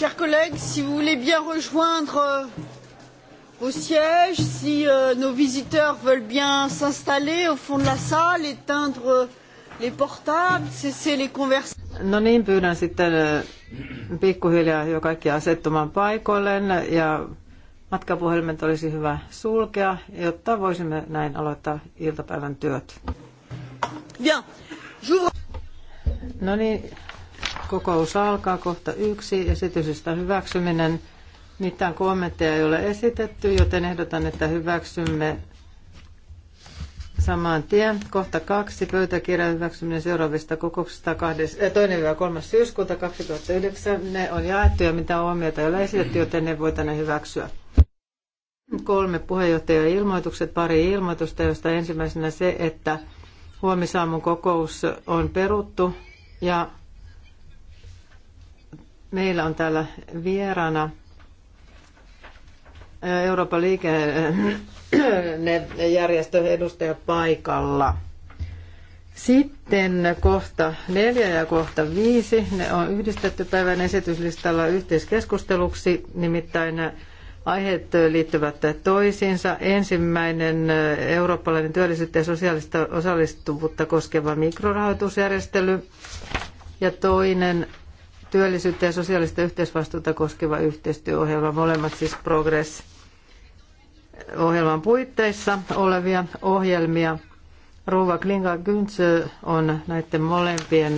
chers collègues si vous voulez bien rejoindre vos euh, sièges si euh, nos visiteurs veulent bien s'installer au fond de la salle éteindre euh, les portables cesser les conversations. No niin, pyydän sitten äh, pikkuhiljaa jo kaikki asettumaan paikoilleen ja matkapuhelimet olisi hyvä sulkea, jotta voisimme näin aloittaa iltapäivän työt. Bien. No niin, Kokous alkaa kohta yksi. Esitysistä hyväksyminen. Mitään kommentteja ei ole esitetty, joten ehdotan, että hyväksymme saman tien. Kohta kaksi. Pöytäkirjan hyväksyminen seuraavista kokouksista 2.3. Eh, syyskuuta 2009. Ne on jaettu ja mitä huomiota ei ole esitetty, joten ne tänne hyväksyä. Kolme puheenjohtajan ilmoitukset, pari ilmoitusta, josta ensimmäisenä se, että huomisaamun kokous on peruttu ja Meillä on täällä vieraana äh, Euroopan liikennejärjestö äh, edustaja paikalla. Sitten kohta neljä ja kohta viisi, ne on yhdistetty päivän esityslistalla yhteiskeskusteluksi, nimittäin aiheet liittyvät toisiinsa. Ensimmäinen äh, eurooppalainen työllisyyttä ja sosiaalista osallistuvuutta koskeva mikrorahoitusjärjestely ja toinen työllisyyttä ja sosiaalista yhteisvastuuta koskeva yhteistyöohjelma, molemmat siis Progress ohjelman puitteissa olevia ohjelmia. Ruva Klinga Güntsö on näiden molempien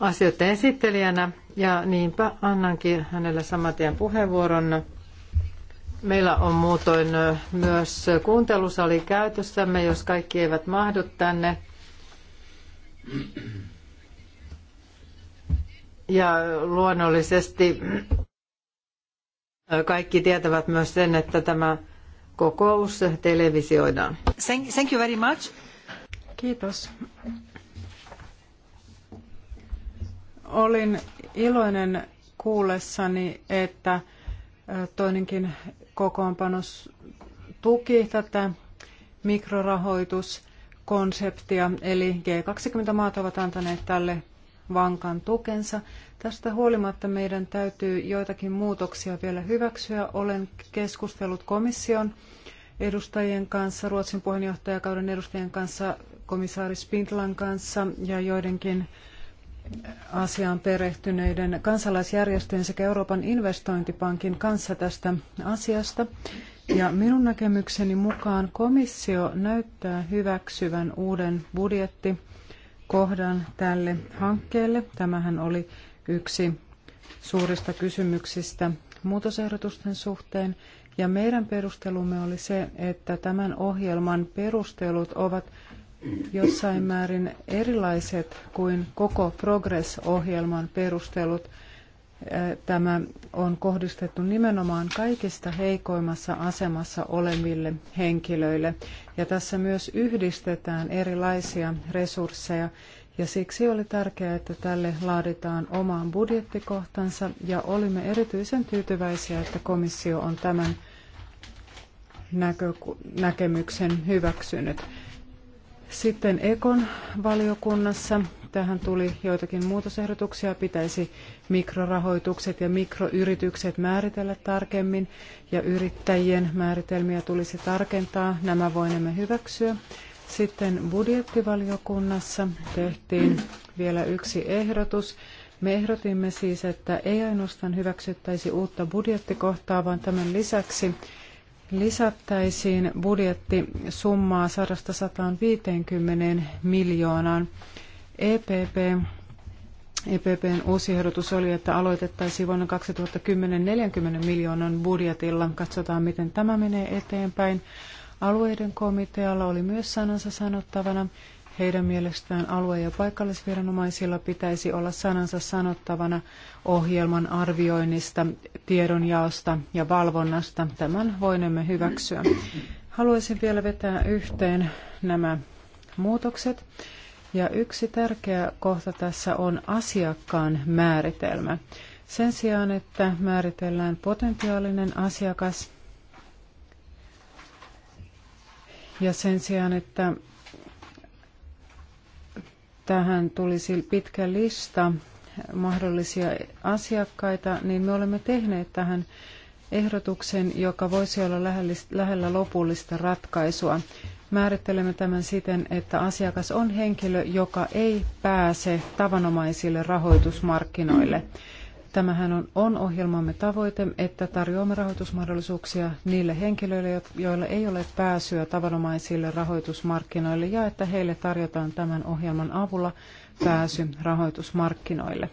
asioiden esittelijänä ja niinpä annankin hänelle samatien puheenvuoron. Meillä on muutoin myös kuuntelusali käytössämme, jos kaikki eivät mahdu tänne. Ja luonnollisesti kaikki tietävät myös sen, että tämä kokous televisioidaan. Thank, you very much. Kiitos. Olin iloinen kuullessani, että toinenkin kokoonpanos tuki tätä mikrorahoituskonseptia, eli G20-maat ovat antaneet tälle vankan tukensa. Tästä huolimatta meidän täytyy joitakin muutoksia vielä hyväksyä. Olen keskustellut komission edustajien kanssa, Ruotsin puheenjohtajakauden edustajien kanssa, komissaari Spindlan kanssa ja joidenkin asiaan perehtyneiden kansalaisjärjestöjen sekä Euroopan investointipankin kanssa tästä asiasta. Ja minun näkemykseni mukaan komissio näyttää hyväksyvän uuden budjettikohdan tälle hankkeelle. Tämähän oli yksi suurista kysymyksistä muutosehdotusten suhteen. Ja meidän perustelumme oli se, että tämän ohjelman perustelut ovat jossain määrin erilaiset kuin koko Progress-ohjelman perustelut. Äh, tämä on kohdistettu nimenomaan kaikista heikoimmassa asemassa oleville henkilöille. Ja tässä myös yhdistetään erilaisia resursseja ja siksi oli tärkeää, että tälle laaditaan omaan budjettikohtansa ja olimme erityisen tyytyväisiä, että komissio on tämän näkö, näkemyksen hyväksynyt. Sitten Ekon valiokunnassa tähän tuli joitakin muutosehdotuksia. Pitäisi mikrorahoitukset ja mikroyritykset määritellä tarkemmin ja yrittäjien määritelmiä tulisi tarkentaa. Nämä voinemme hyväksyä. Sitten budjettivaliokunnassa tehtiin vielä yksi ehdotus. Me ehdotimme siis, että ei ainoastaan hyväksyttäisi uutta budjettikohtaa, vaan tämän lisäksi lisättäisiin budjettisummaa 100-150 miljoonaan. EPP, EPPn uusi ehdotus oli, että aloitettaisiin vuonna 2010 40 miljoonan budjetilla. Katsotaan, miten tämä menee eteenpäin. Alueiden komitealla oli myös sanansa sanottavana. Heidän mielestään alue- ja paikallisviranomaisilla pitäisi olla sanansa sanottavana ohjelman arvioinnista, tiedonjaosta ja valvonnasta. Tämän voinemme hyväksyä. Haluaisin vielä vetää yhteen nämä muutokset. Ja yksi tärkeä kohta tässä on asiakkaan määritelmä. Sen sijaan, että määritellään potentiaalinen asiakas, Ja sen sijaan, että tähän tulisi pitkä lista mahdollisia asiakkaita, niin me olemme tehneet tähän ehdotuksen, joka voisi olla lähellä lopullista ratkaisua. Määrittelemme tämän siten, että asiakas on henkilö, joka ei pääse tavanomaisille rahoitusmarkkinoille. Tämähän on, on ohjelmamme tavoite, että tarjoamme rahoitusmahdollisuuksia niille henkilöille, joilla ei ole pääsyä tavanomaisille rahoitusmarkkinoille ja että heille tarjotaan tämän ohjelman avulla pääsy rahoitusmarkkinoille.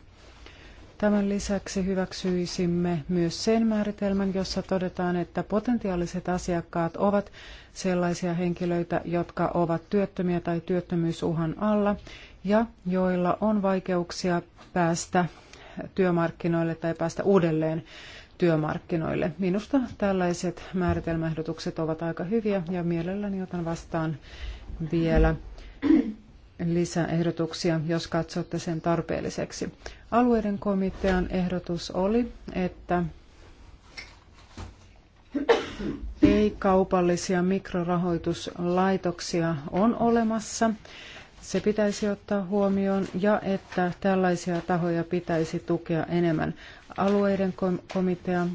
Tämän lisäksi hyväksyisimme myös sen määritelmän, jossa todetaan, että potentiaaliset asiakkaat ovat sellaisia henkilöitä, jotka ovat työttömiä tai työttömyysuhan alla ja joilla on vaikeuksia päästä työmarkkinoille tai päästä uudelleen työmarkkinoille. Minusta tällaiset määritelmäehdotukset ovat aika hyviä ja mielelläni otan vastaan vielä lisäehdotuksia, jos katsotte sen tarpeelliseksi. Alueiden komitean ehdotus oli, että ei-kaupallisia mikrorahoituslaitoksia on olemassa se pitäisi ottaa huomioon ja että tällaisia tahoja pitäisi tukea enemmän. Alueiden komitea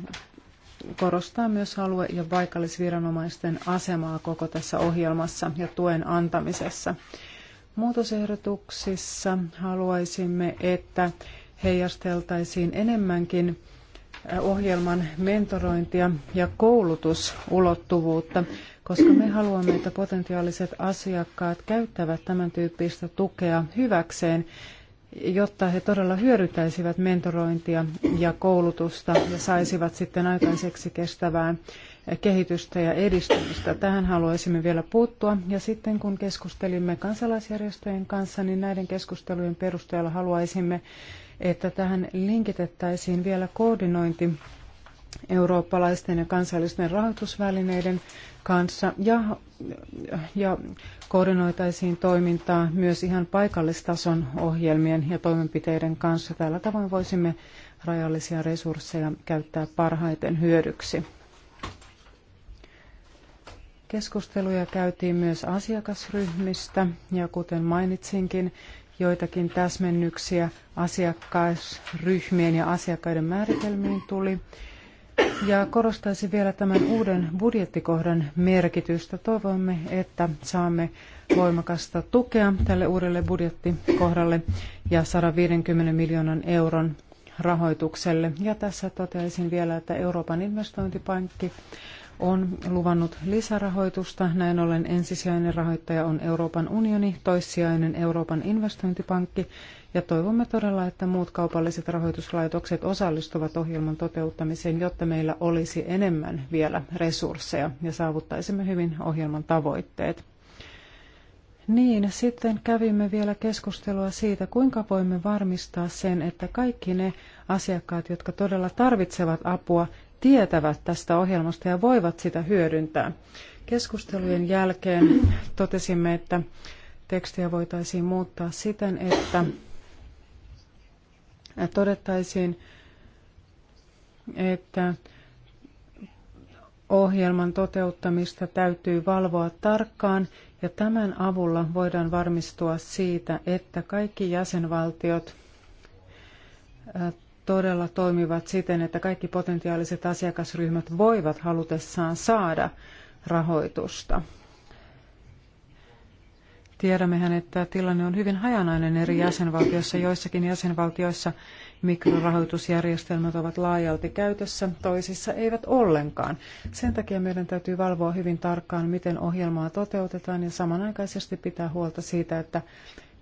korostaa myös alue- ja paikallisviranomaisten asemaa koko tässä ohjelmassa ja tuen antamisessa. Muutosehdotuksissa haluaisimme, että heijasteltaisiin enemmänkin eh, ohjelman mentorointia ja koulutusulottuvuutta koska me haluamme, että potentiaaliset asiakkaat käyttävät tämän tyyppistä tukea hyväkseen, jotta he todella hyödyttäisivät mentorointia ja koulutusta ja saisivat sitten aikaiseksi kestävää kehitystä ja edistymistä. Tähän haluaisimme vielä puuttua. Ja sitten kun keskustelimme kansalaisjärjestöjen kanssa, niin näiden keskustelujen perusteella haluaisimme, että tähän linkitettäisiin vielä koordinointi eurooppalaisten ja kansallisten rahoitusvälineiden kanssa ja, ja koordinoitaisiin toimintaa myös ihan paikallistason ohjelmien ja toimenpiteiden kanssa. Tällä tavoin voisimme rajallisia resursseja käyttää parhaiten hyödyksi. Keskusteluja käytiin myös asiakasryhmistä ja kuten mainitsinkin, joitakin täsmennyksiä asiakasryhmien ja asiakkaiden määritelmiin tuli ja korostaisin vielä tämän uuden budjettikohdan merkitystä. Toivomme, että saamme voimakasta tukea tälle uudelle budjettikohdalle ja 150 miljoonan euron rahoitukselle. Ja tässä toteaisin vielä, että Euroopan investointipankki on luvannut lisärahoitusta. Näin ollen ensisijainen rahoittaja on Euroopan unioni, toissijainen Euroopan investointipankki ja toivomme todella, että muut kaupalliset rahoituslaitokset osallistuvat ohjelman toteuttamiseen, jotta meillä olisi enemmän vielä resursseja ja saavuttaisimme hyvin ohjelman tavoitteet. Niin, sitten kävimme vielä keskustelua siitä, kuinka voimme varmistaa sen, että kaikki ne asiakkaat, jotka todella tarvitsevat apua, tietävät tästä ohjelmasta ja voivat sitä hyödyntää. Keskustelujen jälkeen totesimme, että tekstiä voitaisiin muuttaa siten, että todettaisiin, että ohjelman toteuttamista täytyy valvoa tarkkaan ja tämän avulla voidaan varmistua siitä, että kaikki jäsenvaltiot todella toimivat siten, että kaikki potentiaaliset asiakasryhmät voivat halutessaan saada rahoitusta. Tiedämmehän, että tilanne on hyvin hajanainen eri jäsenvaltioissa. Joissakin jäsenvaltioissa mikrorahoitusjärjestelmät ovat laajalti käytössä, toisissa eivät ollenkaan. Sen takia meidän täytyy valvoa hyvin tarkkaan, miten ohjelmaa toteutetaan ja samanaikaisesti pitää huolta siitä, että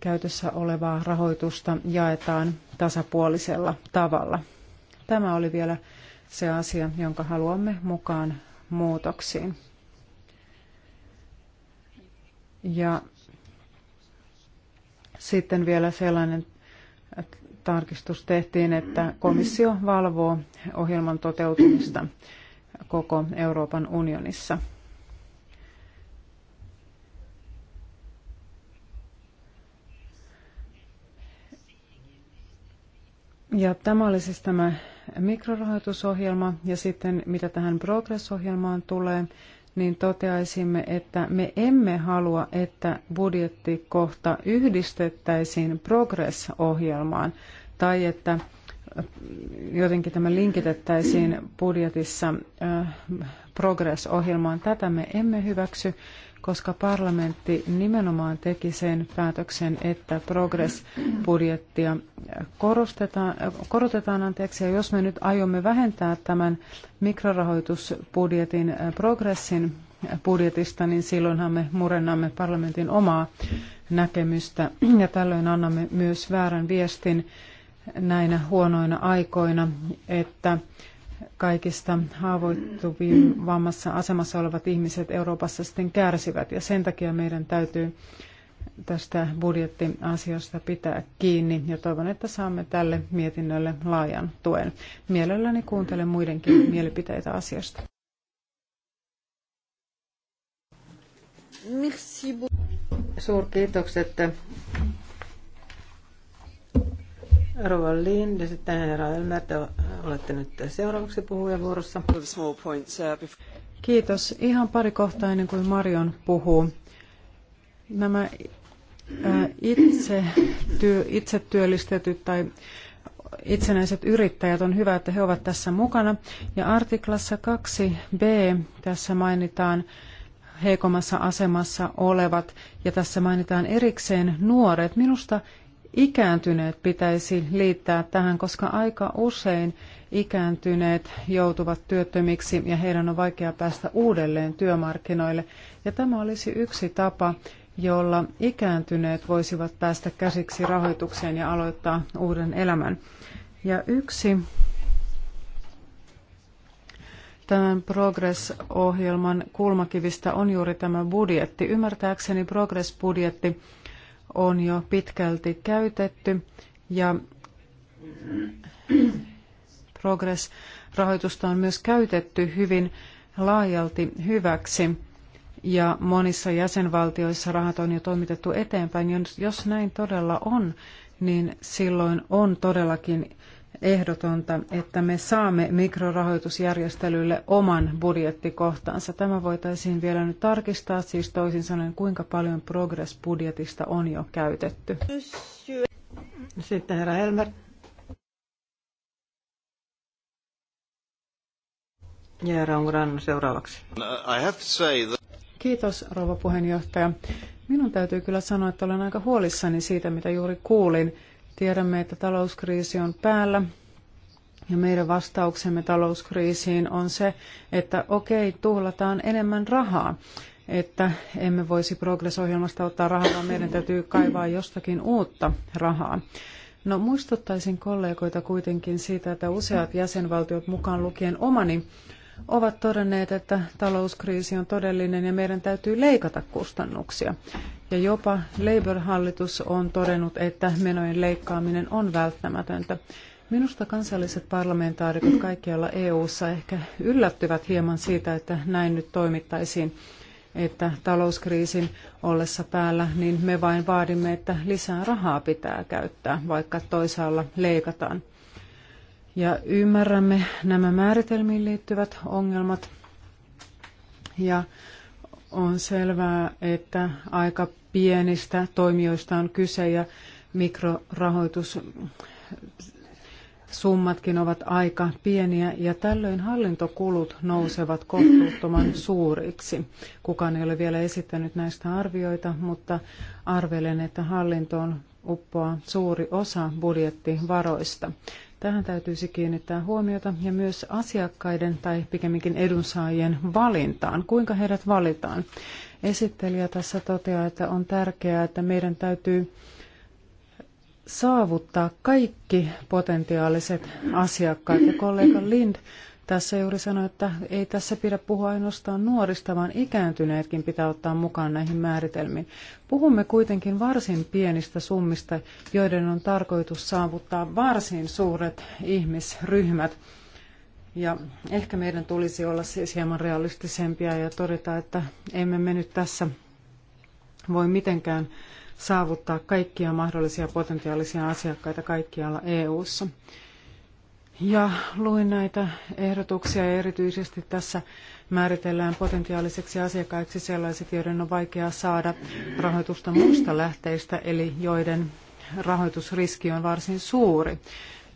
käytössä olevaa rahoitusta jaetaan tasapuolisella tavalla. Tämä oli vielä se asia, jonka haluamme mukaan muutoksiin. Ja sitten vielä sellainen tarkistus tehtiin, että komissio valvoo ohjelman toteutumista koko Euroopan unionissa. Ja tämä oli siis tämä mikrorahoitusohjelma ja sitten mitä tähän progressohjelmaan tulee, niin toteaisimme, että me emme halua, että budjettikohta yhdistettäisiin progressohjelmaan tai että jotenkin tämä linkitettäisiin budjetissa äh, progressohjelmaan. Tätä me emme hyväksy koska parlamentti nimenomaan teki sen päätöksen, että progress-budjettia korotetaan, anteeksi, ja jos me nyt aiomme vähentää tämän mikrorahoitusbudjetin äh, progressin budjetista, niin silloinhan me murennamme parlamentin omaa näkemystä ja tällöin annamme myös väärän viestin näinä huonoina aikoina, että kaikista haavoittuvimmassa asemassa olevat ihmiset Euroopassa sitten kärsivät. Ja sen takia meidän täytyy tästä budjettiasiasta pitää kiinni ja toivon, että saamme tälle mietinnölle laajan tuen. Mielelläni kuuntelen muidenkin mielipiteitä asiasta. Suurkiitokset Rova Lind ja sitten herra Elmer, te olette nyt seuraavaksi puhujavuorossa. Kiitos. Ihan pari kohtaa ennen kuin Marion puhuu. Nämä äh, itse, työ, itse työllistetyt tai itsenäiset yrittäjät, on hyvä, että he ovat tässä mukana. Ja artiklassa 2b tässä mainitaan heikommassa asemassa olevat ja tässä mainitaan erikseen nuoret. Minusta ikääntyneet pitäisi liittää tähän, koska aika usein ikääntyneet joutuvat työttömiksi ja heidän on vaikea päästä uudelleen työmarkkinoille. Ja tämä olisi yksi tapa, jolla ikääntyneet voisivat päästä käsiksi rahoitukseen ja aloittaa uuden elämän. Ja yksi tämän Progress-ohjelman kulmakivistä on juuri tämä budjetti. Ymmärtääkseni Progress-budjetti on jo pitkälti käytetty ja Progress-rahoitusta on myös käytetty hyvin laajalti hyväksi ja monissa jäsenvaltioissa rahat on jo toimitettu eteenpäin. Jos näin todella on, niin silloin on todellakin ehdotonta, että me saamme mikrorahoitusjärjestelylle oman budjettikohtansa. Tämä voitaisiin vielä nyt tarkistaa, siis toisin sanoen kuinka paljon Progress-budjetista on jo käytetty. Sitten herra Helmer. Ja herra seuraavaksi. Kiitos, rouva puheenjohtaja. Minun täytyy kyllä sanoa, että olen aika huolissani siitä, mitä juuri kuulin. Tiedämme, että talouskriisi on päällä ja meidän vastauksemme talouskriisiin on se, että okei, tuhlataan enemmän rahaa, että emme voisi progressohjelmasta ottaa rahaa, vaan meidän täytyy kaivaa jostakin uutta rahaa. No muistuttaisin kollegoita kuitenkin siitä, että useat jäsenvaltiot mukaan lukien omani ovat todenneet, että talouskriisi on todellinen ja meidän täytyy leikata kustannuksia. Ja jopa Labour-hallitus on todennut, että menojen leikkaaminen on välttämätöntä. Minusta kansalliset parlamentaarikot kaikkialla EU-ssa ehkä yllättyvät hieman siitä, että näin nyt toimittaisiin että talouskriisin ollessa päällä, niin me vain vaadimme, että lisää rahaa pitää käyttää, vaikka toisaalla leikataan ja ymmärrämme nämä määritelmiin liittyvät ongelmat. Ja on selvää, että aika pienistä toimijoista on kyse ja mikrorahoitussummatkin ovat aika pieniä ja tällöin hallintokulut nousevat kohtuuttoman suuriksi. Kukaan ei ole vielä esittänyt näistä arvioita, mutta arvelen, että hallintoon uppoaa suuri osa budjettivaroista. Tähän täytyisi kiinnittää huomiota ja myös asiakkaiden tai pikemminkin edunsaajien valintaan, kuinka heidät valitaan. Esittelijä tässä toteaa, että on tärkeää, että meidän täytyy saavuttaa kaikki potentiaaliset asiakkaat. Ja kollega Lind tässä juuri sanoi, että ei tässä pidä puhua ainoastaan nuorista, vaan ikääntyneetkin pitää ottaa mukaan näihin määritelmiin. Puhumme kuitenkin varsin pienistä summista, joiden on tarkoitus saavuttaa varsin suuret ihmisryhmät. Ja ehkä meidän tulisi olla siis hieman realistisempia ja todeta, että emme me nyt tässä voi mitenkään saavuttaa kaikkia mahdollisia potentiaalisia asiakkaita kaikkialla EU:ssa. ssa ja luin näitä ehdotuksia ja erityisesti tässä määritellään potentiaaliseksi asiakkaiksi sellaiset, joiden on vaikea saada rahoitusta muista lähteistä, eli joiden rahoitusriski on varsin suuri.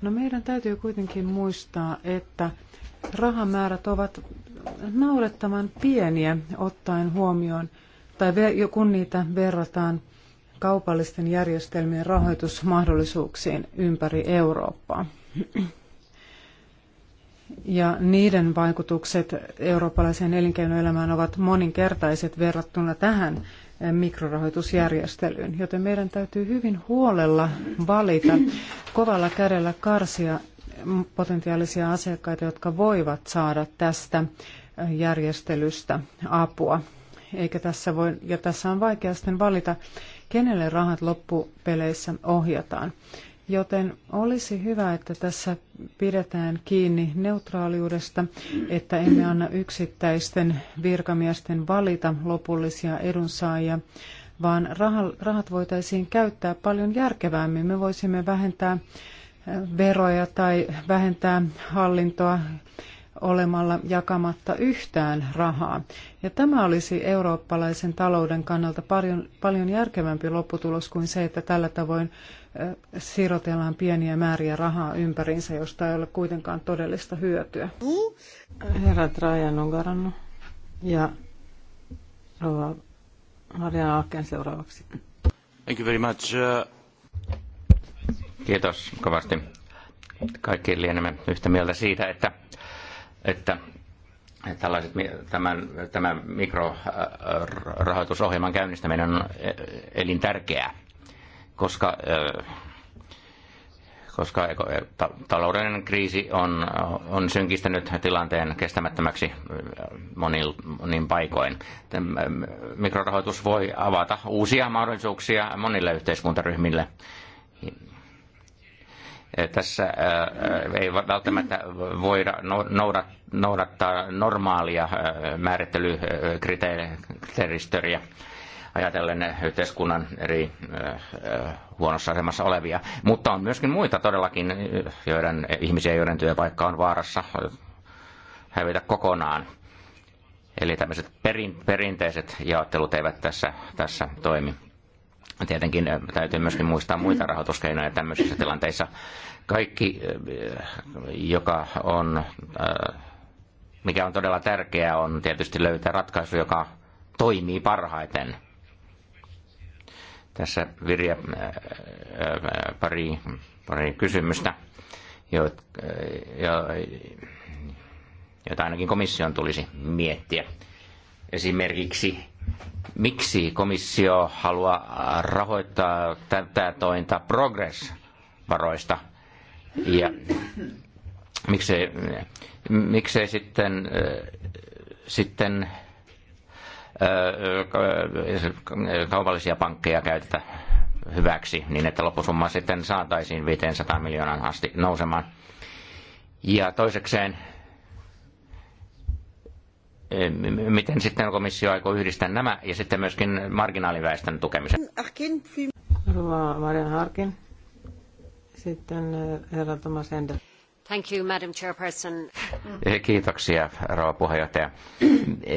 No meidän täytyy kuitenkin muistaa, että rahamäärät ovat naurettavan pieniä ottaen huomioon, tai kun niitä verrataan kaupallisten järjestelmien rahoitusmahdollisuuksiin ympäri Eurooppaa ja niiden vaikutukset eurooppalaiseen elinkeinoelämään ovat moninkertaiset verrattuna tähän mikrorahoitusjärjestelyyn, joten meidän täytyy hyvin huolella valita, kovalla kädellä karsia potentiaalisia asiakkaita, jotka voivat saada tästä järjestelystä apua. Eikä tässä voi, ja tässä on vaikea sitten valita, kenelle rahat loppupeleissä ohjataan. Joten olisi hyvä, että tässä pidetään kiinni neutraaliudesta, että emme anna yksittäisten virkamiesten valita lopullisia edunsaajia, vaan rahat voitaisiin käyttää paljon järkevämmin. Me voisimme vähentää äh, veroja tai vähentää hallintoa olemalla jakamatta yhtään rahaa. Ja tämä olisi eurooppalaisen talouden kannalta paljon, paljon järkevämpi lopputulos kuin se, että tällä tavoin sirotellaan pieniä määriä rahaa ympäriinsä, josta ei ole kuitenkaan todellista hyötyä. Herra Trajan Ongaranno ja rouva Maria seuraavaksi. Thank you very much. Kiitos kovasti. Kaikki lienemme yhtä mieltä siitä, että, että tällaiset, tämän, tämän mikrorahoitusohjelman käynnistäminen on elintärkeää koska, eh, koska eh, taloudellinen kriisi on, on synkistänyt tilanteen kestämättömäksi eh, monin, monin paikoin. Mikrorahoitus voi avata uusia mahdollisuuksia monille yhteiskuntaryhmille tässä ei välttämättä voida no-, noudattaa normaalia määrittelykriteeristöriä ajatellen yhteiskunnan eri huonossa asemassa olevia. Mutta on myöskin muita todellakin joiden, ihmisiä, joiden työpaikka on vaarassa hävitä kokonaan. Eli tämmöiset perin, perinteiset jaottelut eivät tässä, tässä toimi. Tietenkin täytyy myöskin muistaa muita rahoituskeinoja tämmöisissä tilanteissa. Kaikki, joka on, mikä on todella tärkeää, on tietysti löytää ratkaisu, joka toimii parhaiten – tässä Virja äh, äh, pari, pari kysymystä, äh, joita, ainakin komission tulisi miettiä. Esimerkiksi miksi komissio haluaa rahoittaa tätä tointa Progress-varoista ja miksei, miksei sitten, sitten kaupallisia pankkeja käytetä hyväksi, niin että loppusumma sitten saataisiin 500 miljoonaan asti nousemaan. Ja toisekseen, miten sitten komissio aikoo yhdistää nämä ja sitten myöskin marginaaliväestön tukemisen? Harkin. Harkin. Sitten herra Thomas Ender. Thank you, Madam Chairperson. Eh, kiitoksia, rouva puheenjohtaja.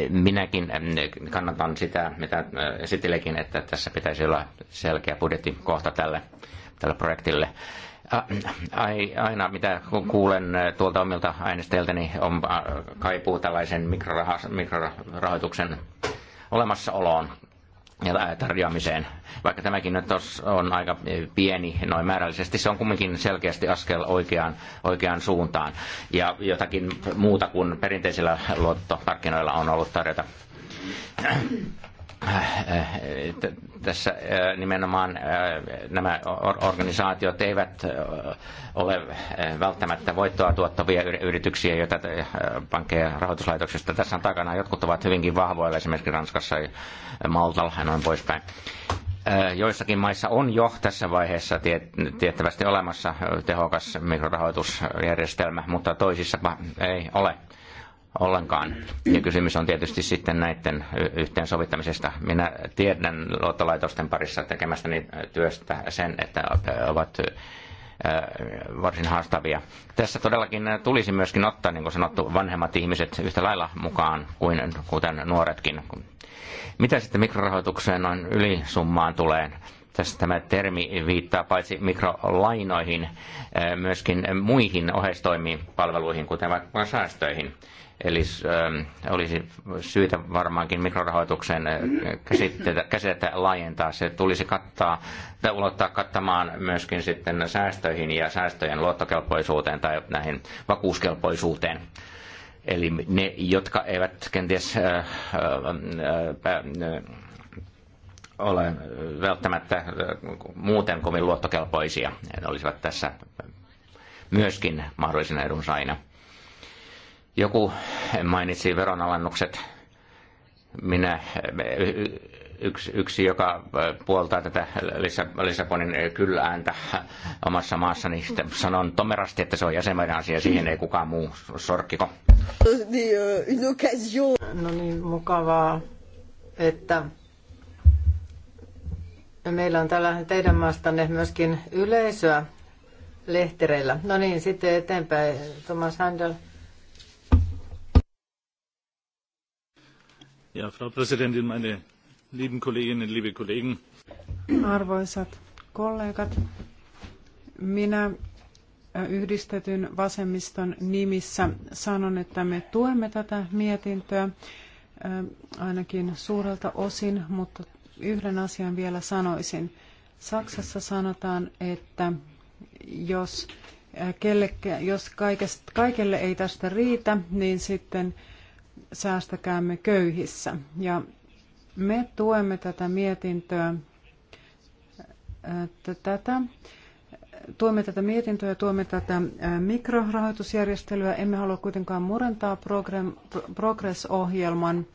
Minäkin kannatan sitä, mitä eh, esitelekin, että tässä pitäisi olla selkeä budjettikohta tälle, tälle projektille. Aina mitä kuulen eh, tuolta omilta äänestäjiltäni niin on kaipuu tällaisen mikrorahoituksen olemassaoloon tarjoamiseen. Vaikka tämäkin nyt on aika e, pieni noin määrällisesti, se on kumminkin selkeästi askel oikeaan, oikeaan suuntaan. Ja jotakin muuta kuin perinteisillä luottomarkkinoilla on ollut tarjota. Äh, äh, tässä äh, nimenomaan nämä organisaatiot eivät ole välttämättä voittoa tuottavia yrityksiä, joita pankkeja rahoituslaitoksista tässä on takana. Jotkut ovat hyvinkin vahvoilla, esimerkiksi Ranskassa ja Maltalla ja noin poispäin. Joissakin maissa on jo tässä vaiheessa tiettävästi olemassa tehokas mikrorahoitusjärjestelmä, mutta toisissa ei ole ollenkaan. Ja kysymys on tietysti sitten näiden yhteensovittamisesta. Minä tiedän luottolaitosten parissa tekemästäni työstä sen, että ovat varsin haastavia. Tässä todellakin tulisi myöskin ottaa, niin kuin sanottu, vanhemmat ihmiset yhtä lailla mukaan kuin kuten nuoretkin. Mitä sitten mikrorahoitukseen on ylisummaan tulee? Tässä tämä termi viittaa paitsi mikrolainoihin, myöskin muihin oheistoimiin palveluihin, kuten vaikka säästöihin. Eli ähm, olisi syytä varmaankin mikrorahoituksen äh, käsitettä, laajentaa. Se tulisi kattaa, tai ulottaa kattamaan myöskin sitten säästöihin ja säästöjen luottokelpoisuuteen tai näihin vakuuskelpoisuuteen. Eli ne, jotka eivät kenties äh, äh, äh, ole välttämättä äh, muuten kovin luottokelpoisia, ne olisivat tässä myöskin mahdollisena edunsaina joku mainitsi veronalannukset. Minä yksi, yksi joka puoltaa tätä Lissabonin kyllääntä omassa maassani, sanon tomerasti, että se on jäsenmaiden asia, siihen ei kukaan muu sorkkiko. No niin, mukavaa, että meillä on täällä teidän maastanne myöskin yleisöä lehtereillä. No niin, sitten eteenpäin, Thomas Handel. Frau Präsidentin, meine lieben Kolleginnen, liebe Kollegen. Arvoisat kollegat, minä äh, yhdistetyn vasemmiston nimissä sanon, että me tuemme tätä mietintöä äh, ainakin suurelta osin, mutta yhden asian vielä sanoisin. Saksassa sanotaan, että jos, äh, kelle, jos kaikelle ei tästä riitä, niin sitten säästäkäämme köyhissä. Ja me tuemme tätä mietintöä, tätä, tuemme tätä mietintöä ja tuemme tätä mikrorahoitusjärjestelyä. Emme halua kuitenkaan murentaa Progress-ohjelman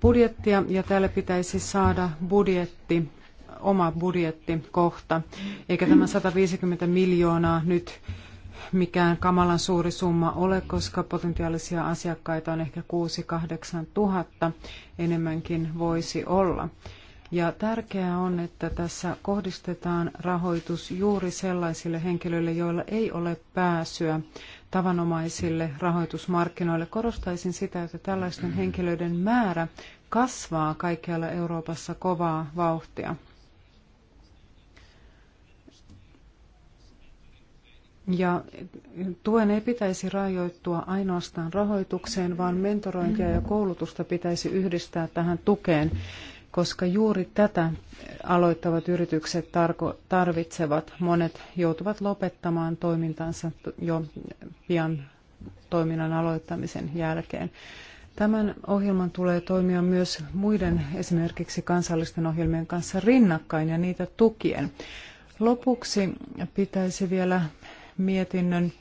budjettia ja täällä pitäisi saada budjetti oma budjettikohta, eikä tämä 150 miljoonaa nyt mikään kamalan suuri summa ole, koska potentiaalisia asiakkaita on ehkä 6-8 tuhatta, enemmänkin voisi olla. Ja tärkeää on, että tässä kohdistetaan rahoitus juuri sellaisille henkilöille, joilla ei ole pääsyä tavanomaisille rahoitusmarkkinoille. Korostaisin sitä, että tällaisten henkilöiden määrä kasvaa kaikkialla Euroopassa kovaa vauhtia. Ja tuen ei pitäisi rajoittua ainoastaan rahoitukseen, vaan mentorointia ja koulutusta pitäisi yhdistää tähän tukeen, koska juuri tätä aloittavat yritykset tarvitsevat. Monet joutuvat lopettamaan toimintansa jo pian toiminnan aloittamisen jälkeen. Tämän ohjelman tulee toimia myös muiden esimerkiksi kansallisten ohjelmien kanssa rinnakkain ja niitä tukien. Lopuksi pitäisi vielä mietinnön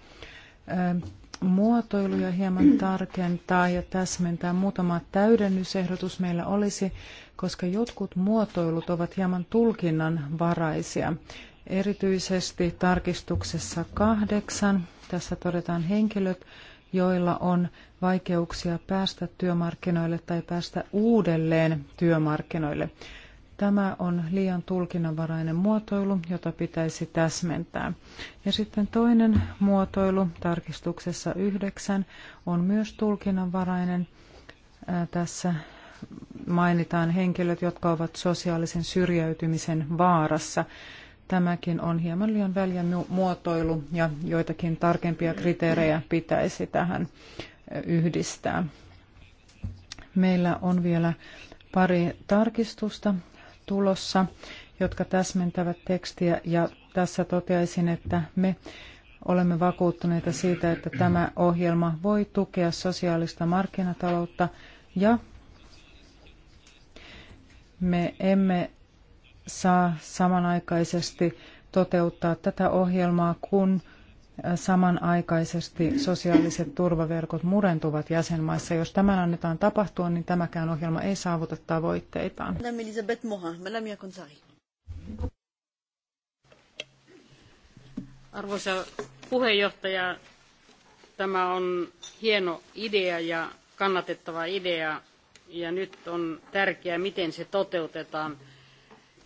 muotoiluja hieman tarkentaa ja täsmentää. Muutama täydennysehdotus meillä olisi, koska jotkut muotoilut ovat hieman tulkinnanvaraisia. Erityisesti tarkistuksessa kahdeksan, tässä todetaan henkilöt, joilla on vaikeuksia päästä työmarkkinoille tai päästä uudelleen työmarkkinoille. Tämä on liian tulkinnanvarainen muotoilu, jota pitäisi täsmentää. Ja sitten toinen muotoilu tarkistuksessa yhdeksän on myös tulkinnanvarainen. Tässä mainitaan henkilöt, jotka ovat sosiaalisen syrjäytymisen vaarassa. Tämäkin on hieman liian väljä muotoilu ja joitakin tarkempia kriteerejä pitäisi tähän yhdistää. Meillä on vielä pari tarkistusta, tulossa, jotka täsmentävät tekstiä ja tässä toteaisin, että me olemme vakuuttuneita siitä, että tämä ohjelma voi tukea sosiaalista markkinataloutta ja me emme saa samanaikaisesti toteuttaa tätä ohjelmaa, kun samanaikaisesti sosiaaliset turvaverkot murentuvat jäsenmaissa. Jos tämän annetaan tapahtua, niin tämäkään ohjelma ei saavuta tavoitteitaan. Madame Elisabeth Morin, Madame Jakonsari. Arvoisa puheenjohtaja, tämä on hieno idea ja kannatettava idea ja nyt on tärkeää, miten se toteutetaan.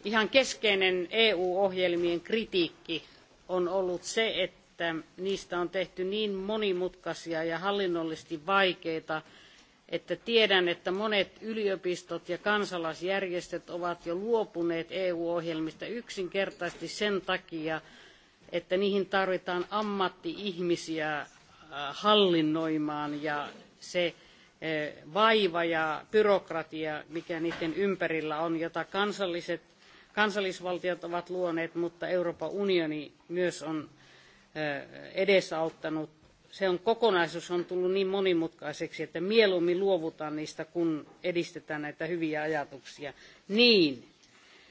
Ihan keskeinen EU-ohjelmien kritiikki on ollut se, että että niistä on tehty niin monimutkaisia ja hallinnollisesti vaikeita, että tiedän, että monet yliopistot ja kansalaisjärjestöt ovat jo luopuneet EU-ohjelmista yksinkertaisesti sen takia, että niihin tarvitaan ammatti-ihmisiä äh, hallinnoimaan ja se äh, vaiva ja byrokratia, mikä niiden ympärillä on, jota kansalliset, kansallisvaltiot ovat luoneet, mutta Euroopan unioni myös on edesauttanut. Se on, kokonaisuus on tullut niin monimutkaiseksi, että mieluummin luovutaan niistä, kun edistetään näitä hyviä ajatuksia. Niin,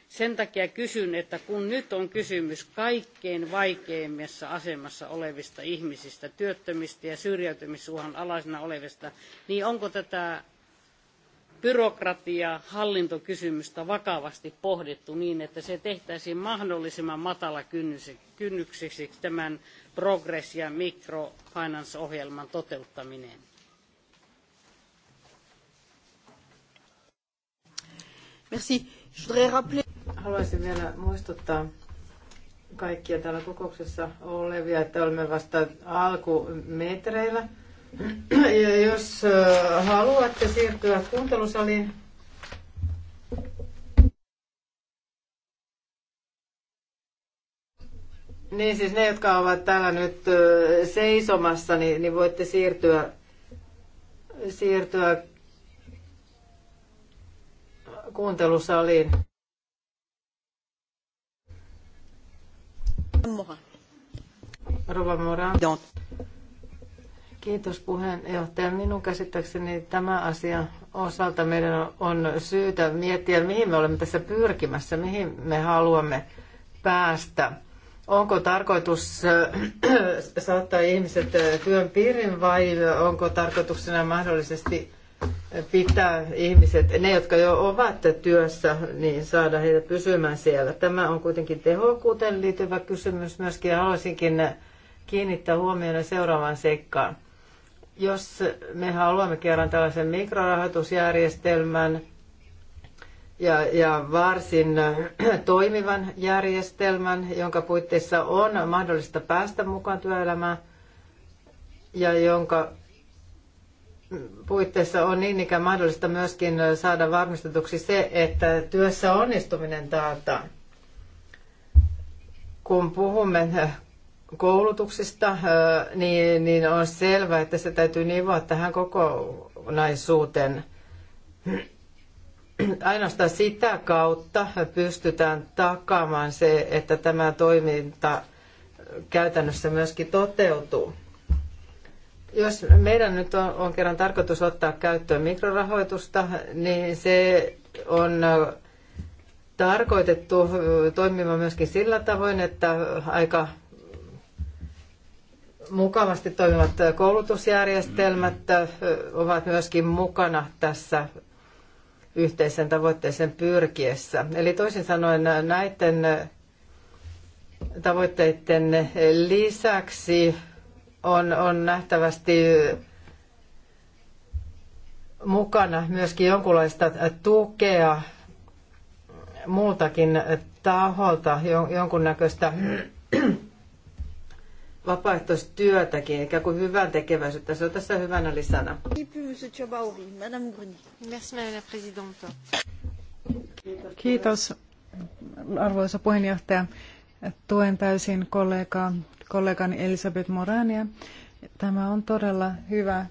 sen takia kysyn, että kun nyt on kysymys kaikkein vaikeimmassa asemassa olevista ihmisistä, työttömistä ja syrjäytymisuhan alaisena olevista, niin onko tätä byrokratiaa, hallintokysymystä vakavasti pohdittu niin, että se tehtäisiin mahdollisimman matala kynnyksiksi tämän Progress- ja Microfinance-ohjelman toteuttaminen. Haluaisin vielä muistuttaa kaikkia täällä kokouksessa olevia, että olemme vasta alkumetreillä – ja jos haluatte siirtyä kuuntelusaliin, Niin siis ne, jotka ovat täällä nyt seisomassa, niin, niin voitte siirtyä, siirtyä kuuntelusaliin. Rova Mora. Kiitos puheenjohtaja. Minun käsittääkseni tämä asia osalta meidän on syytä miettiä, mihin me olemme tässä pyrkimässä, mihin me haluamme päästä. Onko tarkoitus äh, saattaa ihmiset äh, työn piirin vai onko tarkoituksena mahdollisesti pitää ihmiset, ne jotka jo ovat työssä, niin saada heitä pysymään siellä. Tämä on kuitenkin tehokkuuteen liittyvä kysymys myöskin ja haluaisinkin kiinnittää huomioon seuraavaan seikkaan – jos me haluamme kerran tällaisen mikrorahoitusjärjestelmän ja, ja varsin toimivan järjestelmän, jonka puitteissa on mahdollista päästä mukaan työelämään ja jonka puitteissa on niin ikään mahdollista myöskin saada varmistetuksi se, että työssä onnistuminen taataan. Kun puhumme Koulutuksista äh, niin, niin on selvää, että se täytyy nivoa tähän kokonaisuuteen. Ainoastaan sitä kautta pystytään takaamaan se, että tämä toiminta käytännössä myöskin toteutuu. Jos meidän nyt on, on kerran tarkoitus ottaa käyttöön mikrorahoitusta, niin se on äh, tarkoitettu äh, toimimaan myöskin sillä tavoin, että aika mukavasti toimivat koulutusjärjestelmät ovat myöskin mukana tässä yhteisen tavoitteeseen pyrkiessä. Eli toisin sanoen näiden tavoitteiden lisäksi on, on nähtävästi mukana myöskin jonkunlaista tukea muutakin taholta, jonkunnäköistä vapaaehtoistyötäkin, eikä kuin hyvän tekeväisyyttä. Se on tässä hyvänä lisänä. Kiitos, arvoisa puheenjohtaja. Tuen täysin kollega, kollegani Elisabeth Morania. Tämä on todella hyvä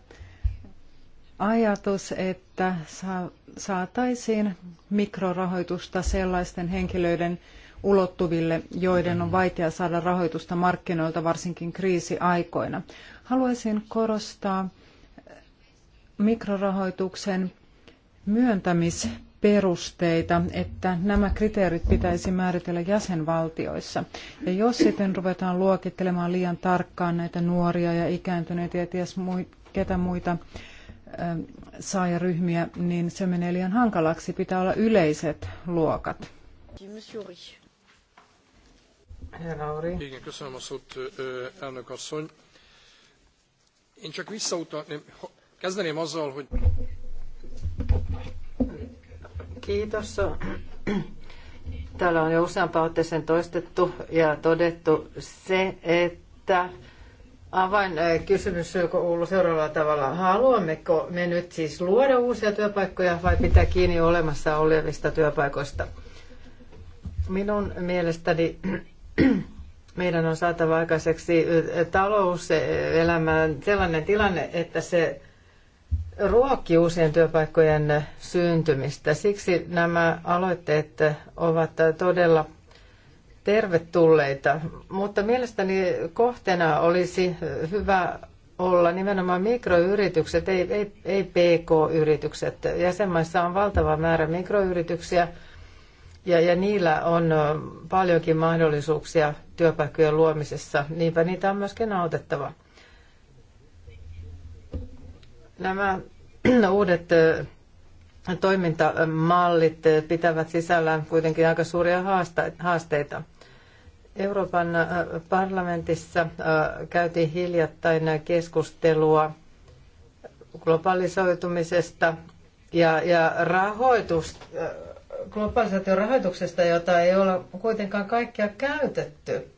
ajatus, että saataisiin mikrorahoitusta sellaisten henkilöiden ulottuville, joiden on vaikea saada rahoitusta markkinoilta varsinkin kriisiaikoina. Haluaisin korostaa eh, mikrorahoituksen myöntämisperusteita, että nämä kriteerit pitäisi määritellä jäsenvaltioissa. Ja jos sitten ruvetaan luokittelemaan liian tarkkaan näitä nuoria ja ikääntyneitä ja ties ketä muita eh, saajaryhmiä, niin se menee liian hankalaksi. Pitää olla yleiset luokat. Igen, köszönöm a szót, elnök asszony. Én csak visszautalném, kezdeném azzal, hogy... Kiitos. Täällä on jo useampaan otteeseen toistettu ja todettu se, että Avain kysymys kuuluu seuraavalla tavalla. Haluammeko me nyt siis luoda uusia työpaikkoja vai pitää kiinni olemassa olevista työpaikoista? Minun mielestäni meidän on saatava aikaiseksi talouselämään sellainen tilanne, että se ruokki uusien työpaikkojen syntymistä. Siksi nämä aloitteet ovat todella tervetulleita, mutta mielestäni kohteena olisi hyvä olla nimenomaan mikroyritykset, ei, ei, ei pk-yritykset. Jäsenmaissa on valtava määrä mikroyrityksiä, ja, ja niillä on paljonkin mahdollisuuksia työpaikkojen luomisessa, niinpä niitä on myöskin autettava. Nämä uudet toimintamallit pitävät sisällään kuitenkin aika suuria haasteita. Euroopan parlamentissa käytiin hiljattain keskustelua globalisoitumisesta ja, ja rahoitus, globalisaation rahoituksesta, jota ei ole kuitenkaan kaikkia käytetty.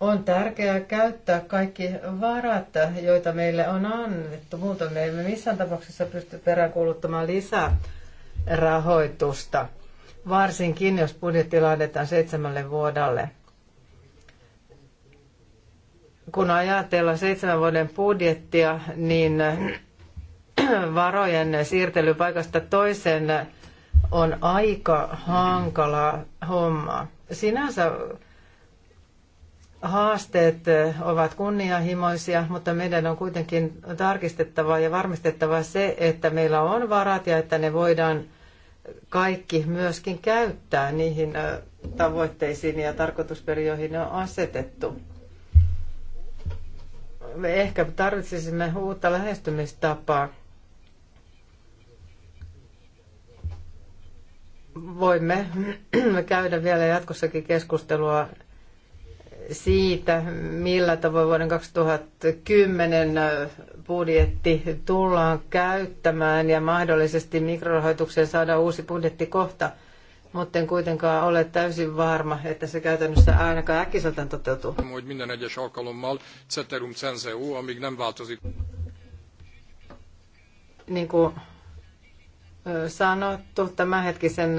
On tärkeää käyttää kaikki varat, joita meille on annettu. Muuten me emme missään tapauksessa pysty peräänkuuluttamaan lisää rahoitusta, varsinkin jos budjetti laitetaan seitsemälle vuodelle. Kun ajatellaan seitsemän vuoden budjettia, niin varojen siirtely paikasta toiseen on aika hankala homma. Sinänsä haasteet ovat kunnianhimoisia, mutta meidän on kuitenkin tarkistettava ja varmistettava se, että meillä on varat ja että ne voidaan kaikki myöskin käyttää niihin tavoitteisiin ja tarkoitusperiin, joihin ne on asetettu. Me ehkä tarvitsisimme uutta lähestymistapaa voimme käydä vielä jatkossakin keskustelua siitä, millä tavoin vuoden 2010 budjetti tullaan käyttämään ja mahdollisesti mikrorahoitukseen saada uusi budjettikohta, mutta en kuitenkaan ole täysin varma, että se käytännössä ainakaan äkkiseltään toteutuu. Hogy minden egyes alkalommal ceterum censeo, amíg nem változik. Niin kuin sanottu, tämänhetkisen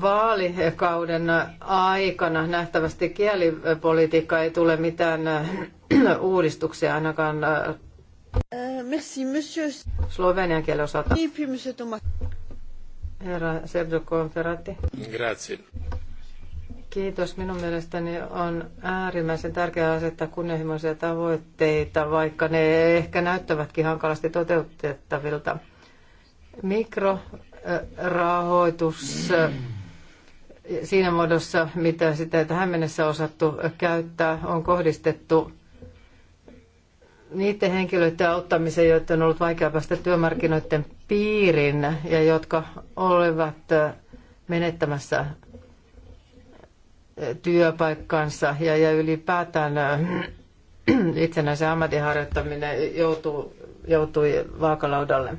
vaalikauden aikana nähtävästi kielipolitiikka ei tule mitään uudistuksia ainakaan Merci, monsieur. Slovenian kielen osalta. Herra Sergio Conferati. Grazie. Kiitos. Minun mielestäni on äärimmäisen tärkeää asettaa kunnianhimoisia tavoitteita, vaikka ne ehkä näyttävätkin hankalasti toteutettavilta. Mikrorahoitus siinä muodossa, mitä sitä tähän mennessä osattu käyttää, on kohdistettu niiden henkilöiden auttamiseen, joiden on ollut vaikea päästä työmarkkinoiden piirin ja jotka olivat menettämässä työpaikkansa ja, ja ylipäätään äh, itsenäisen harjoittaminen joutuu, joutui vaakalaudalle.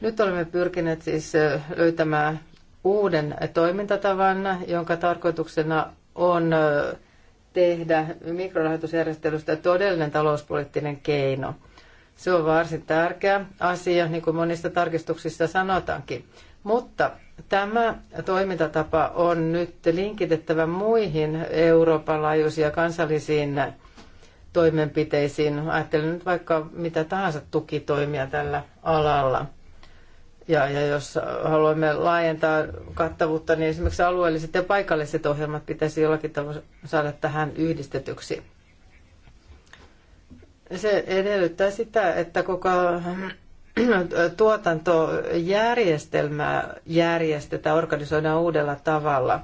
Nyt olemme pyrkineet siis äh, löytämään uuden toimintatavan, jonka tarkoituksena on äh, tehdä mikrorahoitusjärjestelystä todellinen talouspoliittinen keino. Se on varsin tärkeä asia, niin kuin monissa tarkistuksissa sanotaankin. Mutta tämä toimintatapa on nyt linkitettävä muihin Euroopan laajuisiin ja kansallisiin toimenpiteisiin. Ajattelen nyt vaikka mitä tahansa tukitoimia tällä alalla. Ja, ja jos haluamme laajentaa kattavuutta, niin esimerkiksi alueelliset ja paikalliset ohjelmat pitäisi jollakin tavalla saada tähän yhdistetyksi. Se edellyttää sitä, että koko tuotantojärjestelmää järjestetään, organisoidaan uudella tavalla.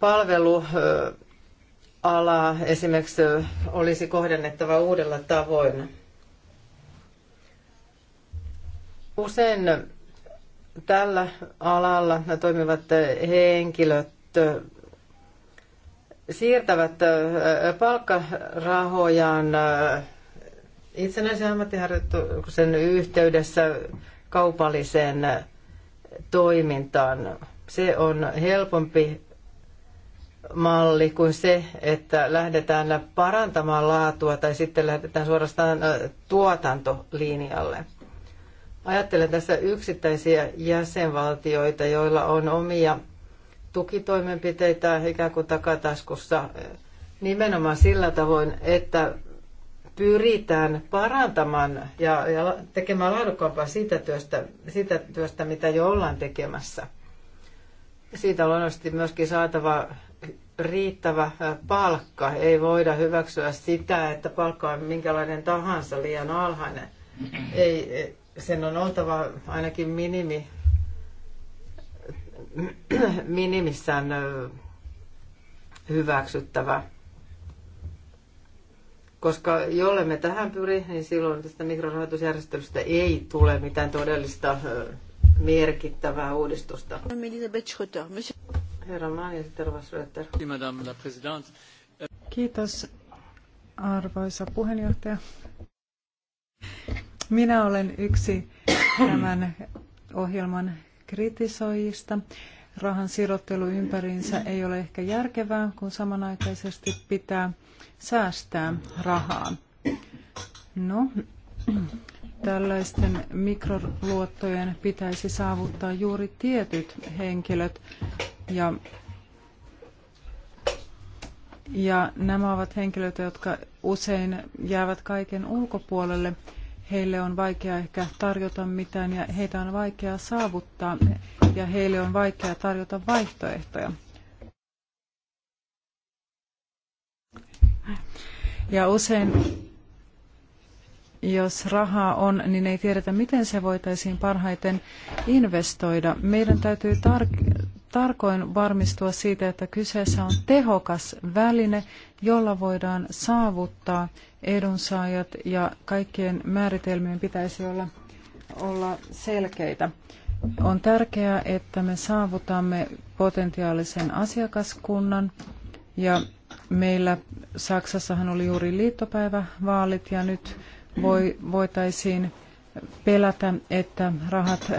Palveluala esimerkiksi olisi kohdennettava uudella tavoin. Usein tällä alalla toimivat henkilöt siirtävät palkkarahojaan itsenäisen ammattiharjoituksen yhteydessä kaupalliseen toimintaan. Se on helpompi malli kuin se, että lähdetään parantamaan laatua tai sitten lähdetään suorastaan tuotantolinjalle. Ajattelen tässä yksittäisiä jäsenvaltioita, joilla on omia tukitoimenpiteitä ikään kuin takataskussa nimenomaan sillä tavoin, että pyritään parantamaan ja, ja tekemään laadukkaampaa siitä työstä, siitä työstä, mitä jo ollaan tekemässä. Siitä on luonnollisesti myöskin saatava riittävä palkka. Ei voida hyväksyä sitä, että palkka on minkälainen tahansa liian alhainen. Ei, e, sen on oltava ainakin minimi, minimissään hyväksyttävä. Koska jolle me tähän pyri, niin silloin tästä mikrorahoitusjärjestelystä ei tule mitään todellista merkittävää uudistusta. Herra Maan ja Kiitos, arvoisa puheenjohtaja. Minä olen yksi tämän ohjelman kritisoijista. Rahan sirottelu ympäriinsä ei ole ehkä järkevää, kun samanaikaisesti pitää säästää rahaa. No, tällaisten mikroluottojen pitäisi saavuttaa juuri tietyt henkilöt ja, ja nämä ovat henkilöt, jotka usein jäävät kaiken ulkopuolelle. Heille on vaikea ehkä tarjota mitään ja heitä on vaikea saavuttaa ja heille on vaikea tarjota vaihtoehtoja. Ja usein, jos rahaa on, niin ei tiedetä, miten se voitaisiin parhaiten investoida. Meidän täytyy tar- tarkoin varmistua siitä, että kyseessä on tehokas väline, jolla voidaan saavuttaa edunsaajat ja kaikkien määritelmien pitäisi olla, olla selkeitä. On tärkeää, että me saavutamme potentiaalisen asiakaskunnan ja Meillä Saksassahan oli juuri liittopäivävaalit ja nyt voi, voitaisiin pelätä, että rahat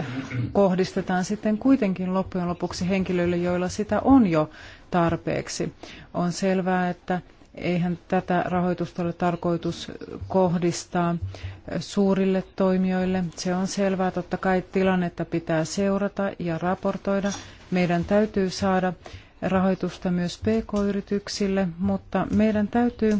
kohdistetaan sitten kuitenkin loppujen lopuksi henkilöille, joilla sitä on jo tarpeeksi. On selvää, että eihän tätä rahoitusta ole tarkoitus kohdistaa suurille toimijoille. Se on selvää, totta kai tilannetta pitää seurata ja raportoida. Meidän täytyy saada rahoitusta myös PK-yrityksille, mutta meidän täytyy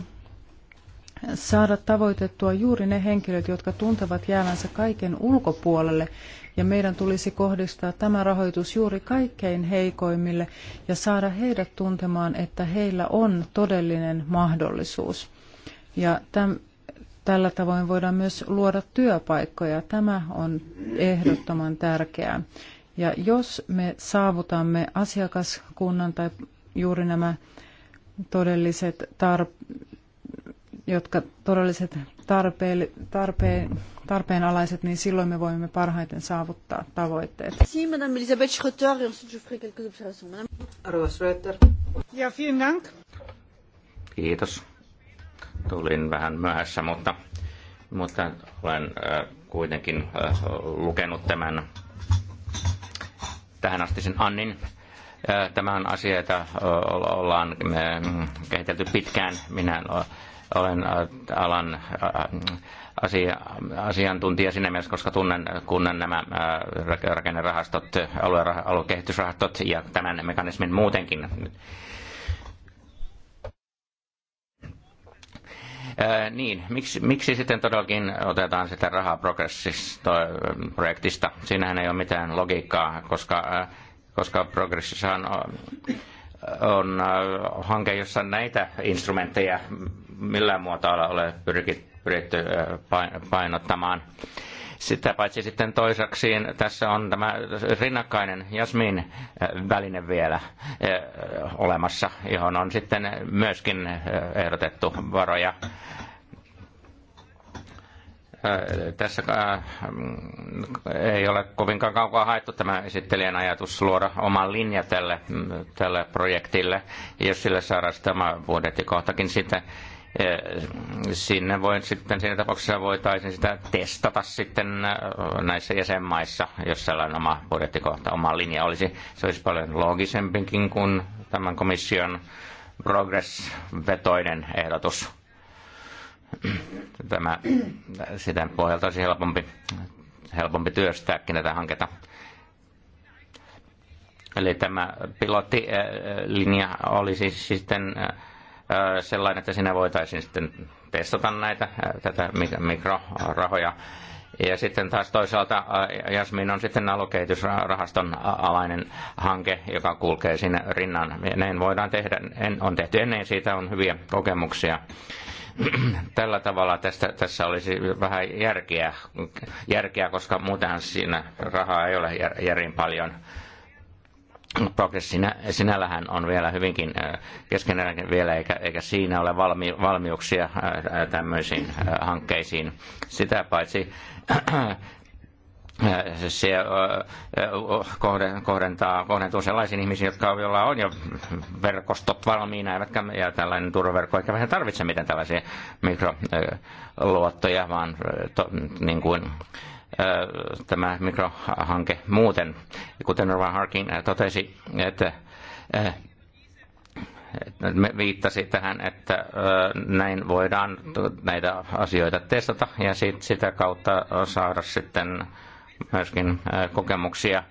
saada tavoitettua juuri ne henkilöt, jotka tuntevat jäävänsä kaiken ulkopuolelle. Ja meidän tulisi kohdistaa tämä rahoitus juuri kaikkein heikoimmille ja saada heidät tuntemaan, että heillä on todellinen mahdollisuus. Ja täm, tällä tavoin voidaan myös luoda työpaikkoja. Tämä on ehdottoman tärkeää. Ja jos me saavutamme asiakaskunnan tai juuri nämä todelliset, tar- jotka todelliset tarpeen, tarpeen, tarpeenalaiset, niin silloin me voimme parhaiten saavuttaa tavoitteet. Madame Elisabeth Schröter, ja ensuite je ferai quelques observations. Arvoisa Schröter. Ja, vielen dank. Kiitos. Tulin vähän myöhässä, mutta, mutta olen äh, kuitenkin äh, lukenut tämän tähän asti sen Annin. asia, jota ollaan mm, kehitelty pitkään. Minä olen alan asia, asiantuntija siinä mielessä, koska tunnen, tunnen nämä rakennerahastot, aluekehitysrahastot ja tämän mekanismin muutenkin niin, miksi, miksi sitten todellakin otetaan sitä rahaa progressista? Siinähän ei ole mitään logiikkaa, koska, koska progressissa on, on hanke, jossa näitä instrumentteja millään muotoilla ole pyritty painottamaan. Sitä paitsi sitten toiseksi tässä on tämä rinnakkainen Jasmin äh, väline vielä äh, olemassa, johon on sitten myöskin äh, ehdotettu varoja tässä mm, ei ole kovinkaan kaukaa haettu tämä esittelijän ajatus luoda oma linja tälle, tälle projektille, jos sille saadaan tämä budjettikohtakin sitten sinne voi sitten siinä tapauksessa voitaisiin sitä testata sitten näissä jäsenmaissa, jos sellainen oma budjettikohta, oma linja olisi. Se olisi paljon loogisempikin kuin tämän komission progress-vetoinen ehdotus. Tämä, sitä pohjalta olisi helpompi, helpompi työstääkin tätä hanketta. Eli tämä pilottilinja olisi sitten siis sellainen, että sinä voitaisiin sitten testata näitä tätä mikrorahoja. Ja sitten taas toisaalta Jasmin on sitten alokehitysrahaston alainen hanke, joka kulkee siinä rinnan. Näin voidaan tehdä, En on tehty ennen, siitä on hyviä kokemuksia. Tällä tavalla tästä, tässä olisi vähän järkeä, järkeä, koska muutenhan siinä rahaa ei ole järin paljon progress sinällään sinällähän on vielä hyvinkin keskeneräinen vielä, eikä, eikä siinä ole valmi, valmiuksia tämmöisiin hankkeisiin. Sitä paitsi se kohdentaa, kohdentuu sellaisiin ihmisiin, jotka joilla on jo verkostot valmiina, eivätkä, ja tällainen turvaverkko eikä vähän tarvitse mitään tällaisia mikroluottoja, vaan to, niin kuin tämä mikrohanke muuten. Kuten Norva Harkin totesi, että viittasi tähän, että näin voidaan näitä asioita testata ja sit sitä kautta saada sitten myöskin kokemuksia.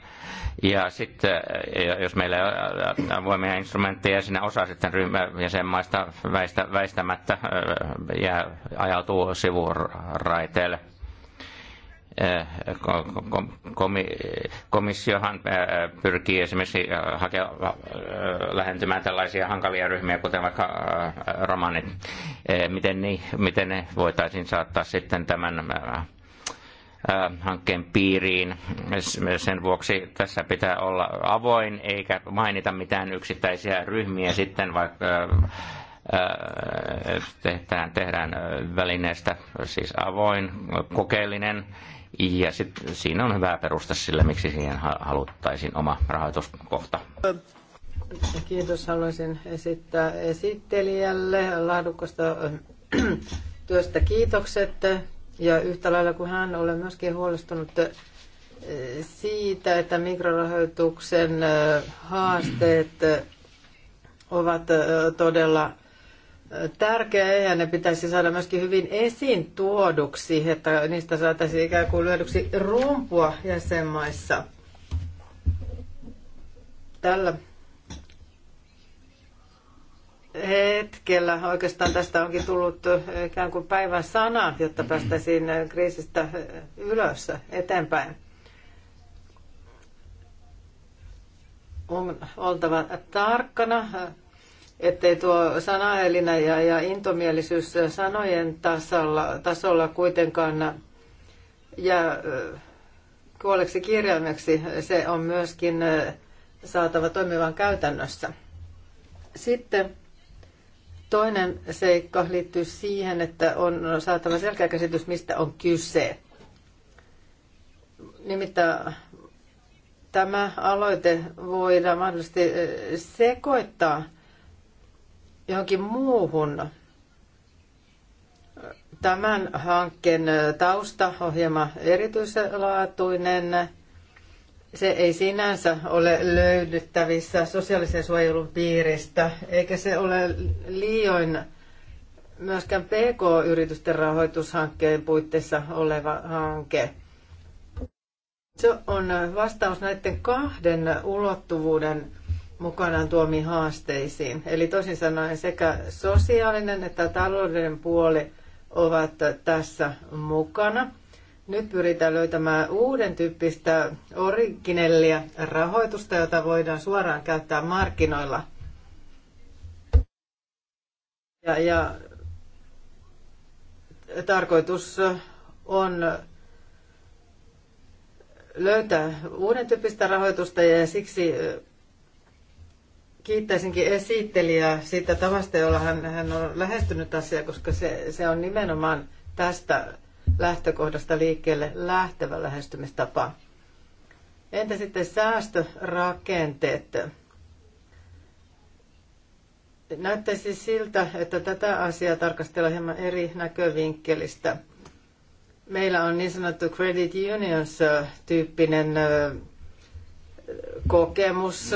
Ja sitten, jos meillä on voimia instrumentteja, sinä osa sitten ryhmä jäsenmaista väistä, väistämättä ja ajautuu sivuraiteelle komissiohan pyrkii esimerkiksi hakea, lähentymään tällaisia hankalia ryhmiä, kuten vaikka romanit. Miten, niin, miten ne voitaisiin saattaa sitten tämän hankkeen piiriin. Sen vuoksi tässä pitää olla avoin eikä mainita mitään yksittäisiä ryhmiä sitten vaikka tehdään, tehdään välineestä siis avoin, kokeellinen ja sit, siinä on hyvä perusta sille, miksi siihen haluttaisiin oma rahoituskohta. Kiitos. Haluaisin esittää esittelijälle laadukasta työstä kiitokset. Ja yhtä lailla kuin hän, olen myöskin huolestunut eh, siitä, että mikrorahoituksen eh, haasteet eh, ovat todella tärkeä. Eihän ne pitäisi saada myöskin hyvin esiin tuoduksi, että niistä saataisiin ikään kuin lyödyksi rumpua jäsenmaissa. Tällä hetkellä oikeastaan tästä onkin tullut ikään kuin päivän sana, jotta päästäisiin kriisistä ylös eteenpäin. On oltava tarkkana ettei tuo sanaelinä ja, ja intomielisyys sanojen tasolla, tasolla kuitenkaan jää äh, kuolleksi kirjaimeksi. Se on myöskin äh, saatava toimivan käytännössä. Sitten toinen seikka liittyy siihen, että on saatava selkeä käsitys, mistä on kyse. Nimittäin tämä aloite voidaan mahdollisesti äh, sekoittaa johonkin muuhun. Tämän hankkeen taustaohjelma erityislaatuinen. Se ei sinänsä ole löydyttävissä sosiaalisen suojelun piiristä, eikä se ole liioin myöskään PK-yritysten rahoitushankkeen puitteissa oleva hanke. Se on vastaus näiden kahden ulottuvuuden mukanaan tuomiin haasteisiin. Eli toisin sanoen sekä sosiaalinen että taloudellinen puoli ovat tässä mukana. Nyt pyritään löytämään uuden tyyppistä originellia rahoitusta, jota voidaan suoraan käyttää markkinoilla. Ja, ja tarkoitus on löytää uuden tyyppistä rahoitusta ja siksi kiittäisinkin esittelijää siitä tavasta, jolla hän, hän on lähestynyt asiaa, koska se, se on nimenomaan tästä lähtökohdasta liikkeelle lähtevä lähestymistapa. Entä sitten säästörakenteet? Näyttäisi siltä, että tätä asiaa tarkastellaan hieman eri näkövinkkelistä. Meillä on niin sanottu credit unions-tyyppinen kokemus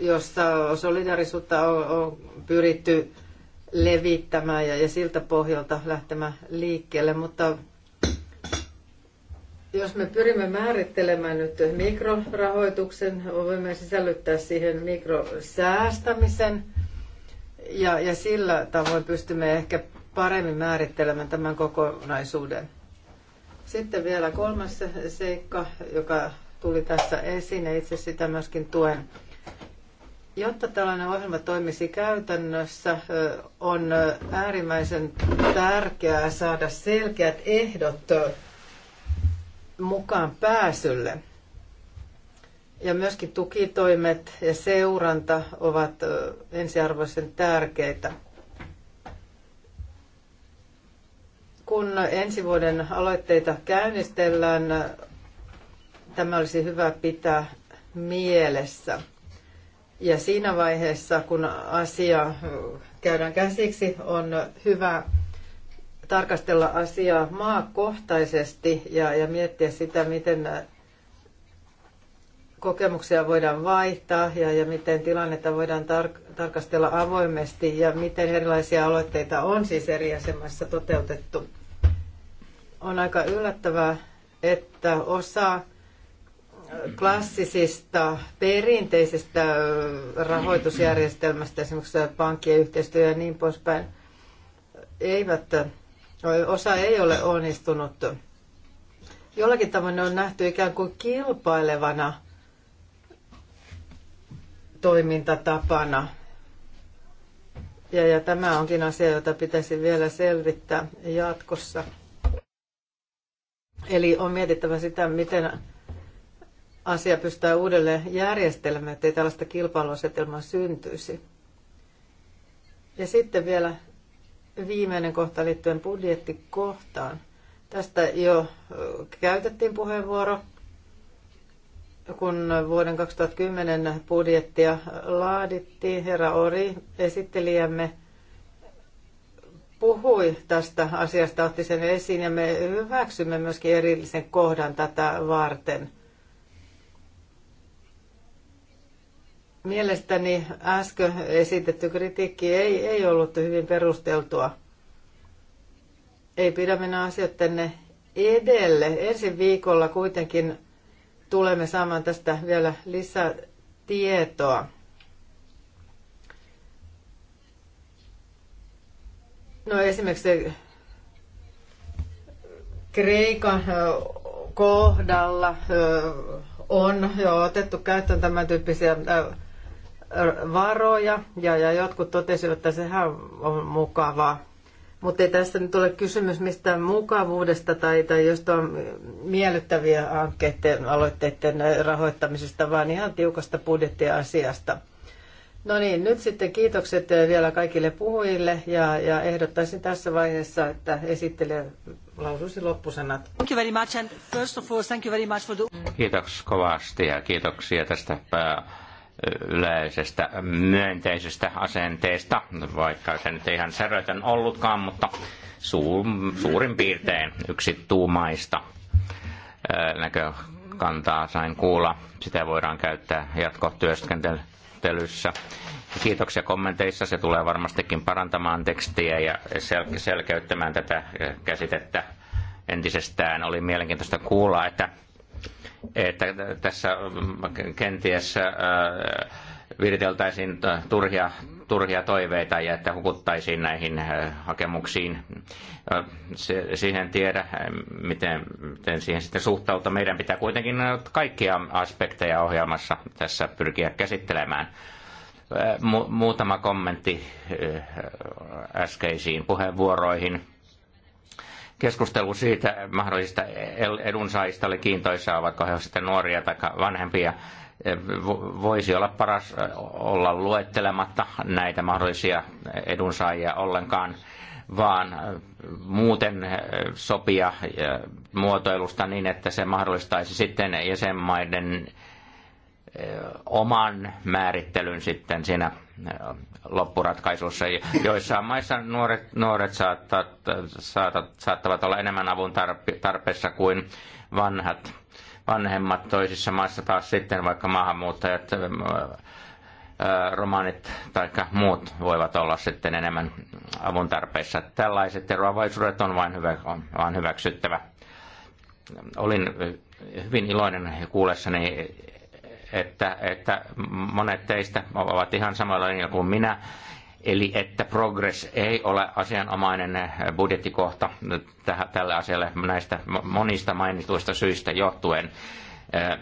jossa solidarisuutta on, on pyritty levittämään ja, ja siltä pohjalta lähtemään liikkeelle, mutta jos me pyrimme määrittelemään nyt mikrorahoituksen, voimme sisällyttää siihen mikrosäästämisen ja, ja sillä tavoin pystymme ehkä paremmin määrittelemään tämän kokonaisuuden. Sitten vielä kolmas seikka, joka tuli tässä esiin ja itse sitä myöskin tuen Jotta tällainen ohjelma toimisi käytännössä, on äärimmäisen tärkeää saada selkeät ehdot mukaan pääsylle. Ja myöskin tukitoimet ja seuranta ovat ensiarvoisen tärkeitä. Kun ensi vuoden aloitteita käynnistellään, tämä olisi hyvä pitää mielessä – ja siinä vaiheessa, kun asia käydään käsiksi, on hyvä tarkastella asiaa maakohtaisesti ja, ja miettiä sitä, miten kokemuksia voidaan vaihtaa ja, ja miten tilannetta voidaan tar- tarkastella avoimesti ja miten erilaisia aloitteita on siis eri asemassa toteutettu. On aika yllättävää, että osa klassisista perinteisestä rahoitusjärjestelmästä, esimerkiksi pankkien yhteistyö ja niin poispäin, eivät, osa ei ole onnistunut. Jollakin tavoin ne on nähty ikään kuin kilpailevana toimintatapana. Ja, ja tämä onkin asia, jota pitäisi vielä selvittää jatkossa. Eli on mietittävä sitä, miten asia pystytään uudelleen järjestelmään, ettei tällaista kilpailuasetelmaa syntyisi. Ja sitten vielä viimeinen kohta liittyen budjettikohtaan. Tästä jo käytettiin puheenvuoro, kun vuoden 2010 budjettia laadittiin. Herra Ori, esittelijämme, puhui tästä asiasta, otti sen esiin ja me hyväksymme myöskin erillisen kohdan tätä varten – Mielestäni äsken esitetty kritiikki ei, ei ollut hyvin perusteltua. Ei pidä mennä tänne edelle. Ensi viikolla kuitenkin tulemme saamaan tästä vielä lisää tietoa. No esimerkiksi Kreikan kohdalla on jo otettu käyttöön tämän tyyppisiä varoja ja, ja jotkut totesivat, että sehän on mukavaa. Mutta ei tässä nyt ole kysymys mistään mukavuudesta tai, tai jostain miellyttäviä hankkeiden aloitteiden rahoittamisesta, vaan ihan tiukasta budjettiasiasta. No niin, nyt sitten kiitokset vielä kaikille puhujille ja, ja ehdottaisin tässä vaiheessa, että esittelijä lausuisi loppusanat. Thank you very much and first of all, thank you very much for the... Kiitos kovasti ja kiitoksia tästä yleisestä myönteisestä asenteesta, vaikka se nyt ihan särötön ollutkaan, mutta suur, suurin piirtein tuumaista näkökantaa sain kuulla. Sitä voidaan käyttää jatkotyöskentelyssä. Kiitoksia kommenteissa. Se tulee varmastikin parantamaan tekstiä ja sel- selkeyttämään tätä käsitettä entisestään. Oli mielenkiintoista kuulla, että että tässä mm, kenties äh, viriteltäisiin turhia, turhia toiveita ja että hukuttaisiin näihin äh, hakemuksiin. Äh, se, siihen tiedä, miten, miten siihen sitten suhtautua. Meidän pitää kuitenkin kaikkia aspekteja ohjelmassa tässä pyrkiä käsittelemään. Mu- muutama kommentti äskeisiin puheenvuoroihin keskustelu siitä mahdollisista edunsaajista oli kiintoisaa, vaikka he ovat sitten nuoria tai vanhempia. E, voisi olla paras olla luettelematta näitä mahdollisia edunsaajia ollenkaan, vaan muuten sopia muotoilusta niin, että se mahdollistaisi sitten jäsenmaiden oman määrittelyn sitten siinä Äh, loppuratkaisussa. Joissain maissa nuoret, nuoret saattavat, saatat, saattavat olla enemmän avun tarpeessa kuin vanhat, vanhemmat. Toisissa maissa taas sitten vaikka maahanmuuttajat, äh, äh, romaanit tai muut voivat olla sitten enemmän avun tarpeessa. Tällaiset eroavaisuudet on vain, hyvä, on vain hyväksyttävä. Olin hyvin iloinen kuullessani että, että monet teistä ovat ihan samalla linjalla kuin minä, eli että progress ei ole asianomainen budjettikohta tälle asialle näistä monista mainituista syistä johtuen. Äh,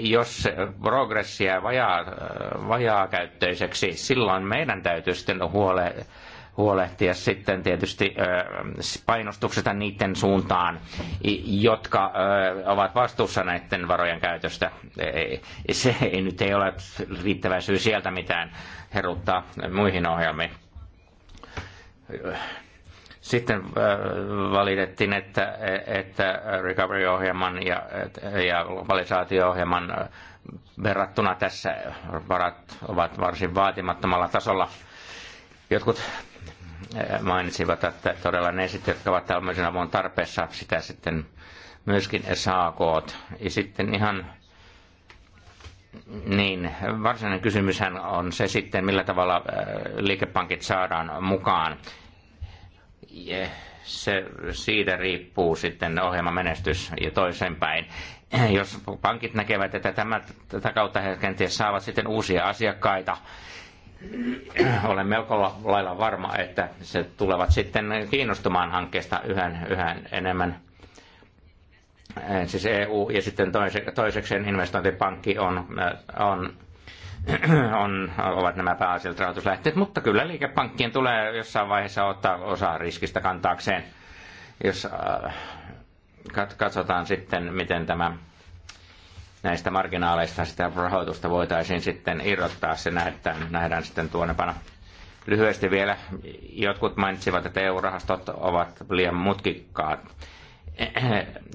jos progressia vajaa, äh, vajaa käyttöiseksi, silloin meidän täytyy sitten huole, huolehtia sitten tietysti painostuksesta niiden suuntaan, jotka ovat vastuussa näiden varojen käytöstä. E, e, se ei nyt ei ole riittävä syy sieltä mitään heruttaa muihin ohjelmiin. Sitten valitettiin, että, että recovery-ohjelman ja, ja globalisaatio-ohjelman verrattuna tässä varat ovat varsin vaatimattomalla tasolla. Jotkut mainitsivat, että todella ne sitten, jotka ovat tämmöisen avun tarpeessa, sitä sitten myöskin saakoot. Ja sitten ihan niin, varsinainen kysymyshän on se sitten, millä tavalla äh, liikepankit saadaan mukaan. Se, siitä riippuu sitten ohjelman menestys ja päin. Jos pankit näkevät, että tämä, tätä kautta he kenties saavat sitten uusia asiakkaita, olen melko lailla varma, että se tulevat sitten kiinnostumaan hankkeesta yhä, yhä enemmän. Siis EU ja sitten toisekseen investointipankki on, on on, ovat nämä pääasialliset rahoituslähteet, mutta kyllä liikepankkien tulee jossain vaiheessa ottaa osaa riskistä kantaakseen, jos äh, katsotaan sitten, miten tämä näistä marginaaleista sitä rahoitusta voitaisiin sitten irrottaa. Se nähdään, nähdään sitten tuonnepana. Lyhyesti vielä, jotkut mainitsivat, että EU-rahastot ovat liian mutkikkaat.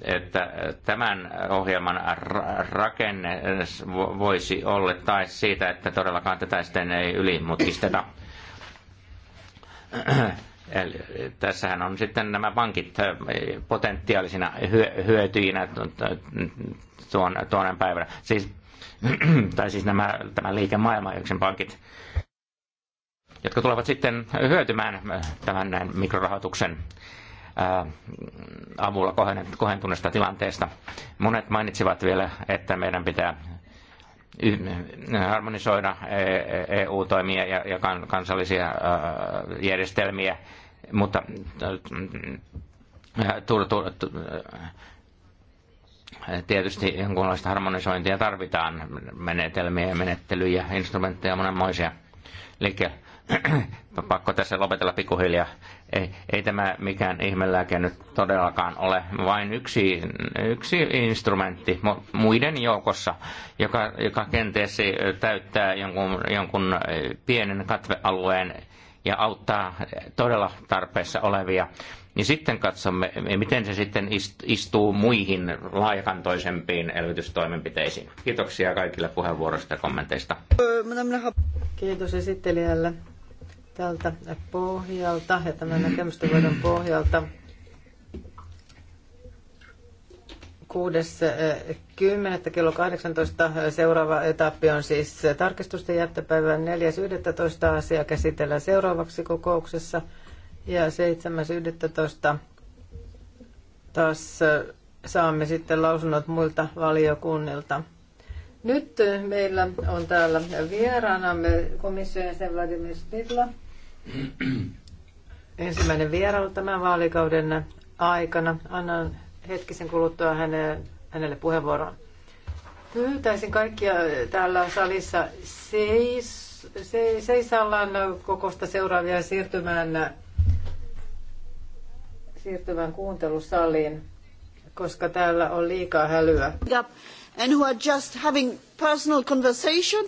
Että tämän ohjelman rakenne voisi olla tai siitä, että todellakaan tätä sitten ei ylimutkisteta Eli eh, tässähän on sitten nämä pankit eh, potentiaalisina hyötyjinä tuon, tuonne päivänä. Siis, tai siis nämä, tämä liikemaailma, pankit, jotka tulevat sitten hyötymään eh, tämän näin mikrorahoituksen avulla kohentuneesta tilanteesta. Monet mainitsivat vielä, että meidän pitää harmonisoida EU-toimia e, e ja kansallisia äh, järjestelmiä, mutta äh, äh, tietysti jonkunlaista harmonisointia tarvitaan, menetelmiä, menettelyjä, instrumentteja monenmoisia. Eli pakko tässä lopetella pikkuhiljaa ei, ei tämä mikään ihmelääke nyt todellakaan ole, vain yksi, yksi instrumentti muiden joukossa, joka, joka kenties täyttää jonkun, jonkun pienen katvealueen ja auttaa todella tarpeessa olevia. Ja sitten katsomme, miten se sitten istuu muihin laajakantoisempiin elvytystoimenpiteisiin. Kiitoksia kaikille puheenvuoroista ja kommenteista. Kiitos esittelijälle tältä pohjalta ja tämän näkemysten voidon pohjalta kymmenettä kello 18. Seuraava etappi on siis tarkistusten jättöpäivä 4.11. asia käsitellään seuraavaksi kokouksessa ja 7.11. taas saamme sitten lausunnot muilta valiokunnilta. Nyt meillä on täällä vieraanamme komission jäsen Vladimir Spidla ensimmäinen vierailu tämän vaalikauden aikana. Annan hetkisen kuluttua hänelle, hänelle puheenvuoron. Pyytäisin kaikkia täällä salissa seis, se, seisallan kokosta seuraavia siirtymään, siirtymään kuuntelusaliin, koska täällä on liikaa hälyä. And who are just having personal conversation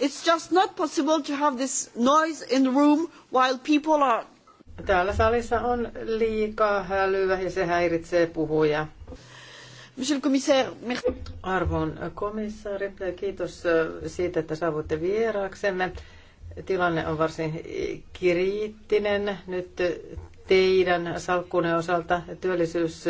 is just not possible to have this noise in the room while people are... Täällä salissa on liikaa hälyä ja se häiritsee puhuja. Arvon komissaari, kiitos siitä, että saavutte vieraaksemme. Tilanne on varsin kriittinen nyt teidän salkkunne osalta. Työllisyys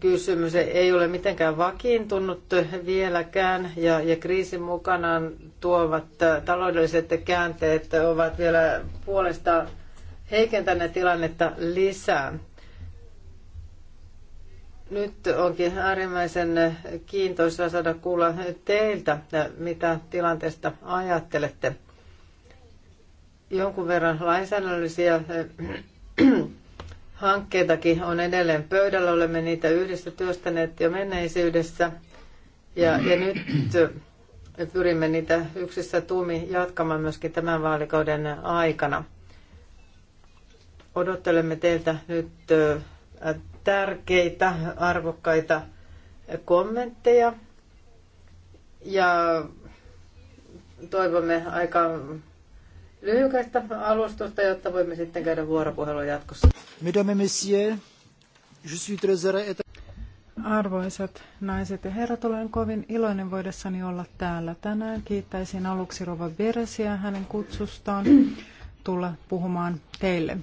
kysymys ei ole mitenkään vakiintunut vieläkään ja, ja kriisin mukanaan tuovat taloudelliset käänteet ovat vielä puolesta heikentäneet tilannetta lisää. Nyt onkin äärimmäisen kiintoista saada kuulla teiltä, mitä tilanteesta ajattelette. Jonkun verran lainsäädännöllisiä hankkeitakin on edelleen pöydällä. Olemme niitä yhdessä työstäneet jo menneisyydessä. Ja, ja nyt pyrimme niitä yksissä tuumi jatkamaan myöskin tämän vaalikauden aikana. Odottelemme teiltä nyt äh, tärkeitä, arvokkaita kommentteja ja toivomme aika lyhykäistä alustusta, jotta voimme sitten käydä vuoropuhelua jatkossa. Mesdames et messieurs, je suis très heureux Arvoisat naiset ja herrat, olen kovin iloinen voidessani olla täällä tänään. Kiittäisin aluksi Rova Beresiä hänen kutsustaan tulla puhumaan teille.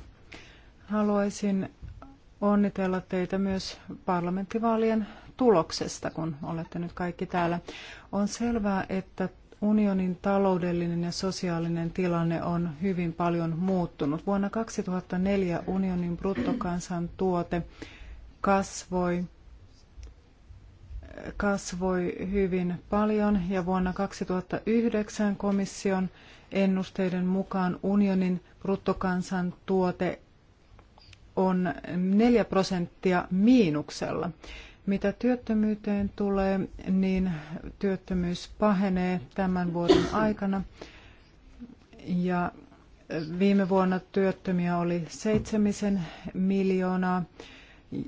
Haluaisin onnitella teitä myös parlamenttivaalien tuloksesta, kun olette nyt kaikki täällä. On selvää, että unionin taloudellinen ja sosiaalinen tilanne on hyvin paljon muuttunut. Vuonna 2004 unionin bruttokansantuote kasvoi kasvoi hyvin paljon ja vuonna 2009 komission ennusteiden mukaan unionin bruttokansantuote on neljä prosenttia miinuksella. Mitä työttömyyteen tulee, niin työttömyys pahenee tämän vuoden aikana. Ja viime vuonna työttömiä oli seitsemisen miljoonaa,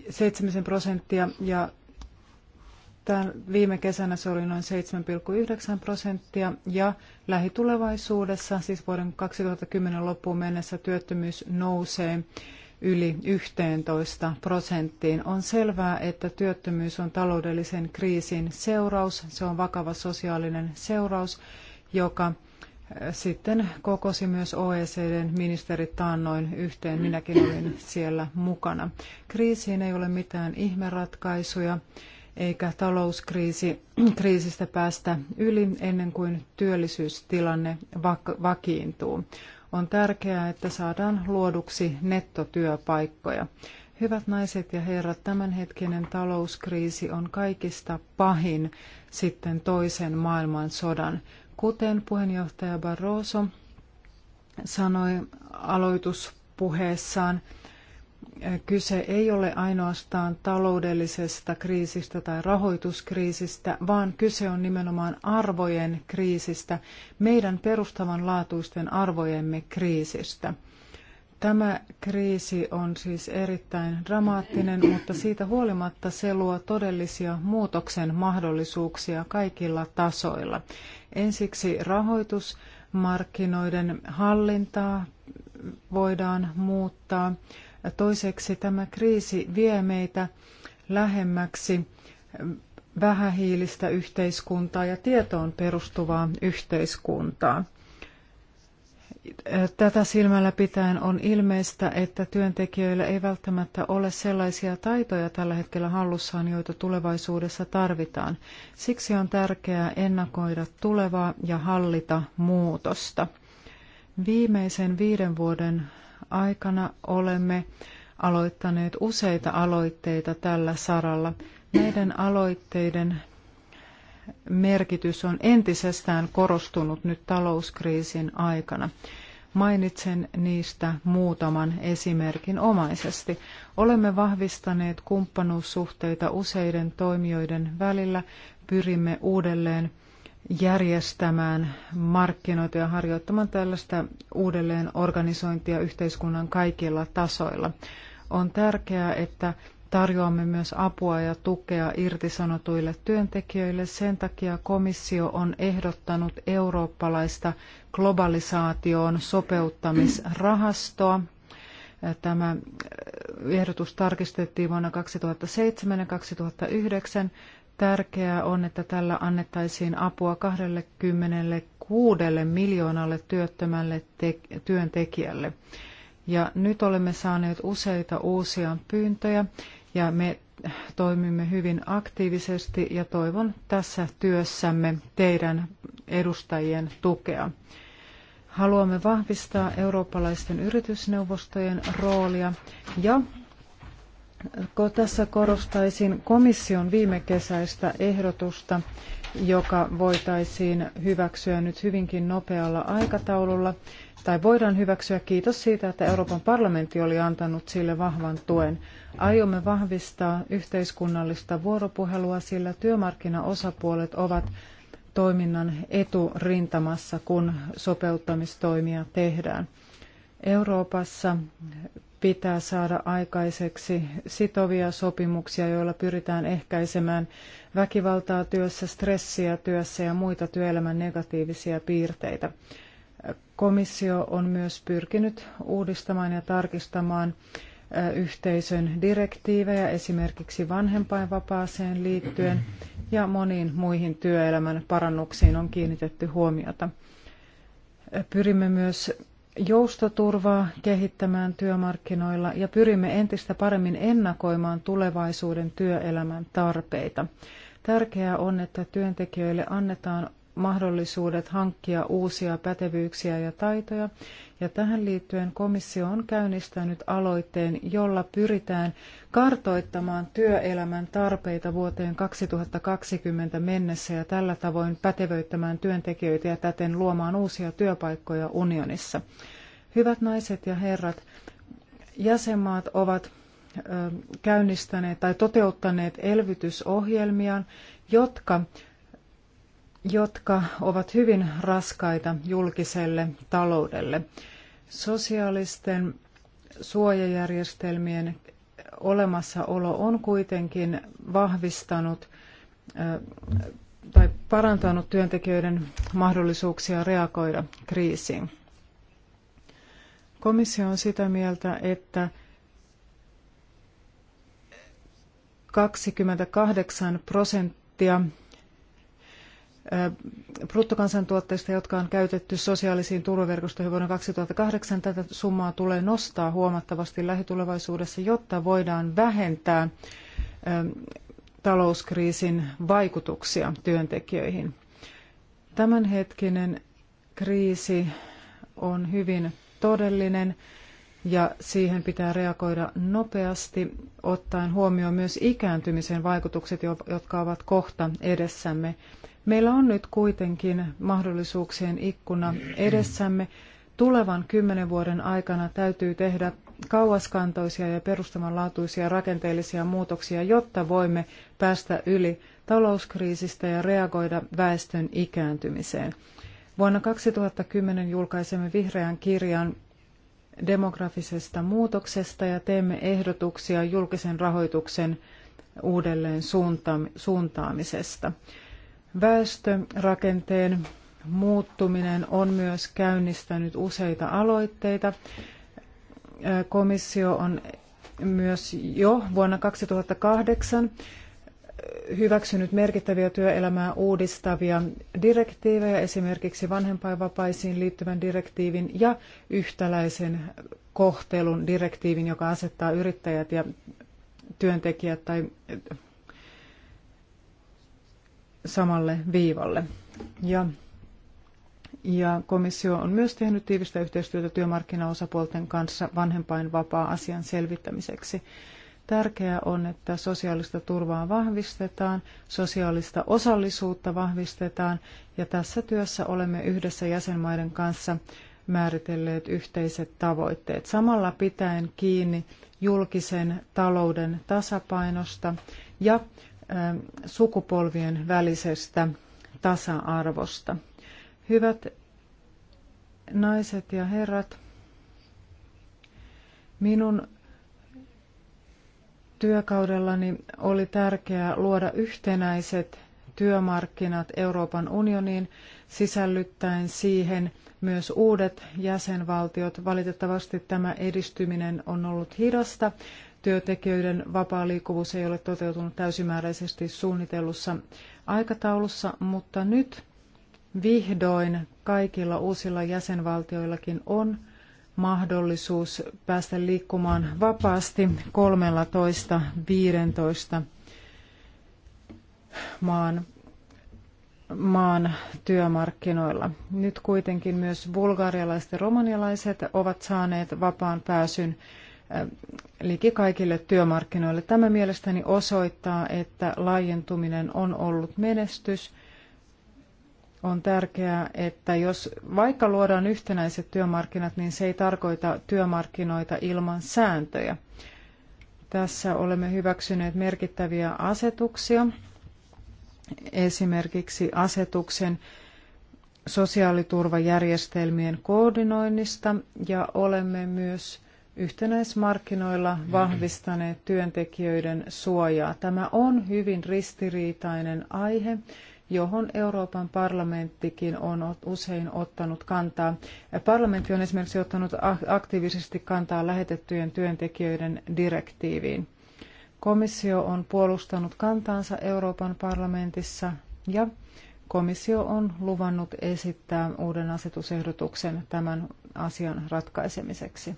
seitsemisen prosenttia ja tämän, viime kesänä se oli noin 7,9 prosenttia ja lähitulevaisuudessa, siis vuoden 2010 loppuun mennessä työttömyys nousee yli 11 prosenttiin. On selvää, että työttömyys on taloudellisen kriisin seuraus. Se on vakava sosiaalinen seuraus, joka äh, sitten kokosi myös OECDn ministerit taannoin yhteen. Minäkin olin siellä mukana. Kriisiin ei ole mitään ihmeratkaisuja eikä talouskriisistä päästä yli ennen kuin työllisyystilanne vakiintuu. On tärkeää, että saadaan luoduksi nettotyöpaikkoja. Hyvät naiset ja herrat, tämänhetkinen talouskriisi on kaikista pahin sitten toisen maailmansodan. Kuten puheenjohtaja Barroso sanoi aloituspuheessaan, kyse ei ole ainoastaan taloudellisesta kriisistä tai rahoituskriisistä, vaan kyse on nimenomaan arvojen kriisistä, meidän perustavanlaatuisten arvojemme kriisistä. Tämä kriisi on siis erittäin dramaattinen, mutta siitä huolimatta se luo todellisia muutoksen mahdollisuuksia kaikilla tasoilla. Ensiksi rahoitusmarkkinoiden hallintaa voidaan muuttaa ja toiseksi tämä kriisi vie meitä lähemmäksi vähähiilistä yhteiskuntaa ja tietoon perustuvaa yhteiskuntaa. Tätä silmällä pitäen on ilmeistä, että työntekijöillä ei välttämättä ole sellaisia taitoja tällä hetkellä hallussaan, joita tulevaisuudessa tarvitaan. Siksi on tärkeää ennakoida tulevaa ja hallita muutosta. Viimeisen viiden vuoden aikana olemme aloittaneet useita aloitteita tällä saralla. Näiden aloitteiden merkitys on entisestään korostunut nyt talouskriisin aikana. Mainitsen niistä muutaman esimerkin omaisesti. Olemme vahvistaneet kumppanuussuhteita useiden toimijoiden välillä, pyrimme uudelleen järjestämään markkinoita ja harjoittamaan tällaista uudelleen organisointia yhteiskunnan kaikilla tasoilla. On tärkeää, että tarjoamme myös apua ja tukea irtisanotuille työntekijöille. Sen takia komissio on ehdottanut eurooppalaista globalisaatioon sopeuttamisrahastoa. Tämä ehdotus tarkistettiin vuonna 2007 ja 2009 Tärkeää on, että tällä annettaisiin apua 26 miljoonalle työttömälle työntekijälle. Ja nyt olemme saaneet useita uusia pyyntöjä ja me toimimme hyvin aktiivisesti ja toivon tässä työssämme teidän edustajien tukea. Haluamme vahvistaa eurooppalaisten yritysneuvostojen roolia ja tässä korostaisin komission viime kesäistä ehdotusta, joka voitaisiin hyväksyä nyt hyvinkin nopealla aikataululla, tai voidaan hyväksyä kiitos siitä, että Euroopan parlamentti oli antanut sille vahvan tuen. Aiomme vahvistaa yhteiskunnallista vuoropuhelua, sillä työmarkkinaosapuolet ovat toiminnan eturintamassa, kun sopeuttamistoimia tehdään. Euroopassa pitää saada aikaiseksi sitovia sopimuksia, joilla pyritään ehkäisemään väkivaltaa työssä, stressiä työssä ja muita työelämän negatiivisia piirteitä. Komissio on myös pyrkinyt uudistamaan ja tarkistamaan yhteisön direktiivejä esimerkiksi vanhempainvapaaseen liittyen ja moniin muihin työelämän parannuksiin on kiinnitetty huomiota. Pyrimme myös joustoturvaa kehittämään työmarkkinoilla ja pyrimme entistä paremmin ennakoimaan tulevaisuuden työelämän tarpeita. Tärkeää on, että työntekijöille annetaan mahdollisuudet hankkia uusia pätevyyksiä ja taitoja. Ja tähän liittyen komissio on käynnistänyt aloitteen, jolla pyritään kartoittamaan työelämän tarpeita vuoteen 2020 mennessä ja tällä tavoin pätevöittämään työntekijöitä ja täten luomaan uusia työpaikkoja unionissa. Hyvät naiset ja herrat, jäsenmaat ovat käynnistäneet tai toteuttaneet elvytysohjelmia, jotka jotka ovat hyvin raskaita julkiselle taloudelle. Sosiaalisten suojajärjestelmien olemassaolo on kuitenkin vahvistanut tai parantanut työntekijöiden mahdollisuuksia reagoida kriisiin. Komissio on sitä mieltä, että 28 prosenttia bruttokansantuotteista, jotka on käytetty sosiaalisiin turvaverkostoihin vuonna 2008. Tätä summaa tulee nostaa huomattavasti lähitulevaisuudessa, jotta voidaan vähentää talouskriisin vaikutuksia työntekijöihin. Tämänhetkinen kriisi on hyvin todellinen ja siihen pitää reagoida nopeasti, ottaen huomioon myös ikääntymisen vaikutukset, jotka ovat kohta edessämme. Meillä on nyt kuitenkin mahdollisuuksien ikkuna edessämme. Tulevan kymmenen vuoden aikana täytyy tehdä kauaskantoisia ja perustamanlaatuisia rakenteellisia muutoksia, jotta voimme päästä yli talouskriisistä ja reagoida väestön ikääntymiseen. Vuonna 2010 julkaisemme vihreän kirjan demografisesta muutoksesta ja teemme ehdotuksia julkisen rahoituksen uudelleen suuntaamisesta. Väestörakenteen muuttuminen on myös käynnistänyt useita aloitteita. Komissio on myös jo vuonna 2008 hyväksynyt merkittäviä työelämää uudistavia direktiivejä, esimerkiksi vanhempainvapaisiin liittyvän direktiivin ja yhtäläisen kohtelun direktiivin, joka asettaa yrittäjät ja työntekijät tai samalle viivalle. Ja, ja komissio on myös tehnyt tiivistä yhteistyötä työmarkkinaosapuolten kanssa vanhempainvapaa-asian selvittämiseksi. Tärkeää on, että sosiaalista turvaa vahvistetaan, sosiaalista osallisuutta vahvistetaan ja tässä työssä olemme yhdessä jäsenmaiden kanssa määritelleet yhteiset tavoitteet. Samalla pitäen kiinni julkisen talouden tasapainosta ja Ähm, sukupolvien välisestä tasa-arvosta. Hyvät naiset ja herrat, minun työkaudellani oli tärkeää luoda yhtenäiset työmarkkinat Euroopan unioniin, sisällyttäen siihen myös uudet jäsenvaltiot. Valitettavasti tämä edistyminen on ollut hidasta, työntekijöiden vapaa liikkuvuus ei ole toteutunut täysimääräisesti suunnitellussa aikataulussa, mutta nyt vihdoin kaikilla uusilla jäsenvaltioillakin on mahdollisuus päästä liikkumaan vapaasti 13-15 maan, maan työmarkkinoilla. Nyt kuitenkin myös bulgarialaiset ja romanialaiset ovat saaneet vapaan pääsyn liki kaikille työmarkkinoille. Tämä mielestäni osoittaa, että laajentuminen on ollut menestys. On tärkeää, että jos vaikka luodaan yhtenäiset työmarkkinat, niin se ei tarkoita työmarkkinoita ilman sääntöjä. Tässä olemme hyväksyneet merkittäviä asetuksia, esimerkiksi asetuksen sosiaaliturvajärjestelmien koordinoinnista ja olemme myös yhtenäismarkkinoilla vahvistaneet työntekijöiden suojaa. Tämä on hyvin ristiriitainen aihe, johon Euroopan parlamenttikin on usein ottanut kantaa. Parlamentti on esimerkiksi ottanut aktiivisesti kantaa lähetettyjen työntekijöiden direktiiviin. Komissio on puolustanut kantaansa Euroopan parlamentissa ja komissio on luvannut esittää uuden asetusehdotuksen tämän asian ratkaisemiseksi.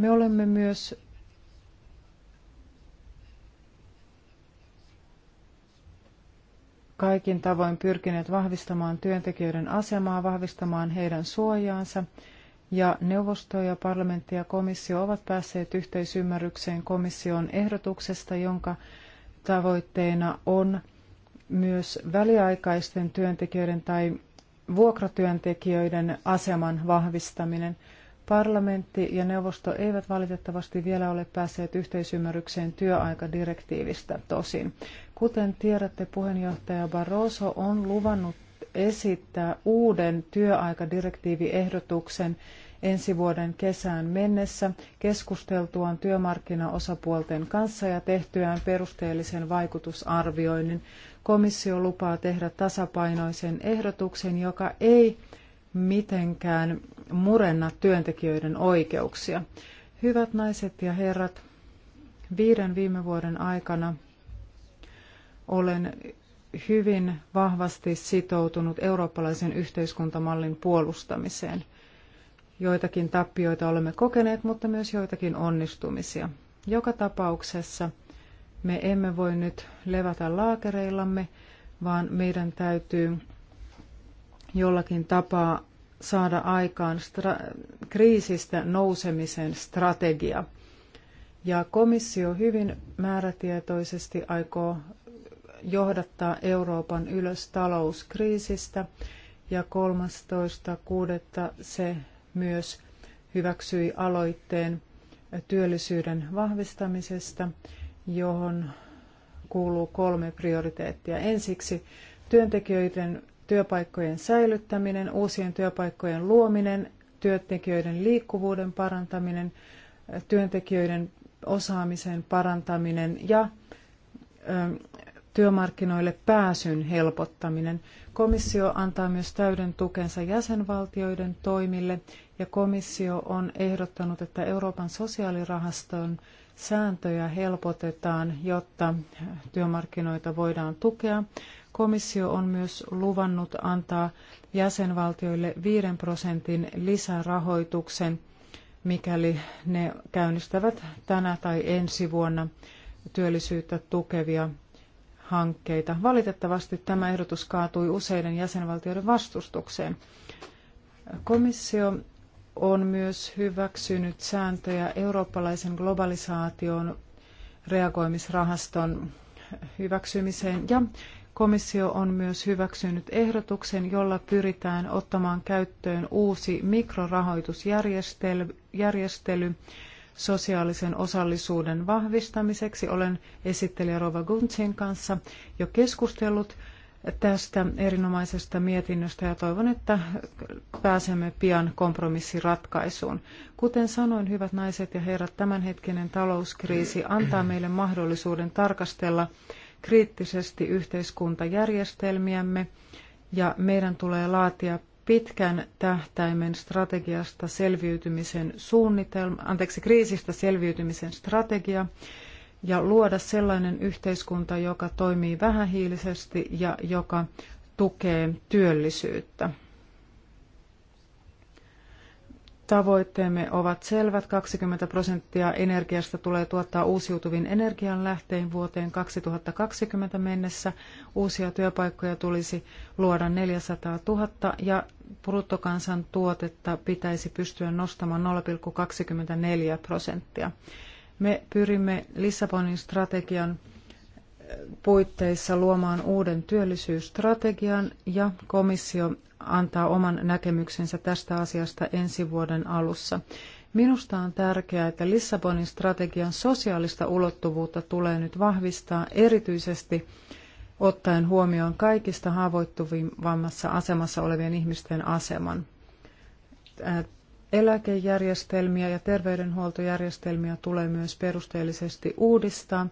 Me olemme myös kaikin tavoin pyrkineet vahvistamaan työntekijöiden asemaa, vahvistamaan heidän suojaansa, ja neuvosto ja parlamentti ja komissio ovat päässeet yhteisymmärrykseen komission ehdotuksesta, jonka tavoitteena on myös väliaikaisten työntekijöiden tai vuokratyöntekijöiden aseman vahvistaminen – Parlamentti ja neuvosto eivät valitettavasti vielä ole päässeet yhteisymmärrykseen työaikadirektiivistä tosin. Kuten tiedätte, puheenjohtaja Barroso on luvannut esittää uuden työaikadirektiiviehdotuksen ensi vuoden kesään mennessä keskusteltuaan työmarkkinaosapuolten kanssa ja tehtyään perusteellisen vaikutusarvioinnin. Komissio lupaa tehdä tasapainoisen ehdotuksen, joka ei mitenkään murenna työntekijöiden oikeuksia. Hyvät naiset ja herrat, viiden viime vuoden aikana olen hyvin vahvasti sitoutunut eurooppalaisen yhteiskuntamallin puolustamiseen. Joitakin tappioita olemme kokeneet, mutta myös joitakin onnistumisia. Joka tapauksessa me emme voi nyt levätä laakereillamme, vaan meidän täytyy jollakin tapaa saada aikaan kriisistä nousemisen strategia. Ja komissio hyvin määrätietoisesti aikoo johdattaa Euroopan ylös talouskriisistä ja 13.6. se myös hyväksyi aloitteen työllisyyden vahvistamisesta, johon kuuluu kolme prioriteettia. Ensiksi työntekijöiden työpaikkojen säilyttäminen, uusien työpaikkojen luominen, työntekijöiden liikkuvuuden parantaminen, työntekijöiden osaamisen parantaminen ja työmarkkinoille pääsyn helpottaminen. Komissio antaa myös täyden tukensa jäsenvaltioiden toimille ja komissio on ehdottanut, että Euroopan sosiaalirahaston sääntöjä helpotetaan, jotta työmarkkinoita voidaan tukea. Komissio on myös luvannut antaa jäsenvaltioille 5 prosentin lisärahoituksen, mikäli ne käynnistävät tänä tai ensi vuonna työllisyyttä tukevia hankkeita. Valitettavasti tämä ehdotus kaatui useiden jäsenvaltioiden vastustukseen. Komissio on myös hyväksynyt sääntöjä eurooppalaisen globalisaation reagoimisrahaston hyväksymiseen ja Komissio on myös hyväksynyt ehdotuksen, jolla pyritään ottamaan käyttöön uusi mikrorahoitusjärjestely sosiaalisen osallisuuden vahvistamiseksi. Olen esittelijä Rova Guntsin kanssa jo keskustellut tästä erinomaisesta mietinnöstä ja toivon, että pääsemme pian kompromissiratkaisuun. Kuten sanoin, hyvät naiset ja herrat, tämänhetkinen talouskriisi antaa meille mahdollisuuden tarkastella kriittisesti yhteiskuntajärjestelmiämme ja meidän tulee laatia pitkän tähtäimen strategiasta selviytymisen suunnitelma, anteeksi, kriisistä selviytymisen strategia ja luoda sellainen yhteiskunta, joka toimii vähähiilisesti ja joka tukee työllisyyttä. Tavoitteemme ovat selvät. 20 prosenttia energiasta tulee tuottaa uusiutuvin energianlähtein vuoteen 2020 mennessä. Uusia työpaikkoja tulisi luoda 400 000 ja bruttokansantuotetta pitäisi pystyä nostamaan 0,24 prosenttia. Me pyrimme Lissabonin strategian eh, puitteissa luomaan uuden työllisyysstrategian ja komissio antaa oman näkemyksensä tästä asiasta ensi vuoden alussa. Minusta on tärkeää, että Lissabonin strategian sosiaalista ulottuvuutta tulee nyt vahvistaa erityisesti ottaen huomioon kaikista haavoittuvimmassa asemassa olevien ihmisten aseman. Eläkejärjestelmiä ja terveydenhuoltojärjestelmiä tulee myös perusteellisesti uudistaa,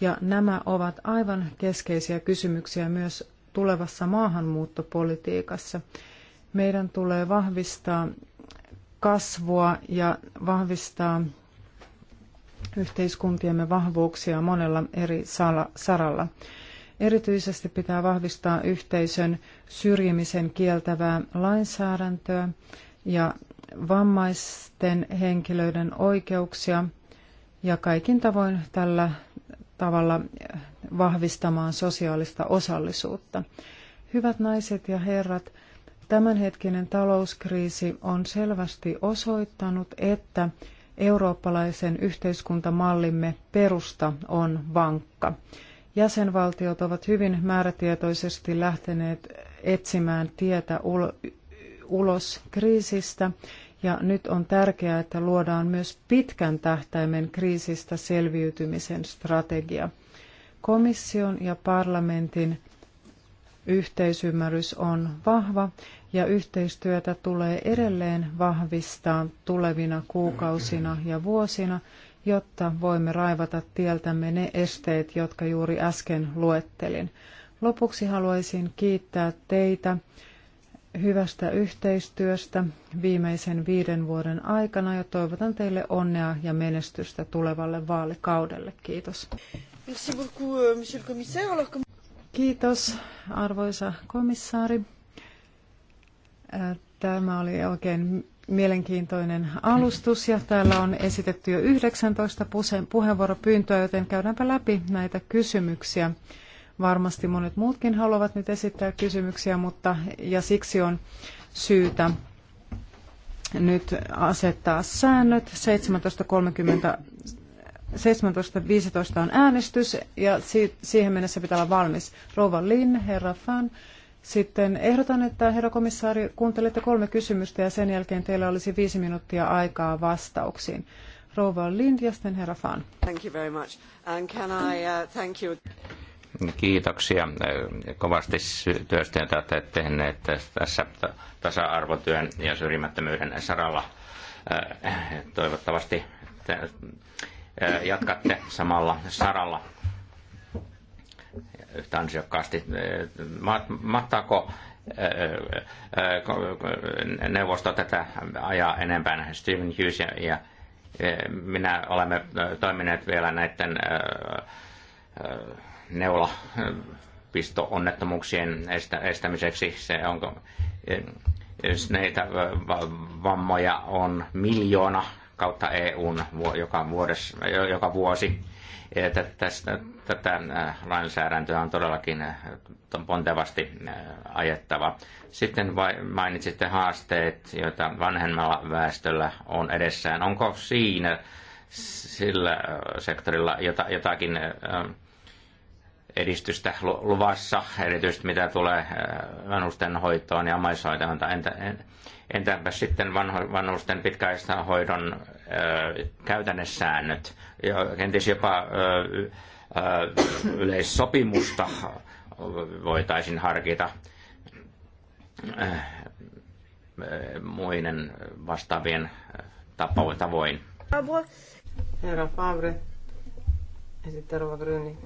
ja nämä ovat aivan keskeisiä kysymyksiä myös tulevassa maahanmuuttopolitiikassa. Meidän tulee vahvistaa kasvua ja vahvistaa yhteiskuntiemme vahvuuksia monella eri saralla. Erityisesti pitää vahvistaa yhteisön syrjimisen kieltävää lainsäädäntöä ja vammaisten henkilöiden oikeuksia. Ja kaikin tavoin tällä tavalla eh, vahvistamaan sosiaalista osallisuutta. Hyvät naiset ja herrat, tämänhetkinen talouskriisi on selvästi osoittanut, että eurooppalaisen yhteiskuntamallimme perusta on vankka. Jäsenvaltiot ovat hyvin määrätietoisesti lähteneet etsimään tietä ulos kriisistä ja nyt on tärkeää, että luodaan myös pitkän tähtäimen kriisistä selviytymisen strategia. Komission ja parlamentin yhteisymmärrys on vahva ja yhteistyötä tulee edelleen vahvistaa tulevina kuukausina ja vuosina, jotta voimme raivata tieltämme ne esteet, jotka juuri äsken luettelin. Lopuksi haluaisin kiittää teitä hyvästä yhteistyöstä viimeisen viiden vuoden aikana ja toivotan teille onnea ja menestystä tulevalle vaalikaudelle. Kiitos. Euh, Kiitos, arvoisa komissaari. Tämä oli oikein mielenkiintoinen alustus ja täällä on esitetty jo 19 puheenvuoropyyntöä, joten käydäänpä läpi näitä kysymyksiä. Varmasti monet muutkin haluavat nyt esittää kysymyksiä, mutta ja siksi on syytä nyt asettaa säännöt. 17.30 17.15 on äänestys ja si- siihen mennessä pitää olla valmis. Rouva Lin, herra Fan. Sitten ehdotan, että herra komissaari, kuuntelette kolme kysymystä ja sen jälkeen teillä olisi viisi minuuttia aikaa vastauksiin. Rouva Lind ja sitten herra Fan. Thank you very much. And can I, uh, thank you. Kiitoksia eh, kovasti työstä, jota olette tehneet tässä tasa-arvotyön ja syrjimättömyyden saralla. Eh, toivottavasti eh, jatkatte samalla saralla yhtä ansiokkaasti. Mahtaako neuvosto tätä ajaa enempää Steven Hughes ja minä olemme toimineet vielä näiden neula pisto-onnettomuuksien estämiseksi. Se onko, näitä vammoja on miljoona kautta EUn joka, joka vuosi. Tästä, tätä lainsäädäntöä on todellakin pontevasti ajettava. Sitten mainitsitte haasteet, joita vanhemmalla väestöllä on edessään. Onko siinä sillä sektorilla jotakin edistystä luvassa, erityisesti mitä tulee äh, vanhusten hoitoon ja omaishoitoon. Entä, entäpä sitten vanho, vanhusten pitkäistä hoidon äh, käytännössäännöt, kenties jopa ö, äh, ö, yleissopimusta voitaisiin harkita muiden vastaavien tavoin. Herra Favre, esittää Rova Gröning.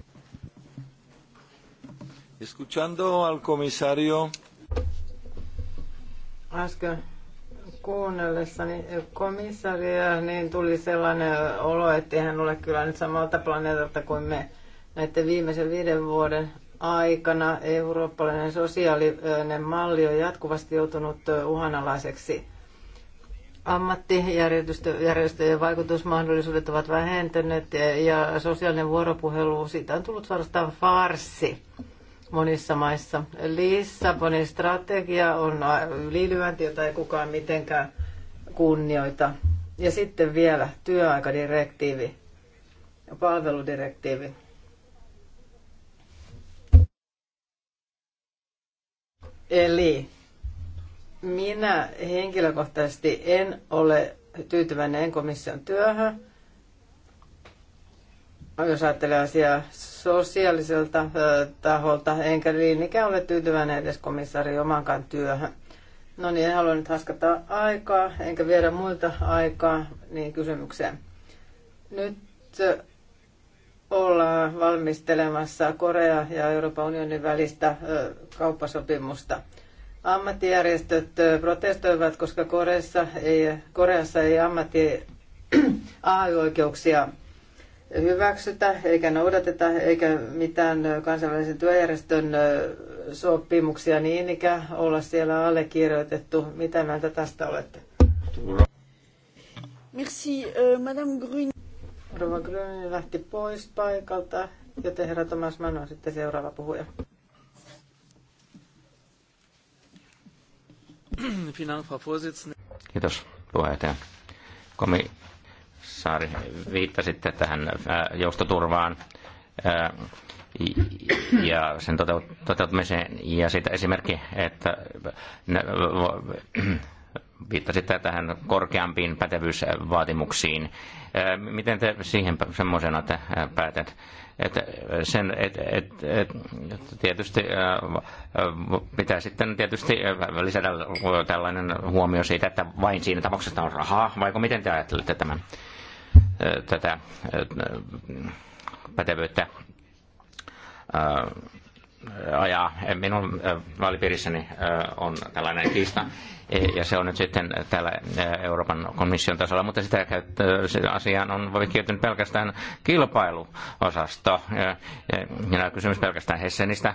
Escuchando al comisario. Äsken kuunnellessani komissaria, niin tuli sellainen olo, että hän ole kyllä nyt samalta planeetalta kuin me näiden viimeisen viiden vuoden aikana eurooppalainen sosiaalinen malli on jatkuvasti joutunut uhanalaiseksi. Ammattijärjestöjen vaikutusmahdollisuudet ovat vähentyneet ja sosiaalinen vuoropuhelu, siitä on tullut suorastaan farsi monissa maissa. Lissabonin strategia on ylilyönti, jota ei kukaan mitenkään kunnioita. Ja sitten vielä työaikadirektiivi ja palveludirektiivi. Eli minä henkilökohtaisesti en ole tyytyväinen komission työhön jos ajattelee asiaa sosiaaliselta taholta, enkä niin ikään ole tyytyväinen edes komissaari omankaan työhön. No niin, en halua nyt haskata aikaa, enkä viedä muilta aikaa niin kysymykseen. Nyt ollaan valmistelemassa Korea ja Euroopan unionin välistä kauppasopimusta. Ammattijärjestöt protestoivat, koska Koreassa ei, Koreassa ei ammatti AY-oikeuksia hyväksytä eikä noudateta eikä mitään kansainvälisen työjärjestön sopimuksia niin ikä olla siellä allekirjoitettu. Mitä mieltä tästä olette? Merci, Madame Grün. Rova Grün lähti pois paikalta, joten herra Thomas Mann on sitten seuraava puhuja. Kiitos puheenjohtaja. Komi komissaari, viittasitte tähän äh, joustoturvaan äh, ja sen toteutumiseen. Ja siitä esimerkki, että äh, viittasitte tähän korkeampiin pätevyysvaatimuksiin. Miten te siihen semmoisena te päätät? Että sen, et, et, et, tietysti pitää sitten tietysti lisätä tällainen huomio siitä, että vain siinä tapauksessa on rahaa, vaiko miten te ajattelette tämän? tätä pätevyyttä ajaa. Minun vaalipiirissäni on tällainen kiista, e, ja se on nyt sitten täällä Euroopan komission tasolla, mutta sitä, asiaan on kiintynyt pelkästään kilpailuosasto. Ja kysymys pelkästään Hessenistä,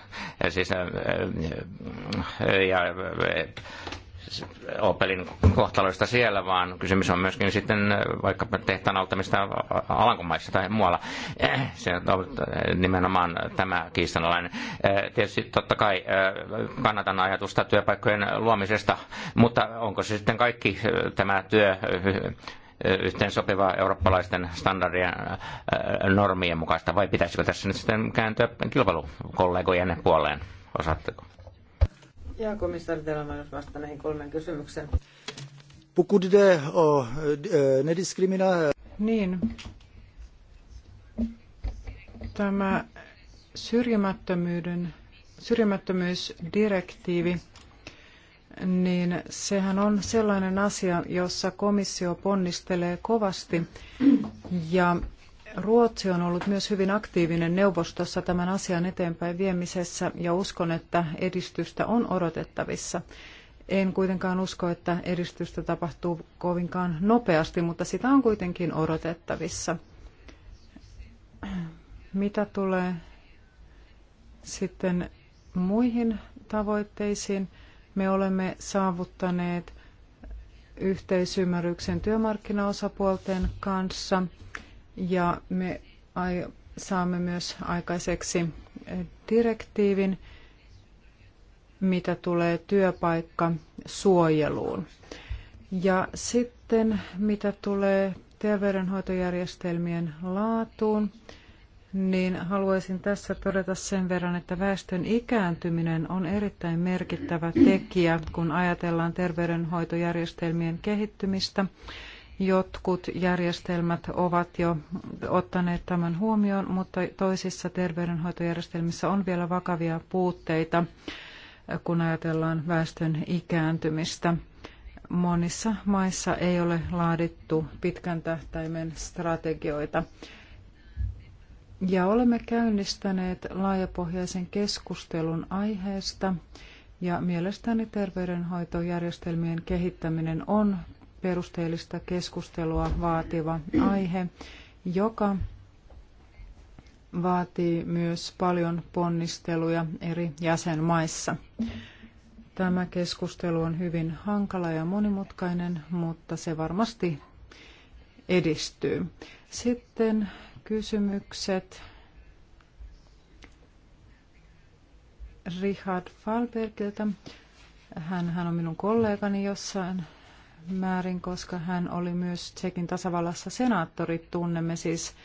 siis, ja Opelin kohtaloista siellä, vaan kysymys on myöskin sitten äh, vaikka tehtaan auttamista Alankomaissa tai muualla. Äh, se on äh, nimenomaan tämä kiistanalainen. Tietysti totta kai kannatan ajatusta työpaikkojen luomisesta, mutta onko se sitten kaikki tämä työ yhteen sopiva eurooppalaisten standardien normien mukaista, vai pitäisikö tässä nyt sitten kääntyä kilpailukollegojen puoleen? Osaatteko? Ja on näihin kolmeen kysymykseen. Pokud jde o eh, nediskriminaatio... Niin. Tämä syrjimättömyyden, syrjimättömyysdirektiivi, niin sehän on sellainen asia, jossa komissio ponnistelee kovasti ja Ruotsi on ollut myös hyvin aktiivinen neuvostossa tämän asian eteenpäin viemisessä ja uskon, että edistystä on odotettavissa. En kuitenkaan usko, että edistystä tapahtuu kovinkaan nopeasti, mutta sitä on kuitenkin odotettavissa. Mitä tulee sitten muihin tavoitteisiin, me olemme saavuttaneet yhteisymmärryksen työmarkkinaosapuolten kanssa – ja me saamme myös aikaiseksi direktiivin, mitä tulee työpaikka suojeluun. Ja sitten mitä tulee terveydenhoitojärjestelmien laatuun, niin haluaisin tässä todeta sen verran, että väestön ikääntyminen on erittäin merkittävä tekijä, kun ajatellaan terveydenhoitojärjestelmien kehittymistä Jotkut järjestelmät ovat jo ottaneet tämän huomioon, mutta toisissa terveydenhoitojärjestelmissä on vielä vakavia puutteita, kun ajatellaan väestön ikääntymistä. Monissa maissa ei ole laadittu pitkän tähtäimen strategioita. Ja olemme käynnistäneet laajapohjaisen keskustelun aiheesta ja mielestäni terveydenhoitojärjestelmien kehittäminen on perusteellista keskustelua vaativa aihe, joka vaatii myös paljon ponnisteluja eri jäsenmaissa. Tämä keskustelu on hyvin hankala ja monimutkainen, mutta se varmasti edistyy. Sitten kysymykset Richard Falbergiltä. Hän, hän on minun kollegani jossain määrin, koska hän oli myös Tsekin tasavallassa senaattori. Tunnemme siis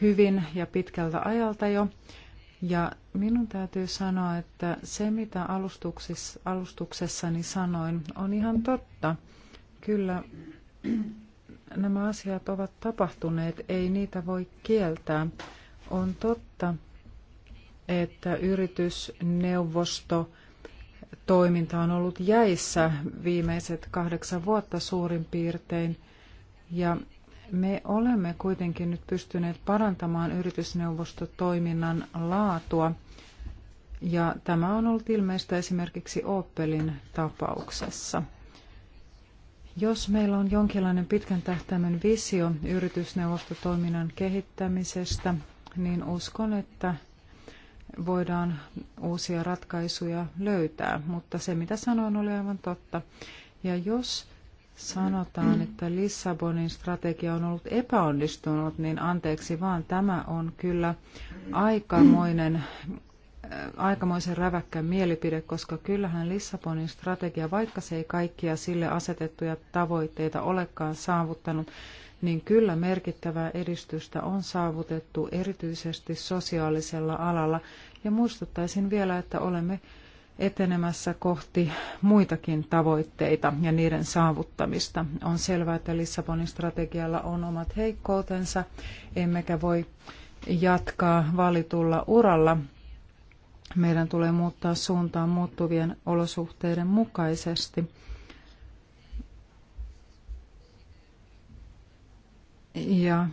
hyvin ja pitkältä ajalta jo. Ja minun täytyy sanoa, että se mitä alustuksessani sanoin on ihan totta. Kyllä nämä asiat ovat tapahtuneet, ei niitä voi kieltää. On totta, että yritysneuvosto – toiminta on ollut jäissä viimeiset kahdeksan vuotta suurin piirtein. Ja me olemme kuitenkin nyt pystyneet parantamaan yritysneuvostotoiminnan laatua. Ja tämä on ollut ilmeistä esimerkiksi Opelin tapauksessa. Jos meillä on jonkinlainen pitkän tähtäimen visio yritysneuvostotoiminnan kehittämisestä, niin uskon, että voidaan uusia ratkaisuja löytää. Mutta se, mitä sanoin, oli aivan totta. Ja jos sanotaan, että Lissabonin strategia on ollut epäonnistunut, niin anteeksi vaan, tämä on kyllä aikamoinen äh, aikamoisen räväkkä mielipide, koska kyllähän Lissabonin strategia, vaikka se ei kaikkia sille asetettuja tavoitteita olekaan saavuttanut, niin kyllä merkittävää edistystä on saavutettu erityisesti sosiaalisella alalla. Ja muistuttaisin vielä, että olemme etenemässä kohti muitakin tavoitteita ja niiden saavuttamista. On selvää, että Lissabonin strategialla on omat heikkoutensa, emmekä voi jatkaa valitulla uralla. Meidän tulee muuttaa suuntaa muuttuvien olosuhteiden mukaisesti. ja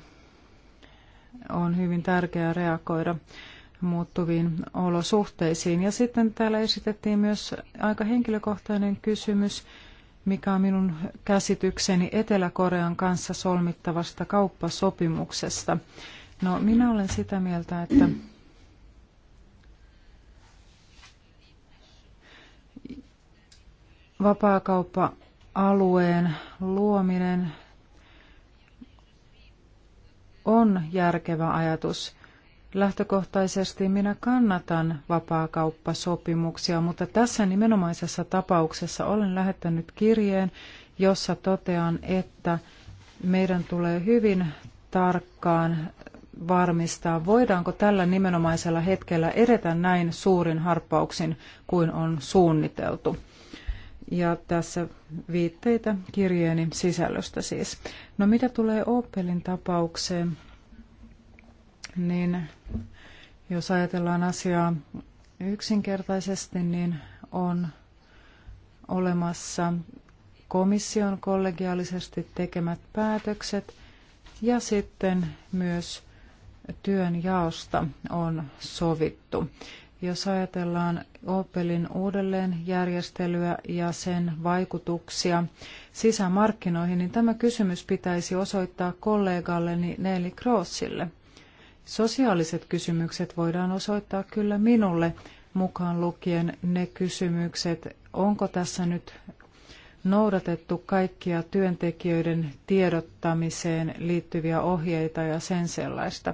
on hyvin tärkeää reagoida muuttuviin olosuhteisiin. Ja sitten täällä esitettiin myös aika henkilökohtainen kysymys, mikä on minun käsitykseni Etelä-Korean kanssa solmittavasta kauppasopimuksesta. No, minä olen sitä mieltä, että vapaakauppa-alueen luominen on järkevä ajatus. Lähtökohtaisesti minä kannatan vapaakauppasopimuksia, mutta tässä nimenomaisessa tapauksessa olen lähettänyt kirjeen, jossa totean, että meidän tulee hyvin tarkkaan varmistaa, voidaanko tällä nimenomaisella hetkellä edetä näin suurin harppauksin kuin on suunniteltu. Ja tässä viitteitä kirjeeni sisällöstä siis. No mitä tulee Opelin tapaukseen, niin jos ajatellaan asiaa yksinkertaisesti, niin on olemassa komission kollegiaalisesti tekemät päätökset ja sitten myös työnjaosta on sovittu. Jos ajatellaan Opelin uudelleenjärjestelyä ja sen vaikutuksia sisämarkkinoihin, niin tämä kysymys pitäisi osoittaa kollegalleni Neeli Kroosille. Sosiaaliset kysymykset voidaan osoittaa kyllä minulle, mukaan lukien ne kysymykset, onko tässä nyt noudatettu kaikkia työntekijöiden tiedottamiseen liittyviä ohjeita ja sen sellaista.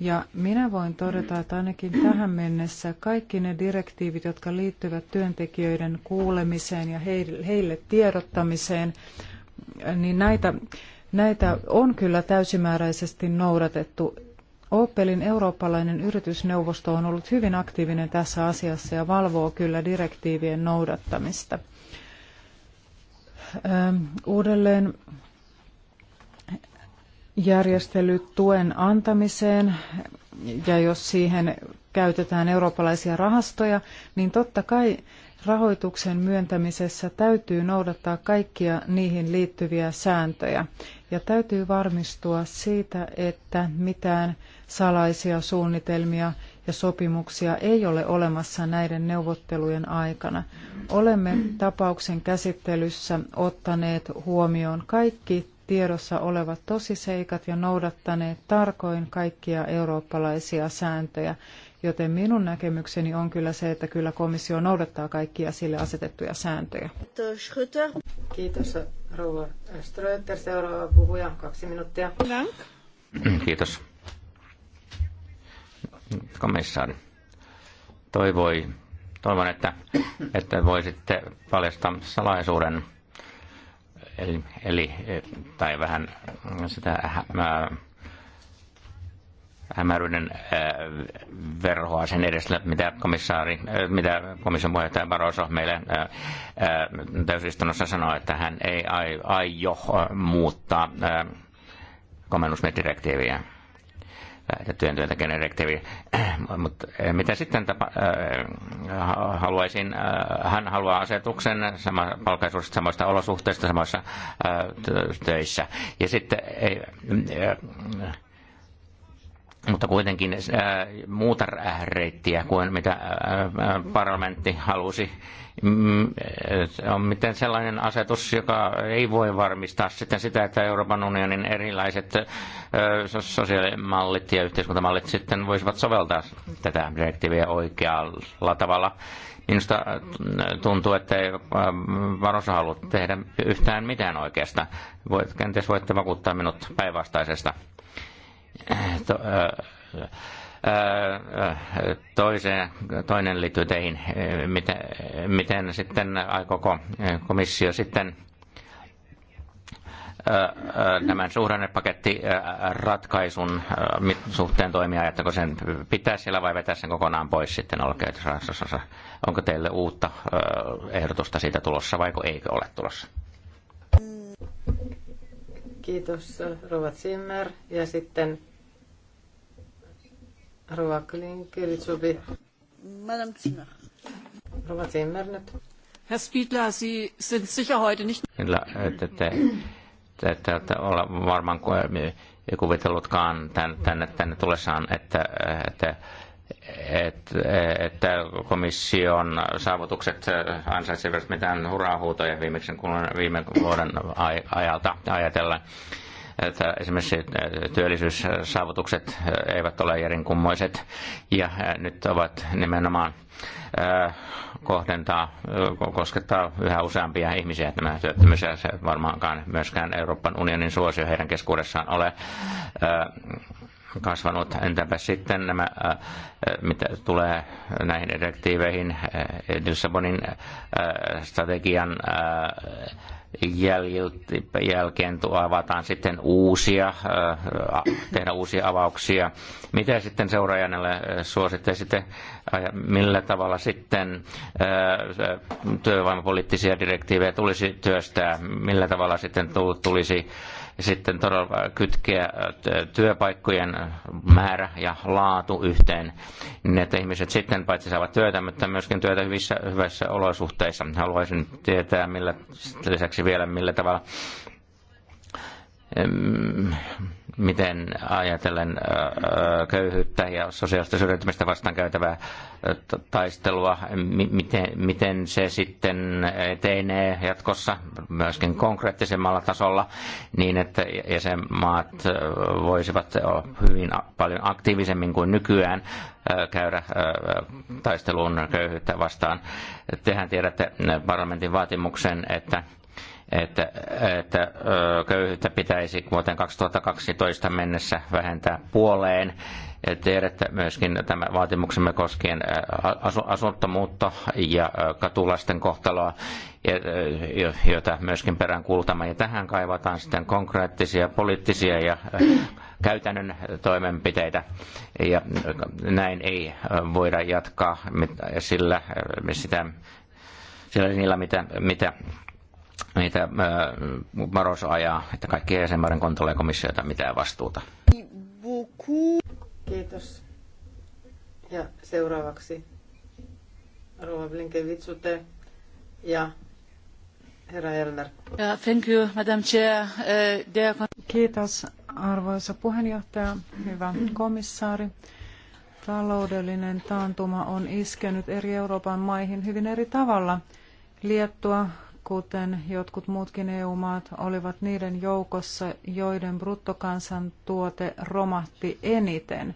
Ja minä voin todeta, että ainakin tähän mennessä kaikki ne direktiivit, jotka liittyvät työntekijöiden kuulemiseen ja heille tiedottamiseen, niin näitä, näitä on kyllä täysimääräisesti noudatettu. Opelin eurooppalainen yritysneuvosto on ollut hyvin aktiivinen tässä asiassa ja valvoo kyllä direktiivien noudattamista. Uudelleen järjestelyt tuen antamiseen ja jos siihen käytetään eurooppalaisia rahastoja, niin totta kai rahoituksen myöntämisessä täytyy noudattaa kaikkia niihin liittyviä sääntöjä ja täytyy varmistua siitä, että mitään salaisia suunnitelmia ja sopimuksia ei ole olemassa näiden neuvottelujen aikana. Olemme tapauksen käsittelyssä ottaneet huomioon kaikki tiedossa olevat tosiseikat ja noudattaneet tarkoin kaikkia eurooppalaisia sääntöjä, joten minun näkemykseni on kyllä se, että kyllä komissio noudattaa kaikkia sille asetettuja sääntöjä. Kiitos rouva Ströter. Seuraava puhuja, kaksi minuuttia. Kiitos. Komissaari toivoi, toivon, että, että voisitte paljastaa salaisuuden – Eli, eli tai vähän sitä hämäryyden verhoa sen edessä, mitä komissaari, mitä komission puheenjohtaja Barroso meille täysistunnossa sanoi, että hän ei aio muuttaa komennusmedirektiiviä. direktiiviä lähetettyjen työntekijöiden direktiivi. Mutta eh, mitä sitten tapa, eh, haluaisin, eh, hän haluaa asetuksen sama, palkaisuudesta samoista olosuhteista samoissa töissä. Ja sitten ei, mutta kuitenkin äh, muuta reittiä kuin mitä äh, äh, parlamentti halusi. Mm, on miten sellainen asetus, joka ei voi varmistaa sitten sitä että Euroopan unionin erilaiset sosiaalimallit ja yhteiskuntamallit sitten voisivat soveltaa tätä direktiiviä oikealla tavalla. Minusta tuntuu, että ei Varosa halua tehdä yhtään mitään oikeasta. Voit, kenties voitte vakuuttaa minut päinvastaisesta to, toiseen, toinen liittyy teihin. Miten, miten sitten aikooko komissio sitten tämän ratkaisun suhteen toimia, ajatteko sen pitää siellä vai vetää sen kokonaan pois sitten olkeutusrahastossa? Onko teille uutta ehdotusta siitä tulossa vai eikö ole tulossa? Kiitos Rova Zimmer ja sitten Rova Klinkevitsubi. Madame Zimmer. Rova Zimmer nyt. Herr Spiedler, Sie sind sicher heute nicht... Kyllä, että te, te, te, te olla varmaan kuvitellutkaan tänne, tänne tulessaan, että, että että komission saavutukset ansaitsevat mitään hurrahuutoja viimeksi viime vuoden ajalta ajatella, Että esimerkiksi äh, työllisyyssaavutukset äh, eivät ole järinkummoiset ja äh, nyt ovat nimenomaan kohdentaa, koskettaa yhä useampia ihmisiä tämä työttömyys ja se varmaankaan myöskään Euroopan unionin suosio heidän keskuudessaan ole kasvanut. Entäpä sitten nämä, mitä tulee näihin direktiiveihin, Lissabonin strategian jälkeen avataan sitten uusia, tehdä uusia avauksia. Mitä sitten seuraajalle suosittelisitte, millä tavalla sitten työvoimapoliittisia direktiivejä tulisi työstää, millä tavalla sitten tulisi sitten todella äh, kytkeä äh, työpaikkojen äh, määrä ja laatu yhteen, niin että ihmiset sitten paitsi saavat työtä, mutta myöskin työtä hyvissä, hyvissä olosuhteissa. Haluaisin tietää millä, lisäksi vielä, millä tavalla miten ajatellen köyhyyttä ja sosiaalista syrjäytymistä vastaan käytävää taistelua, miten, miten se sitten etenee jatkossa myöskin konkreettisemmalla tasolla niin, että jäsenmaat voisivat olla hyvin paljon aktiivisemmin kuin nykyään käydä taisteluun köyhyyttä vastaan. Tehän tiedätte parlamentin vaatimuksen, että että, että köyhyyttä pitäisi vuoteen 2012 mennessä vähentää puoleen. Tiedätte myöskin tämä vaatimuksemme koskien asuntomuutta ja katulasten kohtaloa, jota myöskin perään kuultamme. Ja tähän kaivataan sitten konkreettisia poliittisia ja käytännön toimenpiteitä. Ja näin ei voida jatkaa sillä, sitä, sillä niillä, mitä, mitä niitä äh, Barroso ajaa, että kaikki jäsenmaiden kontolle komissiota mitään vastuuta. Kiitos. Ja seuraavaksi Rova Blinkevitsute ja herra Elner. Thank you, Madam Chair. Äh, Kiitos arvoisa puheenjohtaja, hyvä komissaari. Taloudellinen taantuma on iskenyt eri Euroopan maihin hyvin eri tavalla. Liettua kuten jotkut muutkin EU-maat, olivat niiden joukossa, joiden bruttokansantuote romahti eniten.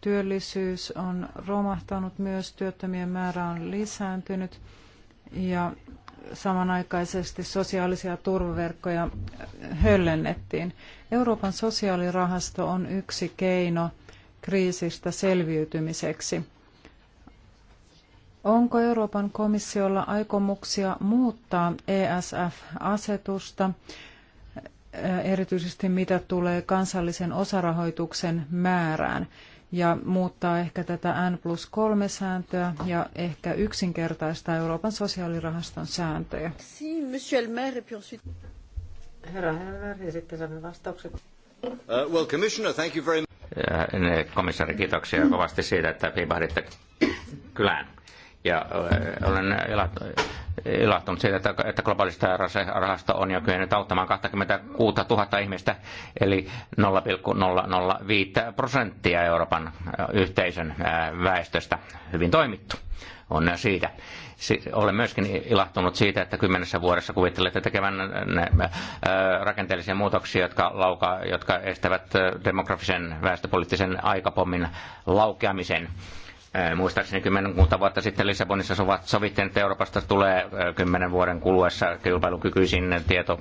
Työllisyys on romahtanut myös, työttömien määrä on lisääntynyt ja samanaikaisesti sosiaalisia turvaverkkoja höllennettiin. Euroopan sosiaalirahasto on yksi keino kriisistä selviytymiseksi. Onko Euroopan komissiolla aikomuksia muuttaa ESF-asetusta, erityisesti mitä tulee kansallisen osarahoituksen määrään, ja muuttaa ehkä tätä N plus 3 sääntöä ja ehkä yksinkertaistaa Euroopan sosiaalirahaston sääntöjä? Herra Helmer, ja sitten saamme vastaukset. Uh, well, Commissioner, thank you very much. Ne niin, Komissaari, kiitoksia kovasti siitä, että piipahditte kylään ja olen ilahtunut siitä, että, että globaalista rahasto on jo kyennyt auttamaan 26 000 ihmistä, eli 0,005 prosenttia Euroopan yhteisön väestöstä. Hyvin toimittu. On siitä. Olen myöskin ilahtunut siitä, että kymmenessä vuodessa kuvittelette tekevän ne rakenteellisia muutoksia, jotka, lauka, jotka estävät demografisen väestöpoliittisen aikapommin laukeamisen Muistaakseni kymmenkunta vuotta sitten Lissabonissa sovittiin, että Euroopasta tulee kymmenen vuoden kuluessa kilpailukykyisin tieto,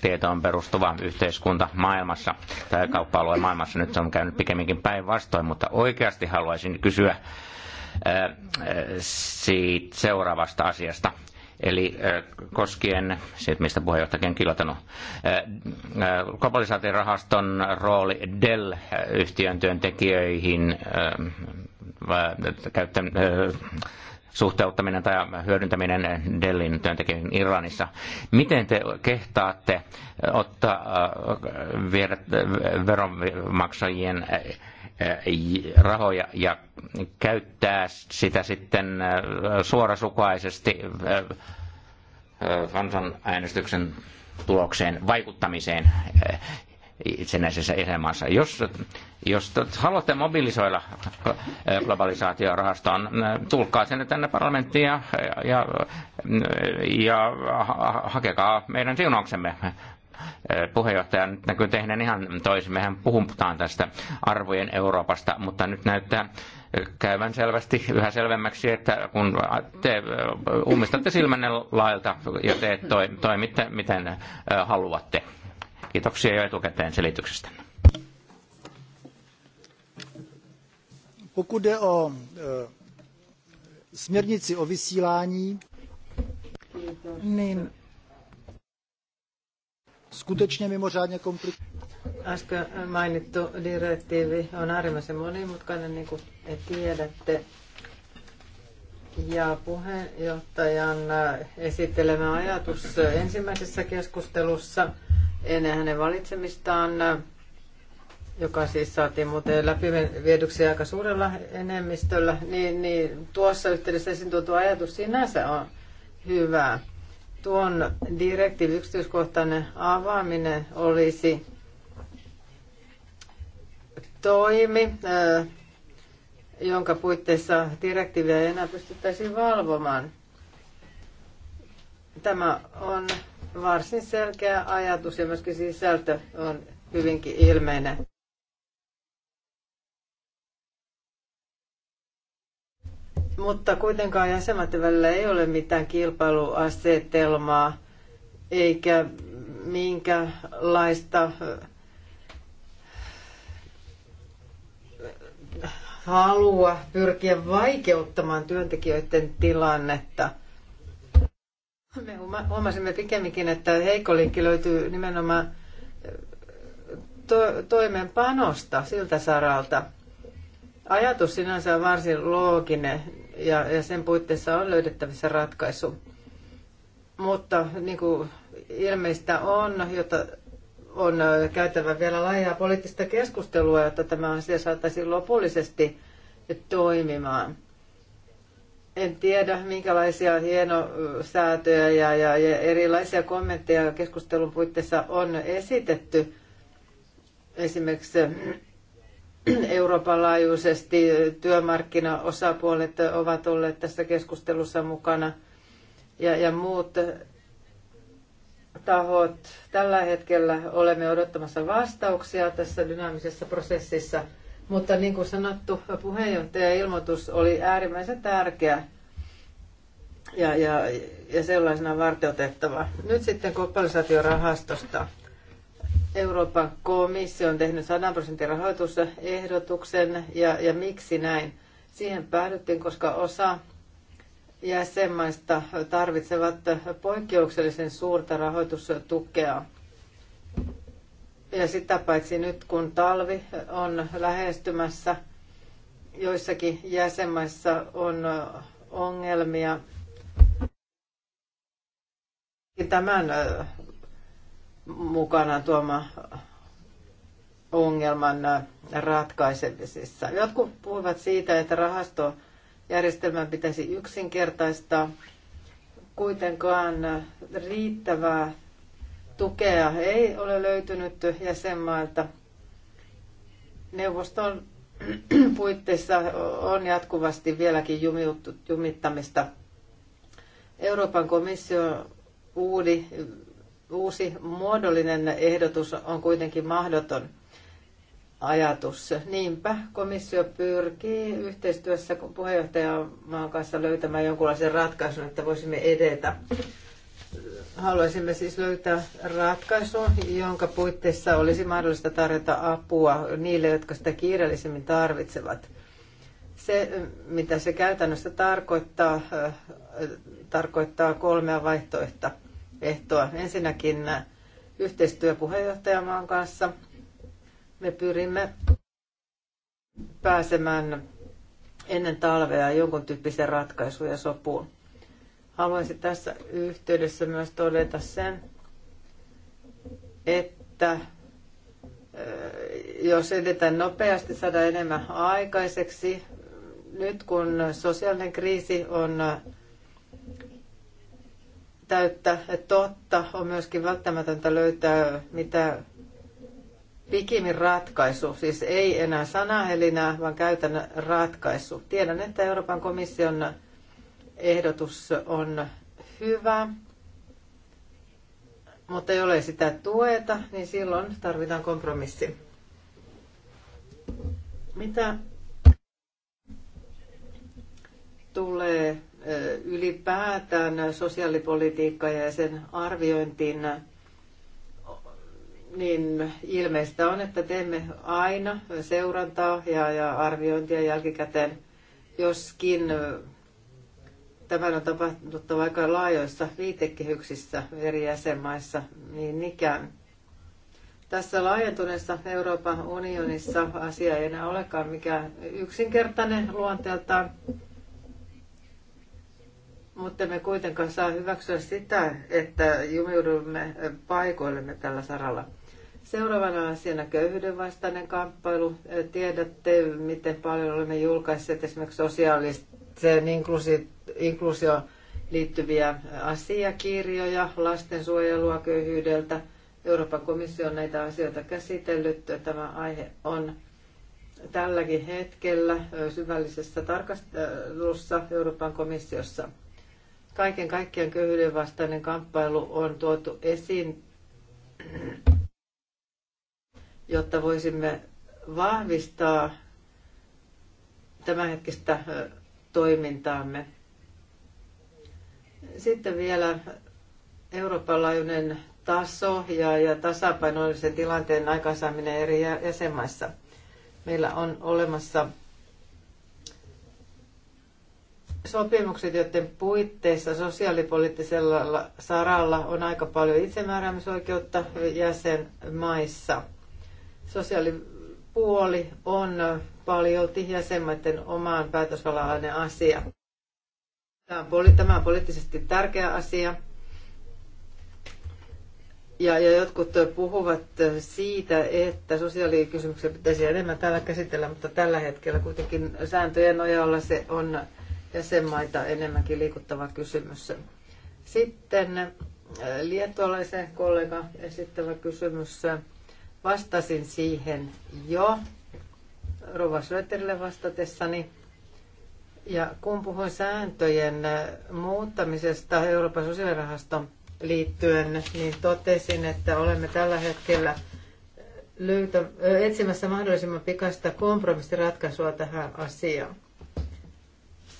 tietoon perustuva yhteiskunta maailmassa tai kauppa-alue maailmassa. Nyt se on käynyt pikemminkin päinvastoin, mutta oikeasti haluaisin kysyä siitä seuraavasta asiasta. Eli koskien, siitä mistä puheenjohtaja on kilotanut, globalisaatiorahaston rooli Dell-yhtiön työntekijöihin käyttä, suhteuttaminen tai hyödyntäminen Dellin työntekijöihin Iranissa. Miten te kehtaatte ottaa viedä veronmaksajien rahoja ja käyttää sitä sitten suorasukaisesti kansanäänestyksen tulokseen vaikuttamiseen itsenäisessä jäsenmaassa. Jos, jos haluatte mobilisoida globalisaatiorahastoon, tulkaa sinne tänne parlamenttiin ja, ja, ja hakekaa meidän siunauksemme puheenjohtaja näkyy tehneen ihan toisin. Mehän puhutaan tästä arvojen Euroopasta, mutta nyt näyttää käyvän selvästi yhä selvemmäksi, että kun te ummistatte silmänne lailta ja te toimitte miten haluatte. Kiitoksia jo etukäteen selityksestä. Pokud jde o e, směrnici o vysílání, niin skutečně mimořádně komplikovaná. Äsken mainittu direktiivi on äärimmäisen monimutkainen, niin kuin tiedätte. Ja puheenjohtajan e, esittelemä ajatus ensimmäisessä keskustelussa – ennen hänen valitsemistaan, joka siis saatiin muuten läpiviedyksi aika suurella enemmistöllä, niin, niin tuossa yhteydessä esiin tuotu ajatus sinänsä on hyvä. Tuon direktiivin yksityiskohtainen avaaminen olisi toimi, eh, jonka puitteissa direktiiviä ei enää pystyttäisiin valvomaan. Tämä on varsin selkeä ajatus ja myöskin sisältö on hyvinkin ilmeinen. Mutta kuitenkaan jäsenmaiden välillä ei ole mitään kilpailuasetelmaa eikä minkälaista äh, halua pyrkiä vaikeuttamaan työntekijöiden tilannetta – me huomasimme pikemminkin, että heikko linkki löytyy nimenomaan eh, to- toimeenpanosta siltä saralta. Ajatus sinänsä on varsin looginen ja, ja sen puitteissa on löydettävissä ratkaisu. Mutta niin kuin ilmeistä on, jota on eh, käytävä vielä laajaa poliittista keskustelua, jotta tämä asia saataisiin lopullisesti toimimaan en tiedä, minkälaisia hienosäätöjä ja, ja, ja erilaisia kommentteja keskustelun puitteissa on esitetty. Esimerkiksi Euroopan laajuisesti työmarkkinaosapuolet ovat olleet tässä keskustelussa mukana ja, ja muut tahot. Tällä hetkellä olemme odottamassa vastauksia tässä dynaamisessa prosessissa – mutta niin kuin sanottu, puheenjohtajan ilmoitus oli äärimmäisen tärkeä ja, ja, ja sellaisena vartiotettava. Nyt sitten kompensaatiorahastosta. Euroopan komissio on tehnyt 100 prosentin rahoitusehdotuksen ja, ja miksi näin? Siihen päädyttiin, koska osa jäsenmaista tarvitsevat poikkeuksellisen suurta rahoitustukea. Ja sitä paitsi nyt kun talvi on lähestymässä, joissakin jäsenmaissa on ongelmia tämän mukana tuoma ongelman ratkaisemisissa. Jotkut puhuvat siitä, että rahastojärjestelmän pitäisi yksinkertaistaa. Kuitenkaan riittävää tukea ei ole löytynyt jäsenmailta. Neuvoston puitteissa on jatkuvasti vieläkin jumittamista. Euroopan komissio uudi, uusi muodollinen ehdotus on kuitenkin mahdoton ajatus. Niinpä komissio pyrkii yhteistyössä puheenjohtajamaan kanssa löytämään jonkunlaisen ratkaisun, että voisimme edetä haluaisimme siis löytää ratkaisun, jonka puitteissa olisi mahdollista tarjota apua niille, jotka sitä kiireellisemmin tarvitsevat. Se, mitä se käytännössä tarkoittaa, tarkoittaa kolmea vaihtoehtoa. Ehtoa. Ensinnäkin yhteistyö puheenjohtajamaan kanssa. Me pyrimme pääsemään ennen talvea jonkun tyyppisen ratkaisun ja sopuun. Haluaisin tässä yhteydessä myös todeta sen, että jos edetään nopeasti, saada enemmän aikaiseksi. Nyt kun sosiaalinen kriisi on täyttä totta, on myöskin välttämätöntä löytää mitä pikimmin ratkaisu, siis ei enää sanahelinää, vaan käytännön ratkaisu. Tiedän, että Euroopan komission ehdotus on hyvä, mutta ole sitä tueta, niin silloin tarvitaan kompromissi. Mitä tulee ylipäätään sosiaalipolitiikkaan ja sen arviointiin, niin ilmeistä on, että teemme aina seurantaa ja arviointia jälkikäteen, joskin Tämän on tapahtunut aika laajoissa viitekehyksissä eri jäsenmaissa niin ikään. Tässä laajentuneessa Euroopan unionissa asia ei enää olekaan mikään yksinkertainen luonteeltaan, mutta me kuitenkaan saa hyväksyä sitä, että jumiudumme paikoillemme tällä saralla. Seuraavana asiana köyhyyden vastainen kamppailu. Tiedätte, miten paljon olemme julkaisseet esimerkiksi sosiaalisen inklusiivisuuden inkluusioon liittyviä asiakirjoja, lastensuojelua köyhyydeltä. Euroopan komissio on näitä asioita käsitellyt. Tämä aihe on tälläkin hetkellä syvällisessä tarkastelussa Euroopan komissiossa. Kaiken kaikkiaan köyhyyden vastainen kamppailu on tuotu esiin, jotta voisimme vahvistaa tämänhetkistä toimintaamme. Sitten vielä Euroopan laajuinen taso ja, ja tasapainoisen tilanteen aikaansaaminen eri jäsenmaissa. Meillä on olemassa sopimukset, joiden puitteissa sosiaalipoliittisella saralla on aika paljon itsemääräämisoikeutta jäsenmaissa. Sosiaalipuoli on paljolti jäsenmaiden omaan päätösvallan asia. Tämä on poliittisesti tärkeä asia. Ja, ja jotkut puhuvat siitä, että sosiaalikysymyksiä pitäisi enemmän täällä käsitellä, mutta tällä hetkellä kuitenkin sääntöjen nojalla se on jäsenmaita enemmänkin liikuttava kysymys. Sitten äh, liettualaisen kollega esittävä kysymys. Vastasin siihen jo Rova Söterille vastatessani. Ja kun puhuin sääntöjen muuttamisesta Euroopan sosiaalirahaston liittyen, niin totesin, että olemme tällä hetkellä löytä, etsimässä mahdollisimman pikaista kompromissiratkaisua tähän asiaan.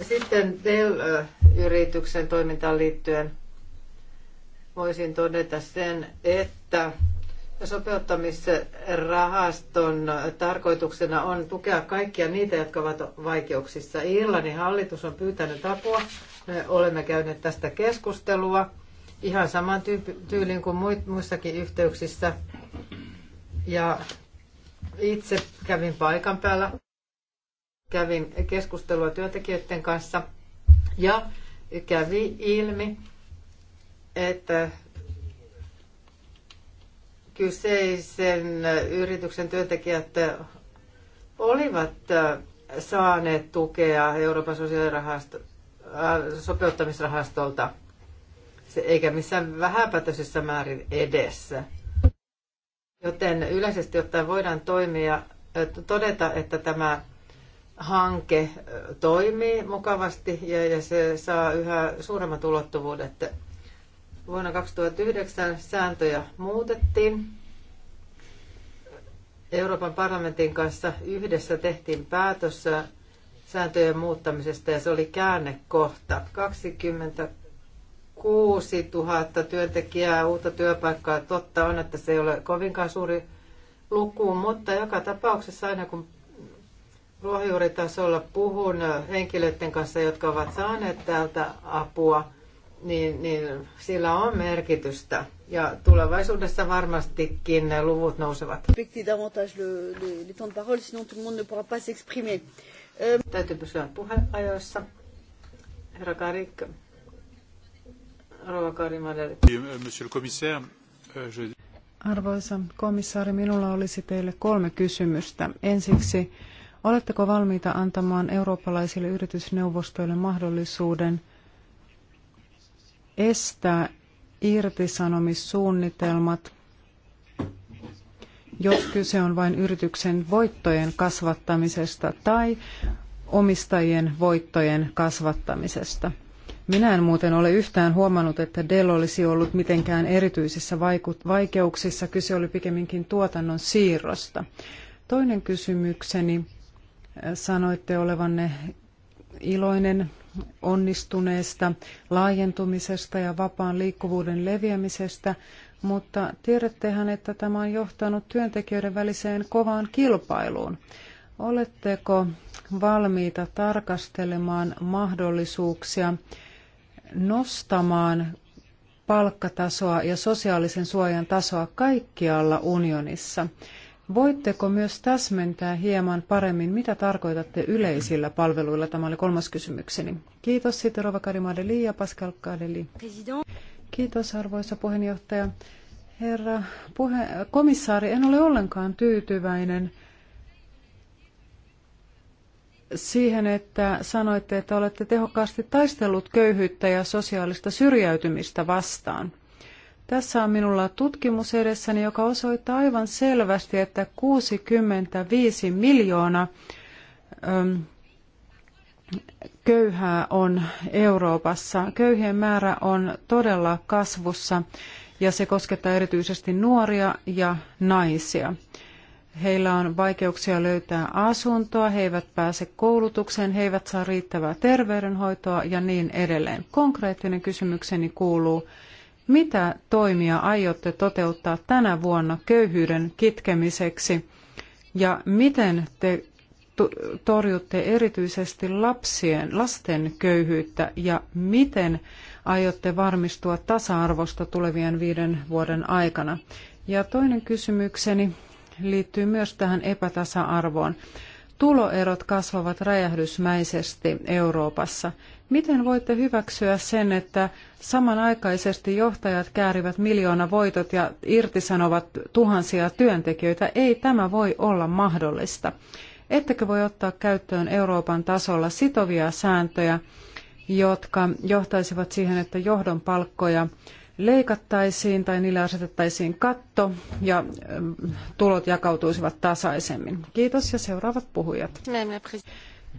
Sitten Dell-yrityksen toimintaan liittyen voisin todeta sen, että sopeuttamisrahaston tarkoituksena on tukea kaikkia niitä, jotka ovat vaikeuksissa. Irlannin hallitus on pyytänyt apua. Me olemme käyneet tästä keskustelua ihan saman tyylin kuin muissakin yhteyksissä. Ja itse kävin paikan päällä, kävin keskustelua työntekijöiden kanssa ja kävi ilmi, että kyseisen yrityksen työntekijät olivat saaneet tukea Euroopan äh, sopeuttamisrahastolta, eikä missään vähäpätöisessä määrin edessä. Joten yleisesti ottaen voidaan toimia, äh, todeta, että tämä hanke äh, toimii mukavasti ja, ja se saa yhä suuremmat ulottuvuudet Vuonna 2009 sääntöjä muutettiin. Euroopan parlamentin kanssa yhdessä tehtiin päätös sääntöjen muuttamisesta ja se oli käännekohta. 26 000 työntekijää uutta työpaikkaa. Totta on, että se ei ole kovinkaan suuri luku, mutta joka tapauksessa aina kun ruohonjuuritasolla puhun henkilöiden kanssa, jotka ovat saaneet täältä apua, niin, niin sillä on merkitystä. Ja tulevaisuudessa varmastikin ne luvut nousevat. Euh, Täytyy pysyä puheajoissa. Herra Karik, rouva Karimadeli. Euh, monsieur le commissaire, euh, Arvoisa komissaari, minulla olisi teille kolme kysymystä. Ensiksi, oletteko valmiita antamaan eurooppalaisille yritysneuvostoille mahdollisuuden – estää irtisanomissuunnitelmat, jos kyse on vain yrityksen voittojen kasvattamisesta tai omistajien voittojen kasvattamisesta. Minä en muuten ole yhtään huomannut, että Dell olisi ollut mitenkään erityisissä vaikeuksissa. Kyse oli pikemminkin tuotannon siirrosta. Toinen kysymykseni. Sanoitte olevanne iloinen onnistuneesta laajentumisesta ja vapaan liikkuvuuden leviämisestä, mutta tiedättehän, että tämä on johtanut työntekijöiden väliseen kovaan kilpailuun. Oletteko valmiita tarkastelemaan mahdollisuuksia nostamaan palkkatasoa ja sosiaalisen suojan tasoa kaikkialla unionissa? Voitteko myös täsmentää hieman paremmin, mitä tarkoitatte yleisillä palveluilla? Tämä oli kolmas kysymykseni. Kiitos sitten Rova Karimadeli ja Pascal Kadeli. Kiitos arvoisa puheenjohtaja. Herra puhe, komissaari, en ole ollenkaan tyytyväinen siihen, että sanoitte, että olette tehokkaasti taistellut köyhyyttä ja sosiaalista syrjäytymistä vastaan. Tässä on minulla tutkimus edessäni, joka osoittaa aivan selvästi, että 65 miljoonaa köyhää on Euroopassa. Köyhien määrä on todella kasvussa ja se koskettaa erityisesti nuoria ja naisia. Heillä on vaikeuksia löytää asuntoa, he eivät pääse koulutukseen, he eivät saa riittävää terveydenhoitoa ja niin edelleen. Konkreettinen kysymykseni kuuluu, mitä toimia aiotte toteuttaa tänä vuonna köyhyyden kitkemiseksi ja miten te torjutte erityisesti lapsien, lasten köyhyyttä ja miten aiotte varmistua tasa-arvosta tulevien viiden vuoden aikana? Ja toinen kysymykseni liittyy myös tähän epätasa-arvoon. Tuloerot kasvavat räjähdysmäisesti Euroopassa. Miten voitte hyväksyä sen, että samanaikaisesti johtajat käärivät miljoona voitot ja irtisanovat tuhansia työntekijöitä? Ei tämä voi olla mahdollista. Ettekö voi ottaa käyttöön Euroopan tasolla sitovia sääntöjä, jotka johtaisivat siihen, että johdon palkkoja leikattaisiin tai niille asetettaisiin katto ja mm, tulot jakautuisivat tasaisemmin. Kiitos ja seuraavat puhujat.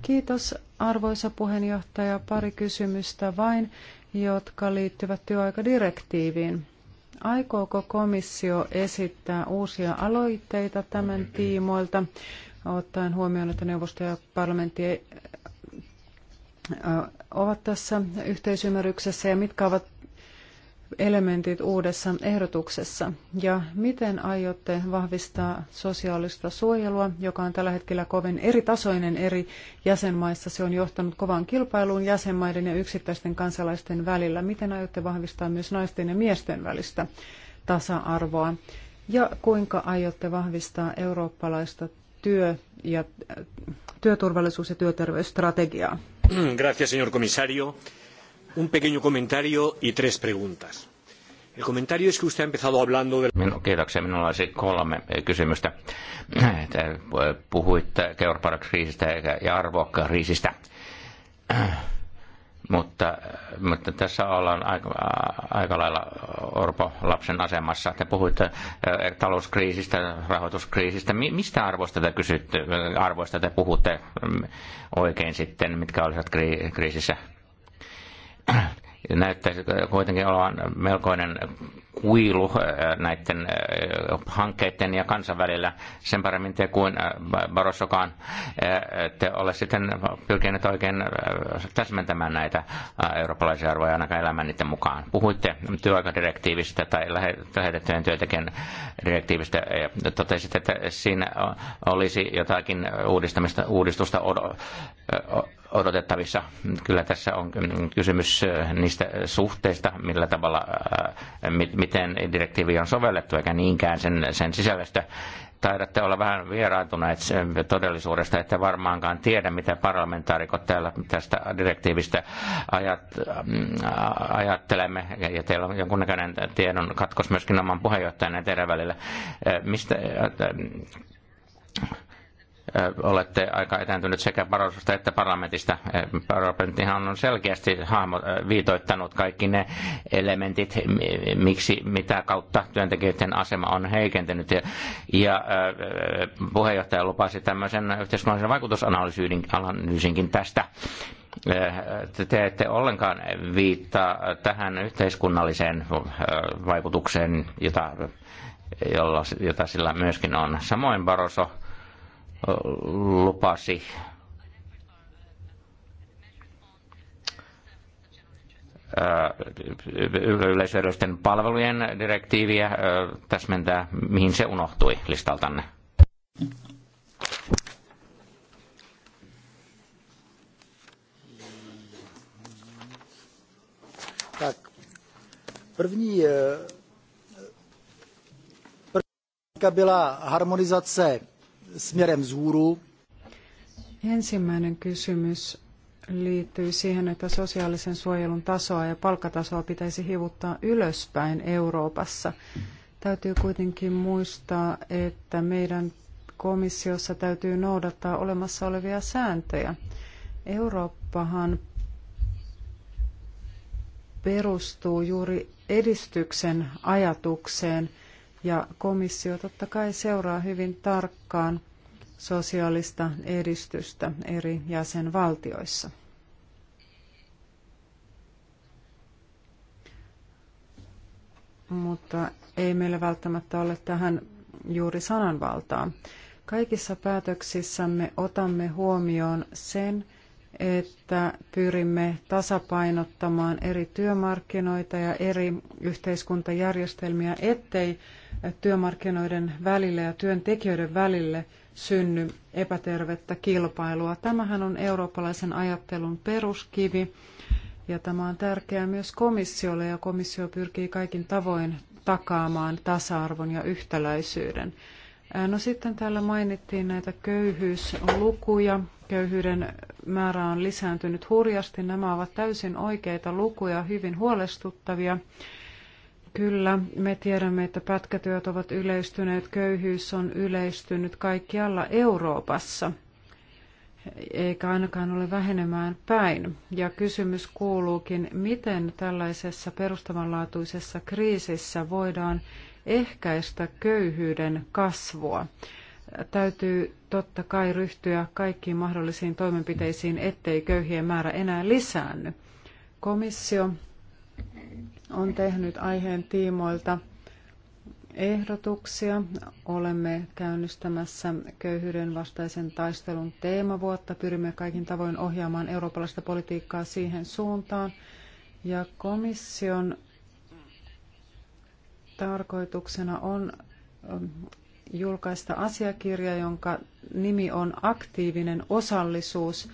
Kiitos arvoisa puheenjohtaja. Pari kysymystä vain, jotka liittyvät työaikadirektiiviin. Aikooko komissio esittää uusia aloitteita tämän tiimoilta, ottaen huomioon, että neuvosto ja parlamentti ovat tässä yhteisymmärryksessä ja mitkä ovat elementit uudessa ehdotuksessa? Ja miten aiotte vahvistaa sosiaalista suojelua, joka on tällä hetkellä kovin eritasoinen eri jäsenmaissa? Se on johtanut kovaan kilpailuun jäsenmaiden ja yksittäisten kansalaisten välillä. Miten aiotte vahvistaa myös naisten ja miesten välistä tasa-arvoa? Ja kuinka aiotte vahvistaa eurooppalaista työ- ja työturvallisuus- ja työterveysstrategiaa? Gracias, señor comisario un pequeño comentario y tres preguntas. El comentario es que usted ha empezado hablando de... Minu, kiitoksia. Minulla olisi kolme eh, kysymystä. Te eh, puhuitte Georg-kriisistä ja arvokriisistä. Mutta, eh, mutta tässä ollaan aika, aika lailla Orpo-lapsen asemassa. Te puhuitte talouskriisistä, rahoituskriisistä. Mistä arvoista te, kysytte, arvoista te puhutte mm, oikein sitten, mitkä olisivat kriisissä? näyttäisi kuitenkin olevan melkoinen kuilu äh, näiden äh, hankkeiden ja kansan välillä sen paremmin te kuin äh, Barossokaan te ole sitten pyrkineet oikein täsmentämään näitä eurooppalaisia arvoja ainakaan elämään niiden mukaan. Puhuitte työaikadirektiivistä tai lähetettyjen työntekijän direktiivistä ja totesitte, että siinä olisi jotakin uudistamista, uudistusta odotettavissa. Kyllä tässä on mm, kysymys äh, niistä suhteista, millä tavalla, äh, miten direktiivi on sovellettu, eikä niinkään sen, sen sisällöstä. Taidatte olla vähän vieraantuneet todellisuudesta, että varmaankaan tiedä, mitä parlamentaarikot täällä tästä direktiivistä ajat, äh, ajattelemme. Ja teillä on jonkunnäköinen tiedon katkos myöskin oman puheenjohtajan ja teidän välillä. Mistä, olette aika etääntynyt sekä Barrososta että parlamentista. Parlamenttihan on selkeästi hahmo, viitoittanut kaikki ne elementit, miksi, mitä kautta työntekijöiden asema on heikentynyt. Ja, ja puheenjohtaja lupasi tämmöisen yhteiskunnallisen vaikutusanalyysinkin tästä te ette ollenkaan viittaa tähän yhteiskunnalliseen vaikutukseen, jota, jolla, jota sillä myöskin on. Samoin Baroso lupasi yleisöydellisten palvelujen direktiiviä täsmentää, mihin se unohtui listaltanne. Tak. První, první byla harmonizace směrem vzhůru. Ensimmäinen kysymys liittyy siihen, että sosiaalisen suojelun tasoa ja palkkatasoa pitäisi hivuttaa ylöspäin Euroopassa. Täytyy kuitenkin muistaa, että meidän komissiossa täytyy noudattaa olemassa olevia sääntöjä. Eurooppahan perustuu juuri edistyksen ajatukseen – ja komissio totta kai seuraa hyvin tarkkaan sosiaalista edistystä eri jäsenvaltioissa. Mutta ei meillä välttämättä ole tähän juuri sananvaltaa. Kaikissa päätöksissämme otamme huomioon sen, että pyrimme tasapainottamaan eri työmarkkinoita ja eri yhteiskuntajärjestelmiä, ettei työmarkkinoiden välille ja työntekijöiden välille synny epätervettä kilpailua. Tämähän on eurooppalaisen ajattelun peruskivi ja tämä on tärkeää myös komissiolle ja komissio pyrkii kaikin tavoin takaamaan tasa-arvon ja yhtäläisyyden. No sitten täällä mainittiin näitä köyhyyslukuja. Köyhyyden määrä on lisääntynyt hurjasti. Nämä ovat täysin oikeita lukuja, hyvin huolestuttavia. Kyllä, me tiedämme, että pätkätyöt ovat yleistyneet, köyhyys on yleistynyt kaikkialla Euroopassa, eikä ainakaan ole vähenemään päin. Ja kysymys kuuluukin, miten tällaisessa perustavanlaatuisessa kriisissä voidaan ehkäistä köyhyyden kasvua. Täytyy totta kai ryhtyä kaikkiin mahdollisiin toimenpiteisiin, ettei köyhien määrä enää lisäänny. Komissio on tehnyt aiheen tiimoilta ehdotuksia. Olemme käynnistämässä köyhyyden vastaisen taistelun teemavuotta. Pyrimme kaikin tavoin ohjaamaan eurooppalaista politiikkaa siihen suuntaan. Ja komission tarkoituksena on ähm, julkaista asiakirja, jonka nimi on Aktiivinen osallisuus.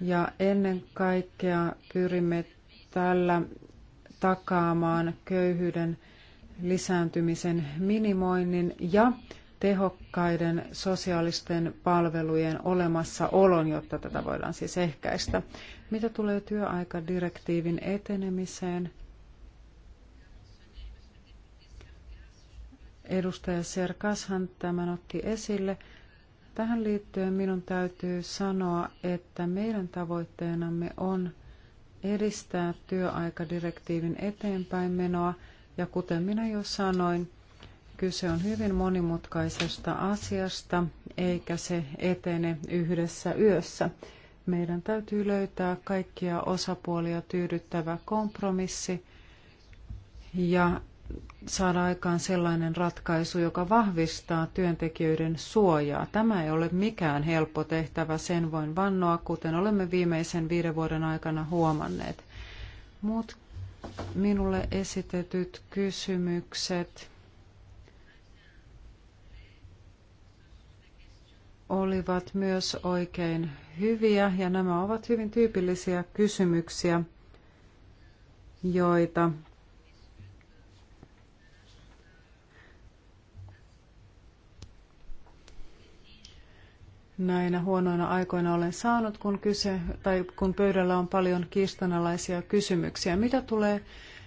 Ja ennen kaikkea pyrimme tällä takaamaan köyhyyden lisääntymisen minimoinnin ja tehokkaiden sosiaalisten palvelujen olemassaolon, jotta tätä voidaan siis ehkäistä. Mitä tulee työaikadirektiivin etenemiseen? Edustaja Serkashan tämän otti esille. Tähän liittyen minun täytyy sanoa, että meidän tavoitteenamme on edistää työaikadirektiivin eteenpäinmenoa ja kuten minä jo sanoin, kyse on hyvin monimutkaisesta asiasta eikä se etene yhdessä yössä. Meidän täytyy löytää kaikkia osapuolia tyydyttävä kompromissi ja saada aikaan sellainen ratkaisu, joka vahvistaa työntekijöiden suojaa. Tämä ei ole mikään helppo tehtävä, sen voin vannoa, kuten olemme viimeisen viiden vuoden aikana huomanneet. Mut minulle esitetyt kysymykset olivat myös oikein hyviä ja nämä ovat hyvin tyypillisiä kysymyksiä, joita näinä huonoina aikoina olen saanut, kun, kyse, tai kun pöydällä on paljon kiistanalaisia kysymyksiä. Mitä tulee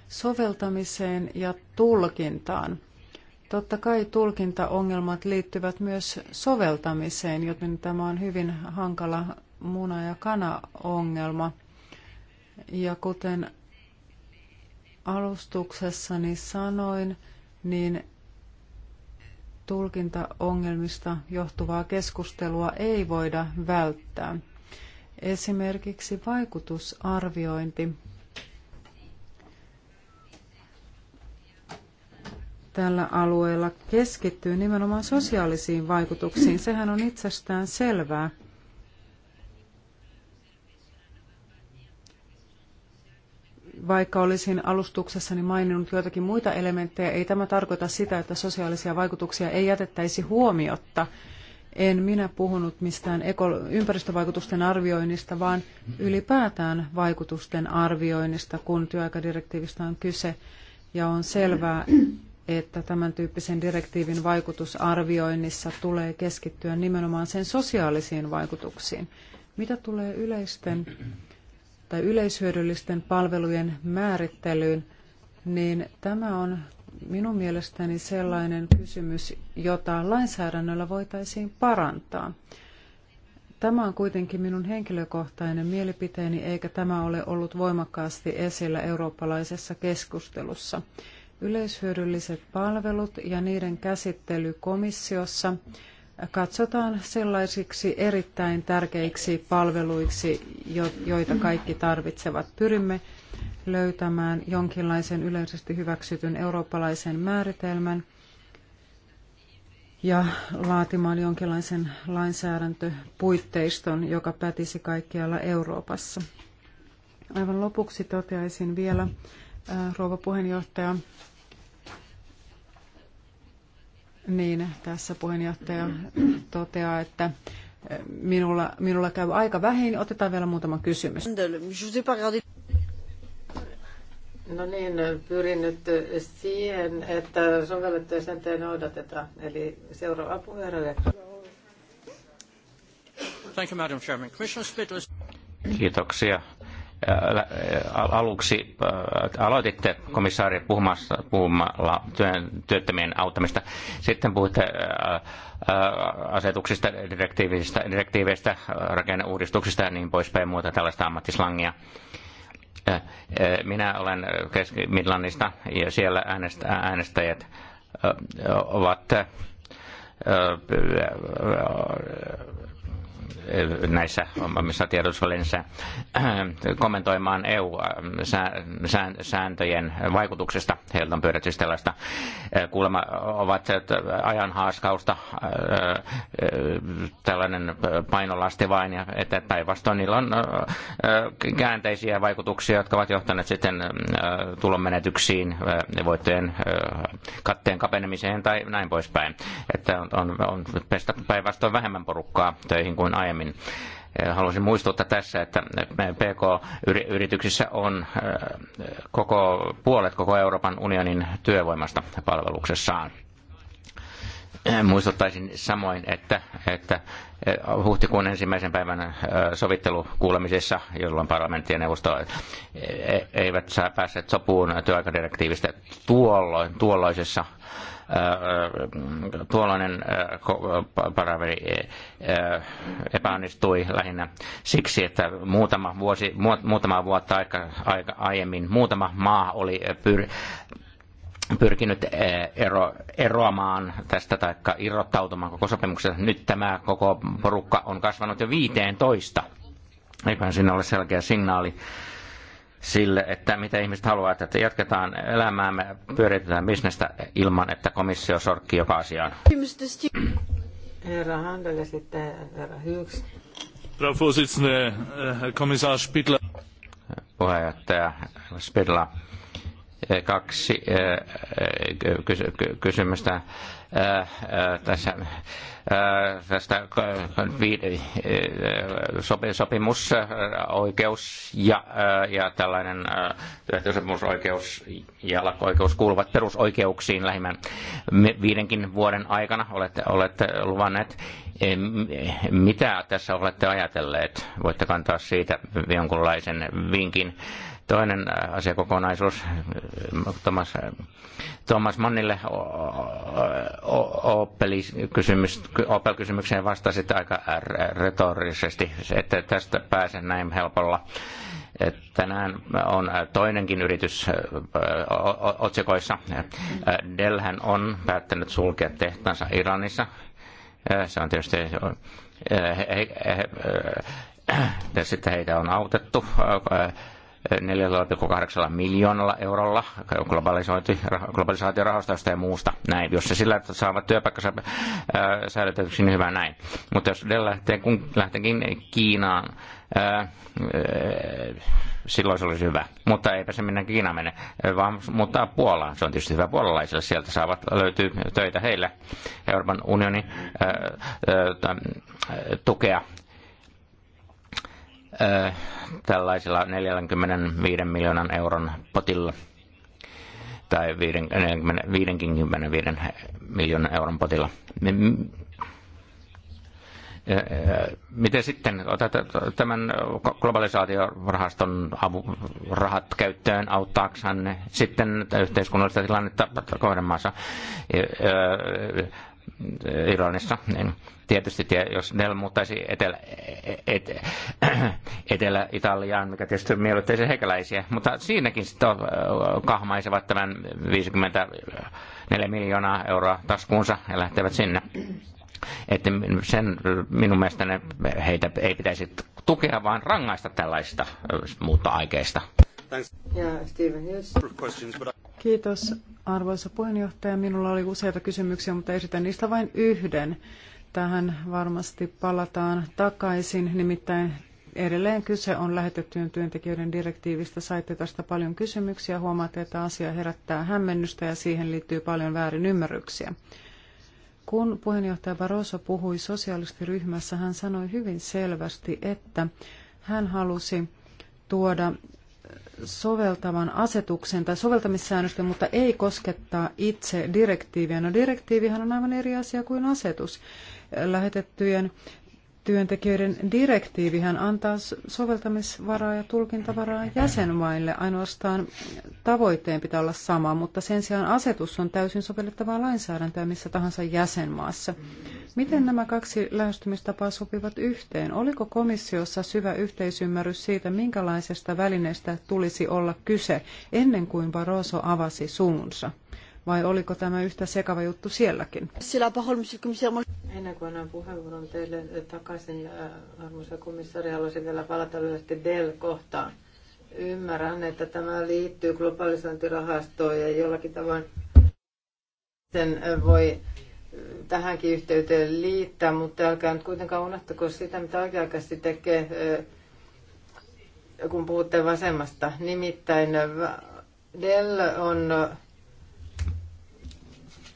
soveltamiseen ja tulkintaan? Totta kai tulkintaongelmat liittyvät myös soveltamiseen, joten tämä on hyvin hankala muna- ja kana-ongelma. Ja kuten alustuksessani sanoin, niin tulkintaongelmista johtuvaa keskustelua ei voida välttää. Esimerkiksi vaikutusarviointi. Tällä alueella keskittyy nimenomaan sosiaalisiin vaikutuksiin. Sehän on itsestään selvää. vaikka olisin alustuksessani maininnut joitakin muita elementtejä, ei tämä tarkoita sitä, että sosiaalisia vaikutuksia ei jätettäisi huomiotta. En minä puhunut mistään ympäristövaikutusten arvioinnista, vaan ylipäätään vaikutusten arvioinnista, kun työaikadirektiivistä on kyse. Ja on selvää, että tämän tyyppisen direktiivin vaikutusarvioinnissa tulee keskittyä nimenomaan sen sosiaalisiin vaikutuksiin. Mitä tulee yleisten tai yleishyödyllisten palvelujen määrittelyyn, niin tämä on minun mielestäni sellainen kysymys, jota lainsäädännöllä voitaisiin parantaa. Tämä on kuitenkin minun henkilökohtainen mielipiteeni, eikä tämä ole ollut voimakkaasti esillä eurooppalaisessa keskustelussa. Yleishyödylliset palvelut ja niiden käsittely komissiossa katsotaan sellaisiksi erittäin tärkeiksi palveluiksi, joita kaikki tarvitsevat. Pyrimme löytämään jonkinlaisen yleisesti hyväksytyn eurooppalaisen määritelmän ja laatimaan jonkinlaisen lainsäädäntöpuitteiston, joka pätisi kaikkialla Euroopassa. Aivan lopuksi toteaisin vielä, rouva puheenjohtaja, niin, tässä puheenjohtaja toteaa, että eh, minulla, minulla käy aika vähin. Otetaan vielä muutama kysymys. No niin, pyrin nyt siihen, että sovellettuja sääntöjä noudatetaan. Eli seuraava puheenjohtaja. Thank you, Madam Chairman. Commissioner Kiitoksia aluksi aloititte komissaari puhumassa, puhumalla työn, työttömien auttamista. Sitten puhutte asetuksista, direktiiveistä, direktiiveistä rakenneuudistuksista ja niin poispäin muuta tällaista ammattislangia. Minä olen Keski-Midlannista ja siellä äänestäjät ovat näissä omissa tiedotusvälineissä äh, kommentoimaan EU-sääntöjen äh, vaikutuksesta. Heiltä on pyydetty siis tällaista. Äh, kuulemma ovat ajan haaskausta tällainen painolasti vain, ja että päinvastoin niillä on käänteisiä vaikutuksia, jotka ovat johtaneet sitten tulonmenetyksiin, voittojen katteen kapenemiseen tai näin poispäin. Että on, on, on päinvastoin vähemmän porukkaa töihin kuin aiemmin paremmin. Äh, haluaisin muistuttaa tässä, että äh, PK-yrityksissä on äh, koko puolet koko Euroopan unionin työvoimasta palveluksessaan muistuttaisin samoin, että, että huhtikuun ensimmäisen päivän sovittelukuulemisessa, jolloin parlamentti ja neuvosto e-, eivät saa päässeet sopuun työaikadirektiivistä tuolloin, tuolloisessa Äh, äh, tuollainen äh, paraveri epäonnistui lähinnä siksi, että muutama, vuosi, muutama vuotta aika, aika aiemmin muutama maa oli pyr, pyrkinyt ero, eroamaan tästä tai irrottautumaan koko sopimuksesta. Nyt tämä koko porukka on kasvanut jo 15. Eiköhän sinne ole selkeä signaali sille, että mitä ihmiset haluavat, että jatketaan elämäämme, pyöritetään bisnestä ilman, että komissio sorkkii joka asiaan. Herra Handel ja sitten herra Hyks. Frau Vorsitzende, äh, komissaar Spidler. Puheenjohtaja Spidler, äh, kaksi äh, kysymystä tässä Äh, tästä äh, äh, sopimusoikeus ja, ja tällainen työehtosopimusoikeus ja lakko-oikeus kuuluvat perusoikeuksiin lähimmän viidenkin vuoden aikana olette, olette luvanneet. Mitä tässä olette ajatelleet? Voitte kantaa siitä jonkunlaisen vinkin. Toinen äh, asiakokonaisuus Thomas, äh, Thomas Mannille Opel-kysymys, Opel-kysymykseen vastasit aika retorisesti, että tästä pääsen näin helpolla tänään on äh, toinenkin yritys otsikoissa. Delhän on päättänyt sulkea tehtänsä Iranissa. Se on tietysti he, he, he, sitten heitä on autettu 4,8 miljoonalla eurolla globalisaatiorahastosta ja muusta. Näin. Jos se sillä saavat työpaikkansa äh, säilytetyksi, niin hyvä näin. Mutta jos Dell lähtee, kun lähteekin Kiinaan, ää, äh, äh, silloin se olisi hyvä. Mutta eipä se minne Kiinaan mene, vaan muuttaa Puolaan. Se on tietysti hyvä puolalaisille. Sieltä saavat, löytyy töitä heille. Euroopan unionin ää, ää, tukea tällaisella 45 miljoonan euron potilla tai 55 miljoonan euron potilla. Miten sitten otat tämän globalisaatiorahaston rahat käyttöön auttaaksan ne sitten yhteiskunnallista tilannetta kohdemaassa Iranissa? Niin tietysti, jos ne muuttaisi etelä, et, et, Etelä-Italiaan, mikä tietysti miellyttäisi hekäläisiä, mutta siinäkin sitten äh, kahmaisevat tämän 54 miljoonaa euroa taskuunsa ja lähtevät sinne. Että sen minun ne, heitä ei pitäisi tukea, vaan rangaista tällaista äh, aikeista. Kiitos arvoisa puheenjohtaja. Minulla oli useita kysymyksiä, mutta esitän niistä vain yhden. Tähän varmasti palataan takaisin, nimittäin edelleen kyse on lähetettyjen työntekijöiden direktiivistä. Saitte tästä paljon kysymyksiä. Huomaatte, että asia herättää hämmennystä ja siihen liittyy paljon väärinymmärryksiä. Kun puheenjohtaja Barroso puhui sosialistiryhmässä, hän sanoi hyvin selvästi, että hän halusi tuoda soveltavan asetuksen tai soveltamissäännösten, mutta ei koskettaa itse direktiiviä. No direktiivihan on aivan eri asia kuin asetus lähetettyjen työntekijöiden direktiivihän antaa soveltamisvaraa ja tulkintavaraa jäsenmaille. Ainoastaan tavoitteen pitää olla sama, mutta sen sijaan asetus on täysin sovellettavaa lainsäädäntöä missä tahansa jäsenmaassa. Miten nämä kaksi lähestymistapaa sopivat yhteen? Oliko komissiossa syvä yhteisymmärrys siitä, minkälaisesta välineestä tulisi olla kyse ennen kuin Barroso avasi suunsa? vai oliko tämä yhtä sekava juttu sielläkin? Ennen kuin annan puheenvuoron teille eh, takaisin, eh, arvoisa komissaari, haluaisin vielä palata lyhyesti DEL-kohtaan. Ymmärrän, että tämä liittyy globalisointirahastoon ja jollakin tavoin sen eh, voi tähänkin yhteyteen liittää, mutta älkää nyt kuitenkaan unohtako sitä, mitä oikeaikaisesti tekee, kun puhutte vasemmasta. Nimittäin Dell on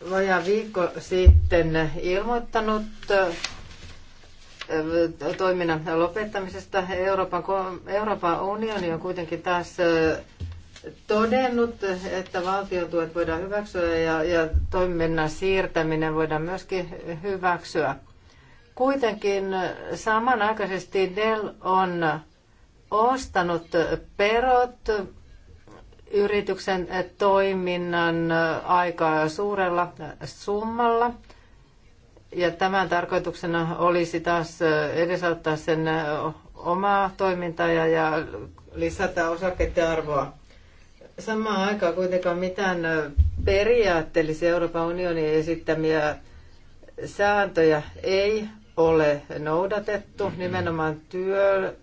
vajaa viikko sitten ilmoittanut äh, toiminnan lopettamisesta. Euroopan, Euroopan unioni on kuitenkin taas äh, todennut, että valtion tuet voidaan hyväksyä ja, ja toiminnan siirtäminen voidaan myöskin hyväksyä. Kuitenkin samanaikaisesti Dell on ostanut perot yrityksen eh, toiminnan eh, aikaa suurella eh, summalla. Ja tämän tarkoituksena olisi taas edesauttaa sen omaa toimintaa ja, ja lisätä osakkeiden arvoa. Samaan aikaan kuitenkaan mitään periaatteellisia Euroopan unionin esittämiä sääntöjä ei ole noudatettu. Nimenomaan työ,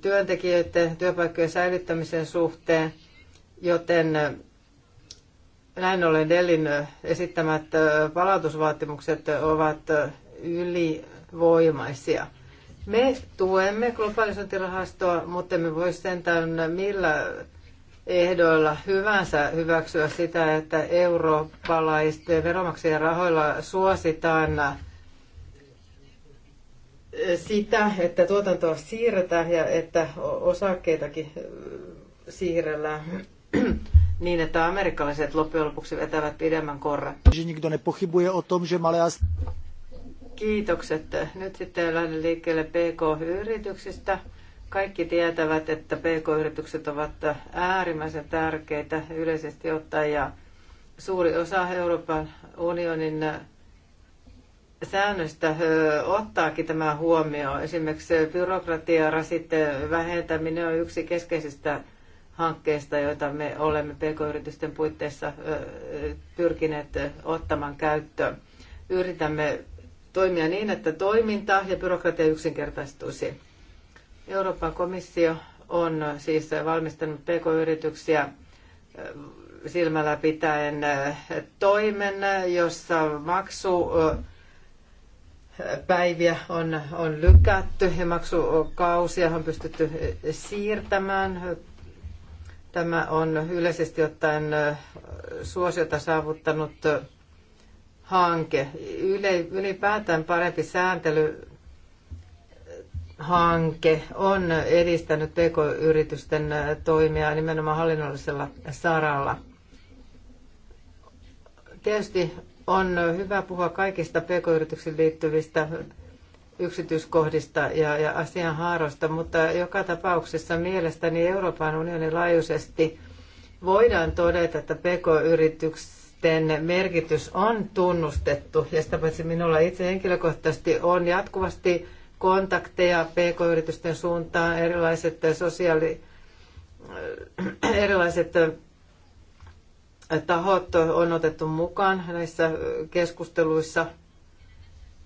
työntekijöiden työpaikkojen säilyttämisen suhteen, joten näin ollen Dellin esittämät palautusvaatimukset ovat ylivoimaisia. Me tuemme globalisointirahastoa, mutta me voisi sentään millä ehdoilla hyvänsä hyväksyä sitä, että eurooppalaisten veronmaksajien rahoilla suositaan sitä, että tuotantoa siirretään ja että osakkeitakin siirrellään niin, että amerikkalaiset loppujen lopuksi vetävät pidemmän korran. Kiitokset. Nyt sitten lähden liikkeelle PK-yrityksistä. Kaikki tietävät, että PK-yritykset ovat äärimmäisen tärkeitä yleisesti ottaen ja suuri osa Euroopan unionin säännöstä ottaakin tämä huomioon. Esimerkiksi byrokratian rasitteen vähentäminen on yksi keskeisistä hankkeista, joita me olemme pk-yritysten puitteissa pyrkineet ottamaan käyttöön. Yritämme toimia niin, että toiminta ja byrokratia yksinkertaistuisi. Euroopan komissio on siis valmistanut pk-yrityksiä silmällä pitäen toimen, jossa maksu päiviä on, on lykätty ja maksukausia on pystytty siirtämään. Tämä on yleisesti ottaen suosiota saavuttanut hanke. Yle, ylipäätään parempi sääntely hanke on edistänyt pk-yritysten toimia nimenomaan hallinnollisella saralla. Tietysti on hyvä puhua kaikista pk-yrityksiin liittyvistä yksityiskohdista ja, ja mutta joka tapauksessa mielestäni Euroopan unionin laajuisesti voidaan todeta, että pk-yritysten merkitys on tunnustettu ja sitä paitsi minulla itse henkilökohtaisesti on jatkuvasti kontakteja pk-yritysten suuntaan, erilaiset sosiaali, erilaiset tahot on otettu mukaan näissä keskusteluissa,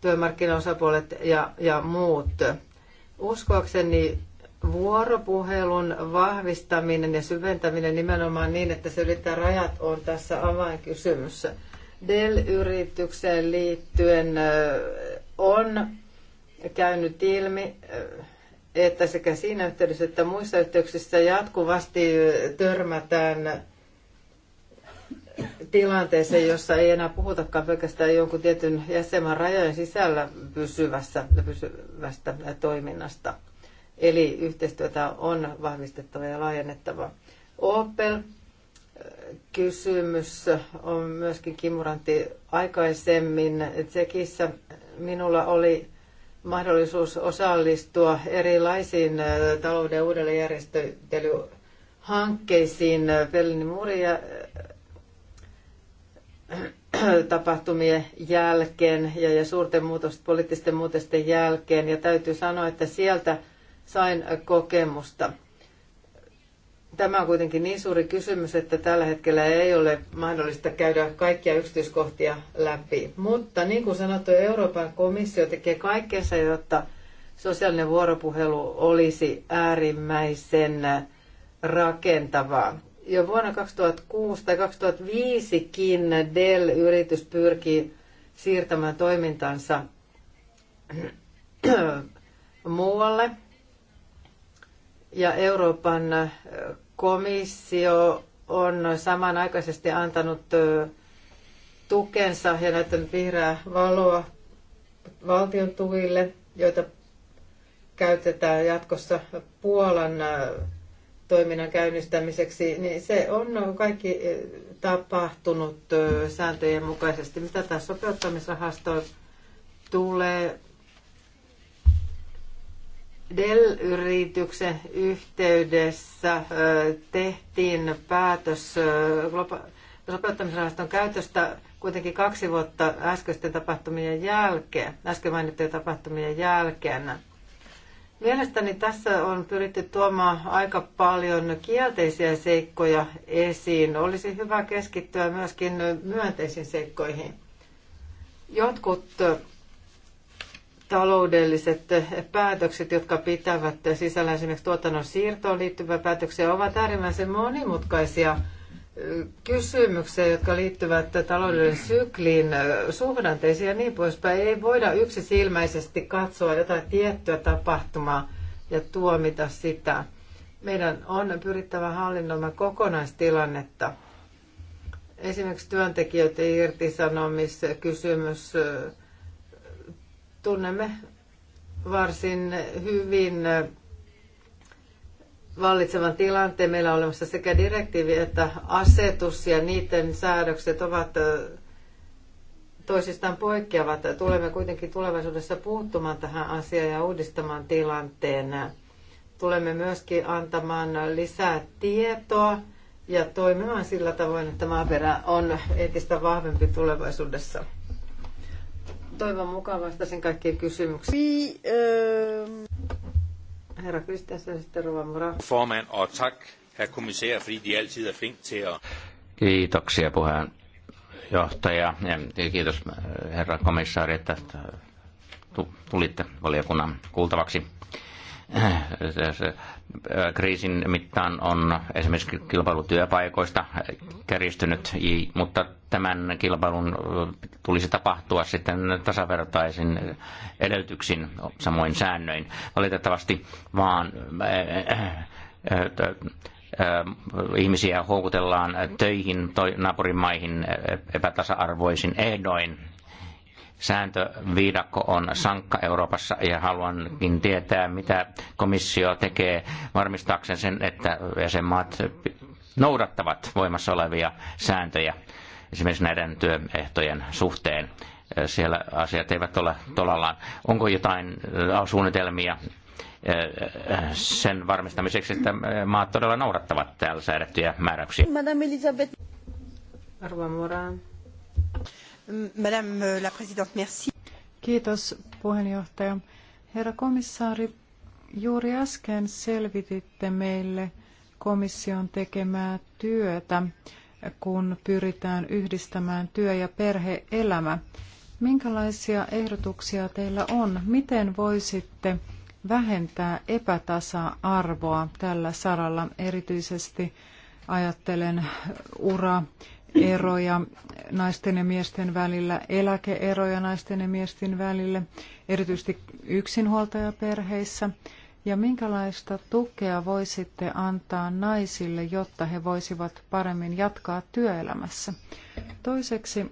työmarkkinaosapuolet ja, ja muut. Uskoakseni vuoropuhelun vahvistaminen ja syventäminen nimenomaan niin, että se ylittää rajat, on tässä avainkysymys. Dell-yritykseen liittyen on käynyt ilmi, että sekä siinä yhteydessä että muissa yhteyksissä jatkuvasti törmätään tilanteeseen, jossa ei enää puhutakaan pelkästään jonkun tietyn jäsenmaan rajojen sisällä pysyvässä, pysyvästä toiminnasta. Eli yhteistyötä on vahvistettava ja laajennettava. Opel äh, kysymys on myöskin Kimuranti aikaisemmin. Tsekissä minulla oli mahdollisuus osallistua erilaisiin äh, talouden uudelleenjärjestelyhankkeisiin äh, Berliinin muurin tapahtumien jälkeen ja, ja suurten muutosten, poliittisten muutosten jälkeen. Ja täytyy sanoa, että sieltä sain kokemusta. Tämä on kuitenkin niin suuri kysymys, että tällä hetkellä ei ole mahdollista käydä kaikkia yksityiskohtia läpi. Mutta niin kuin sanottu, Euroopan komissio tekee kaikkensa, jotta sosiaalinen vuoropuhelu olisi äärimmäisen rakentavaa jo vuonna 2006 tai 2005kin Dell-yritys pyrki siirtämään toimintansa muualle. Ja Euroopan komissio on samanaikaisesti antanut tukensa ja näyttänyt vihreää valoa valtion tuille, joita käytetään jatkossa Puolan toiminnan käynnistämiseksi, niin se on kaikki eh, tapahtunut eh, sääntöjen mukaisesti. Mitä tässä sopeuttamisrahasto tulee, Dell-yrityksen yhteydessä eh, tehtiin päätös sopeuttamisrahaston käytöstä kuitenkin kaksi vuotta äskeisten tapahtumien jälkeen, äsken mainittujen tapahtumien jälkeen. Mielestäni tässä on pyritty tuomaan aika paljon kielteisiä seikkoja esiin. Olisi hyvä keskittyä myöskin myönteisiin seikkoihin. Jotkut taloudelliset päätökset, jotka pitävät sisällä esimerkiksi tuotannon siirtoon liittyviä päätöksiä, ovat äärimmäisen monimutkaisia – kysymyksiä, jotka liittyvät talouden sykliin, suhdanteisiin ja niin poispäin. Ei voida yksisilmäisesti katsoa jotain tiettyä tapahtumaa ja tuomita sitä. Meidän on pyrittävä hallinnoimaan kokonaistilannetta. Esimerkiksi työntekijöiden irtisanomiskysymys. Tunnemme varsin hyvin vallitsevan tilanteen. Meillä on olemassa sekä direktiivi että asetus ja niiden säädökset ovat toisistaan poikkeavat. Tulemme kuitenkin tulevaisuudessa puuttumaan tähän asiaan ja uudistamaan tilanteen. Tulemme myöskin antamaan lisää tietoa ja toimimaan sillä tavoin, että maaperä on entistä vahvempi tulevaisuudessa. Toivon mukaan vastasin kaikkiin kysymyksiin. Herra Kristiansen, sitten Rova Mura. Forman, og tak, herr kommissær, fordi de altid er flink til at... Kiitoksia puheenjohtaja ja kiitos herra komissaari, että tulitte valiokunnan kuultavaksi kriisin mittaan on esimerkiksi kilpailu työpaikoista kärjistynyt, mutta tämän kilpailun tulisi tapahtua sitten tasavertaisin edellytyksin, samoin säännöin. Valitettavasti vaan ihmisiä houkutellaan töihin naapurimaihin epätasa-arvoisin ehdoin sääntöviidakko on sankka Euroopassa ja haluankin tietää, mitä komissio tekee varmistaakseen sen, että jäsenmaat noudattavat voimassa olevia sääntöjä esimerkiksi näiden työehtojen suhteen. Siellä asiat eivät ole tolallaan. Onko jotain äh, suunnitelmia äh, sen varmistamiseksi, että maat todella noudattavat täällä säädettyjä määräyksiä? Madame Elisabeth. Arvoa Madame la présidente, merci. Kiitos puheenjohtaja. Herra komissaari, juuri äsken selvititte meille komission tekemää työtä, kun pyritään yhdistämään työ- ja perhe-elämä. Minkälaisia ehdotuksia teillä on? Miten voisitte vähentää epätasa-arvoa tällä saralla? Erityisesti ajattelen ura- eroja naisten ja miesten välillä, eläkeeroja naisten ja miesten välille, erityisesti yksinhuoltajaperheissä. Ja minkälaista tukea voisitte antaa naisille, jotta he voisivat paremmin jatkaa työelämässä? Toiseksi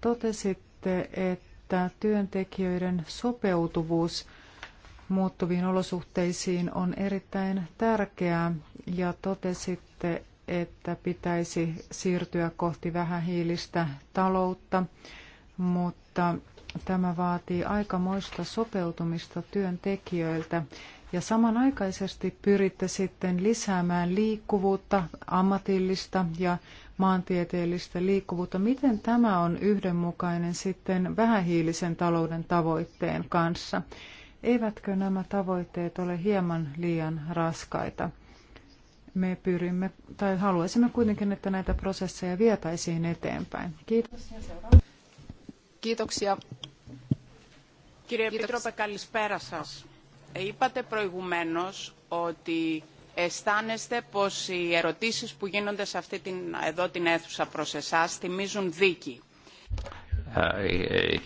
totesitte, että työntekijöiden sopeutuvuus muuttuviin olosuhteisiin on erittäin tärkeää ja totesitte, että pitäisi siirtyä kohti vähähiilistä taloutta, mutta tämä vaatii aikamoista sopeutumista työntekijöiltä. Ja samanaikaisesti pyritte sitten lisäämään liikkuvuutta, ammatillista ja maantieteellistä liikkuvuutta. Miten tämä on yhdenmukainen sitten vähähiilisen talouden tavoitteen kanssa? Eivätkö nämä tavoitteet ole hieman liian raskaita? me pyrimme tai haluaisimme kuitenkin, että näitä prosesseja vietäisiin eteenpäin. Kiitos. Kiitoksia. Κύριε Επίτροπε, καλησπέρα σας. Είπατε προηγουμένως ότι αισθάνεστε πως οι ερωτήσεις που γίνονται σε αυτή την, εδώ την αίθουσα προς εσάς θυμίζουν δίκη.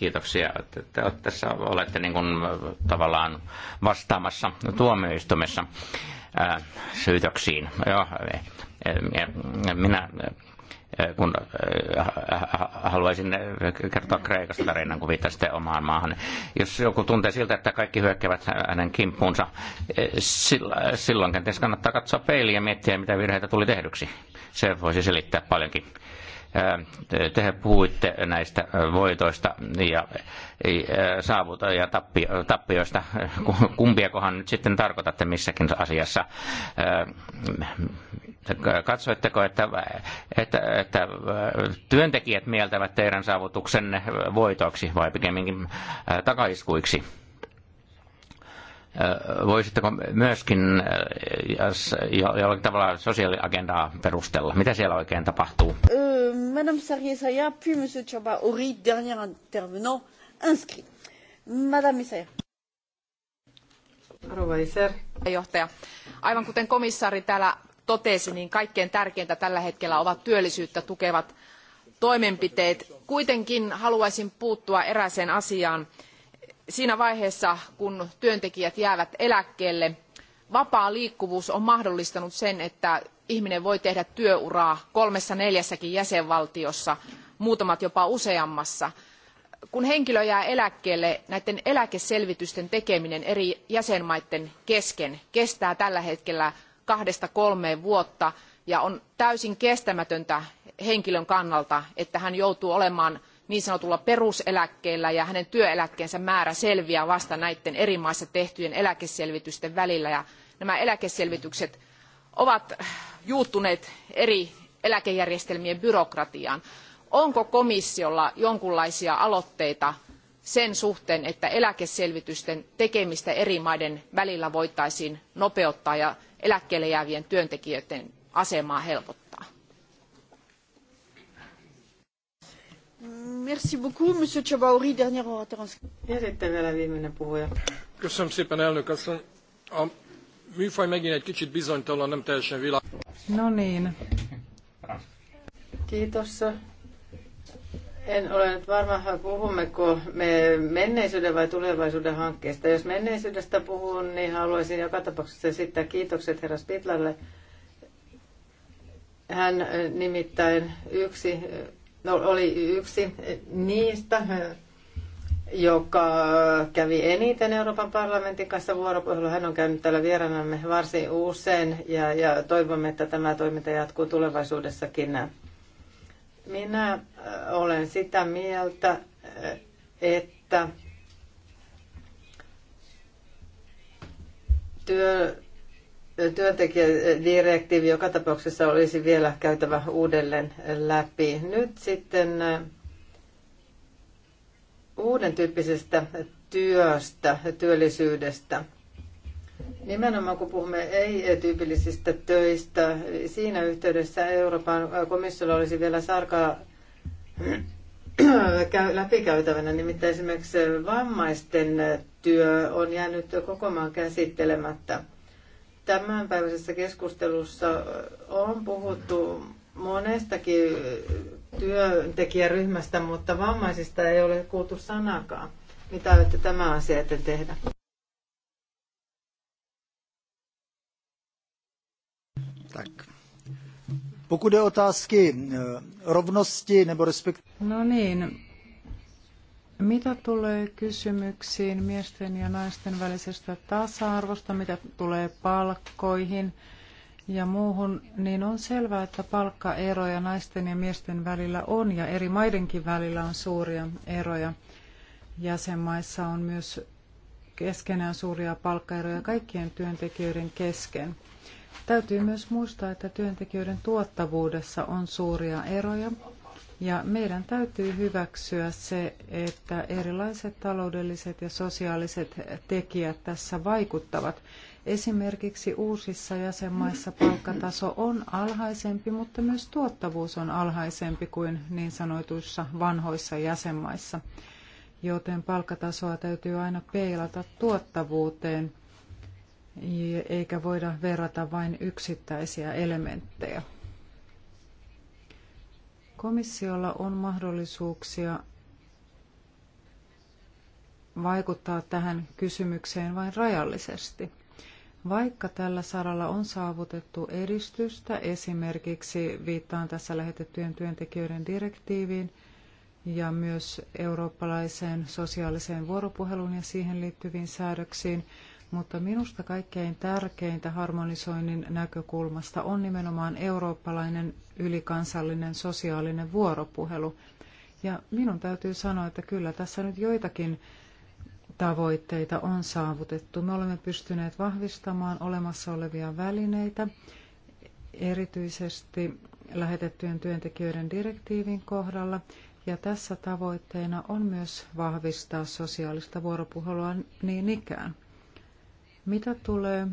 Kiitoksia. Te tässä olette niin kuin tavallaan vastaamassa tuomioistumessa syytöksiin. Joo, minä kun haluaisin kertoa Kreikasta tarinan, kun viittasitte omaan maahan. Jos joku tuntee siltä, että kaikki hyökkäävät hänen kimppuunsa, silloin kenties kannattaa katsoa peiliin ja miettiä, mitä virheitä tuli tehdyksi. Se voisi selittää paljonkin te puhuitte näistä voitoista ja, saavuta ja tappioista. Kumpiakohan nyt sitten tarkoitatte missäkin asiassa? Katsoitteko, että, että, että työntekijät mieltävät teidän saavutuksenne voitoksi vai pikemminkin takaiskuiksi? voisitteko myöskin jollakin tavalla sosiaaliagendaa perustella? Mitä siellä oikein tapahtuu? Madame Sarjesaya, puis Monsieur Chaba Ori, dernier intervenant inscrit. Madame Isaya. Johtaja, aivan kuten komissaari täällä totesi, niin kaikkein tärkeintä tällä hetkellä ovat työllisyyttä tukevat toimenpiteet. Kuitenkin haluaisin puuttua erääseen asiaan siinä vaiheessa, kun työntekijät jäävät eläkkeelle, vapaa liikkuvuus on mahdollistanut sen, että ihminen voi tehdä työuraa kolmessa neljässäkin jäsenvaltiossa, muutamat jopa useammassa. Kun henkilö jää eläkkeelle, näiden eläkeselvitysten tekeminen eri jäsenvaltioiden kesken kestää tällä hetkellä kahdesta kolmeen vuotta ja on täysin kestämätöntä henkilön kannalta, että hän joutuu olemaan niin sanotulla peruseläkkeellä ja hänen työeläkkeensä määrä selviää vasta näiden eri maissa tehtyjen eläkeselvitysten välillä. Ja nämä eläkeselvitykset ovat juuttuneet eri eläkejärjestelmien byrokratiaan. Onko komissiolla jonkinlaisia aloitteita sen suhteen, että eläkeselvitysten tekemistä eri maiden välillä voitaisiin nopeuttaa ja eläkkeelle jäävien työntekijöiden asemaa helpottaa? Merci beaucoup, Monsieur Chabauri, dernier orateur. Ja sitten vielä viimeinen puhuja. Köszönöm szépen, elnök asszony. A műfaj megint egy kicsit bizonytalan, nem teljesen világ. No niin. Kiitos. En ole nyt varma, puhummeko me menneisyyden vai tulevaisuuden hankkeesta. Jos menneisyydestä puhun, niin haluaisin joka tapauksessa esittää kiitokset herra Spitlalle. Hän nimittäin yksi No, oli yksi niistä, joka kävi eniten Euroopan parlamentin kanssa vuoropuhelua. Hän on käynyt täällä vieraanamme varsin usein ja, ja toivomme, että tämä toiminta jatkuu tulevaisuudessakin. Minä äh, olen sitä mieltä, äh, että työ työntekijädirektiivi joka tapauksessa olisi vielä käytävä uudelleen läpi. Nyt sitten äh, uuden tyyppisestä työstä ja työllisyydestä. Nimenomaan kun puhumme ei-tyypillisistä töistä, siinä yhteydessä Euroopan komissiolla olisi vielä sarkaa äh, läpikäytävänä, nimittäin esimerkiksi vammaisten työ on jäänyt koko maan käsittelemättä tämänpäiväisessä keskustelussa on puhuttu monestakin työntekijäryhmästä, mutta vammaisista ei ole kuultu sanakaan. Mitä olette tämä asia eteen tehdä? Tak. Pokud je otázky eh, rovnosti nebo respektu... No niin, mitä tulee kysymyksiin miesten ja naisten välisestä tasa-arvosta, mitä tulee palkkoihin ja muuhun, niin on selvää, että palkkaeroja naisten ja miesten välillä on ja eri maidenkin välillä on suuria eroja. Jäsenmaissa on myös keskenään suuria palkkaeroja kaikkien työntekijöiden kesken. Täytyy myös muistaa, että työntekijöiden tuottavuudessa on suuria eroja ja meidän täytyy hyväksyä se, että erilaiset taloudelliset ja sosiaaliset tekijät tässä vaikuttavat. Esimerkiksi uusissa jäsenmaissa palkkataso on alhaisempi, mutta myös tuottavuus on alhaisempi kuin niin sanotuissa vanhoissa jäsenmaissa. Joten palkkatasoa täytyy aina peilata tuottavuuteen, eikä voida verrata vain yksittäisiä elementtejä. Komissiolla on mahdollisuuksia vaikuttaa tähän kysymykseen vain rajallisesti. Vaikka tällä saralla on saavutettu edistystä, esimerkiksi viittaan tässä lähetettyjen työntekijöiden direktiiviin ja myös eurooppalaiseen sosiaaliseen vuoropuheluun ja siihen liittyviin säädöksiin, mutta minusta kaikkein tärkeintä harmonisoinnin näkökulmasta on nimenomaan eurooppalainen ylikansallinen sosiaalinen vuoropuhelu. Ja minun täytyy sanoa, että kyllä tässä nyt joitakin tavoitteita on saavutettu. Me olemme pystyneet vahvistamaan olemassa olevia välineitä, erityisesti lähetettyjen työntekijöiden direktiivin kohdalla. Ja tässä tavoitteena on myös vahvistaa sosiaalista vuoropuhelua niin ikään. Mitä tulee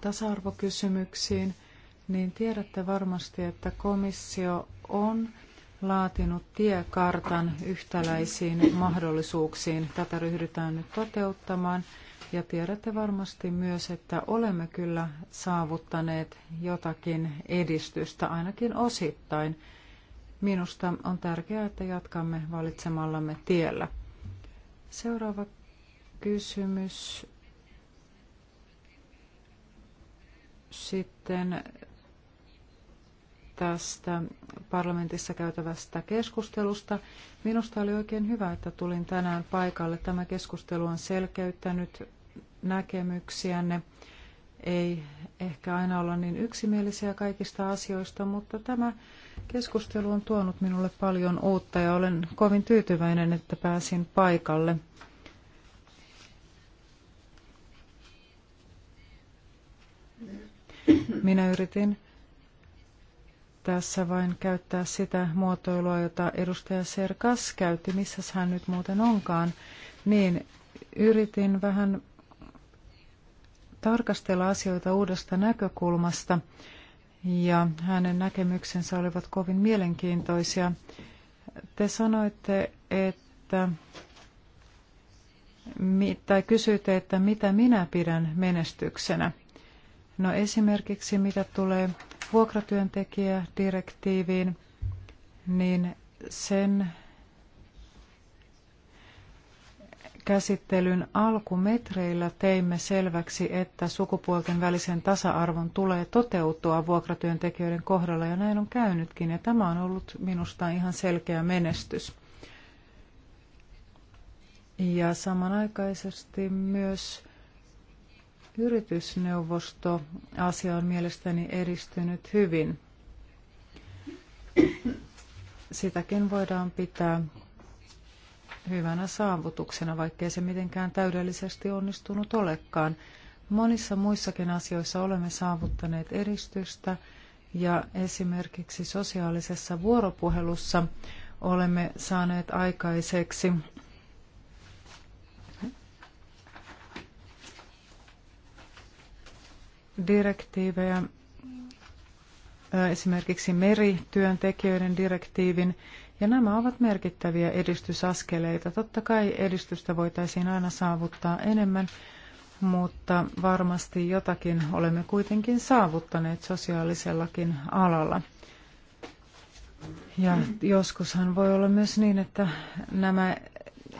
tasa-arvokysymyksiin, niin tiedätte varmasti, että komissio on laatinut tiekartan yhtäläisiin mahdollisuuksiin. Tätä ryhdytään nyt toteuttamaan. Ja tiedätte varmasti myös, että olemme kyllä saavuttaneet jotakin edistystä, ainakin osittain. Minusta on tärkeää, että jatkamme valitsemallamme tiellä. Seuraava kysymys sitten tästä parlamentissa käytävästä keskustelusta. Minusta oli oikein hyvä, että tulin tänään paikalle. Tämä keskustelu on selkeyttänyt näkemyksiänne. Ei ehkä aina olla niin yksimielisiä kaikista asioista, mutta tämä keskustelu on tuonut minulle paljon uutta ja olen kovin tyytyväinen, että pääsin paikalle. Minä yritin tässä vain käyttää sitä muotoilua, jota edustaja Serkas käytti, missä hän nyt muuten onkaan, niin yritin vähän tarkastella asioita uudesta näkökulmasta ja hänen näkemyksensä olivat kovin mielenkiintoisia. Te sanoitte, että tai kysyitte, että mitä minä pidän menestyksenä. No esimerkiksi mitä tulee vuokratyöntekijädirektiiviin, niin sen käsittelyn alkumetreillä teimme selväksi, että sukupuolten välisen tasa-arvon tulee toteutua vuokratyöntekijöiden kohdalla, ja näin on käynytkin, ja tämä on ollut minusta ihan selkeä menestys. Ja samanaikaisesti myös yritysneuvosto asia on mielestäni edistynyt hyvin. Sitäkin voidaan pitää hyvänä saavutuksena, vaikkei se mitenkään täydellisesti onnistunut olekaan. Monissa muissakin asioissa olemme saavuttaneet edistystä ja esimerkiksi sosiaalisessa vuoropuhelussa olemme saaneet aikaiseksi direktiivejä, esimerkiksi merityöntekijöiden direktiivin, ja nämä ovat merkittäviä edistysaskeleita. Totta kai edistystä voitaisiin aina saavuttaa enemmän, mutta varmasti jotakin olemme kuitenkin saavuttaneet sosiaalisellakin alalla. Ja joskushan voi olla myös niin, että nämä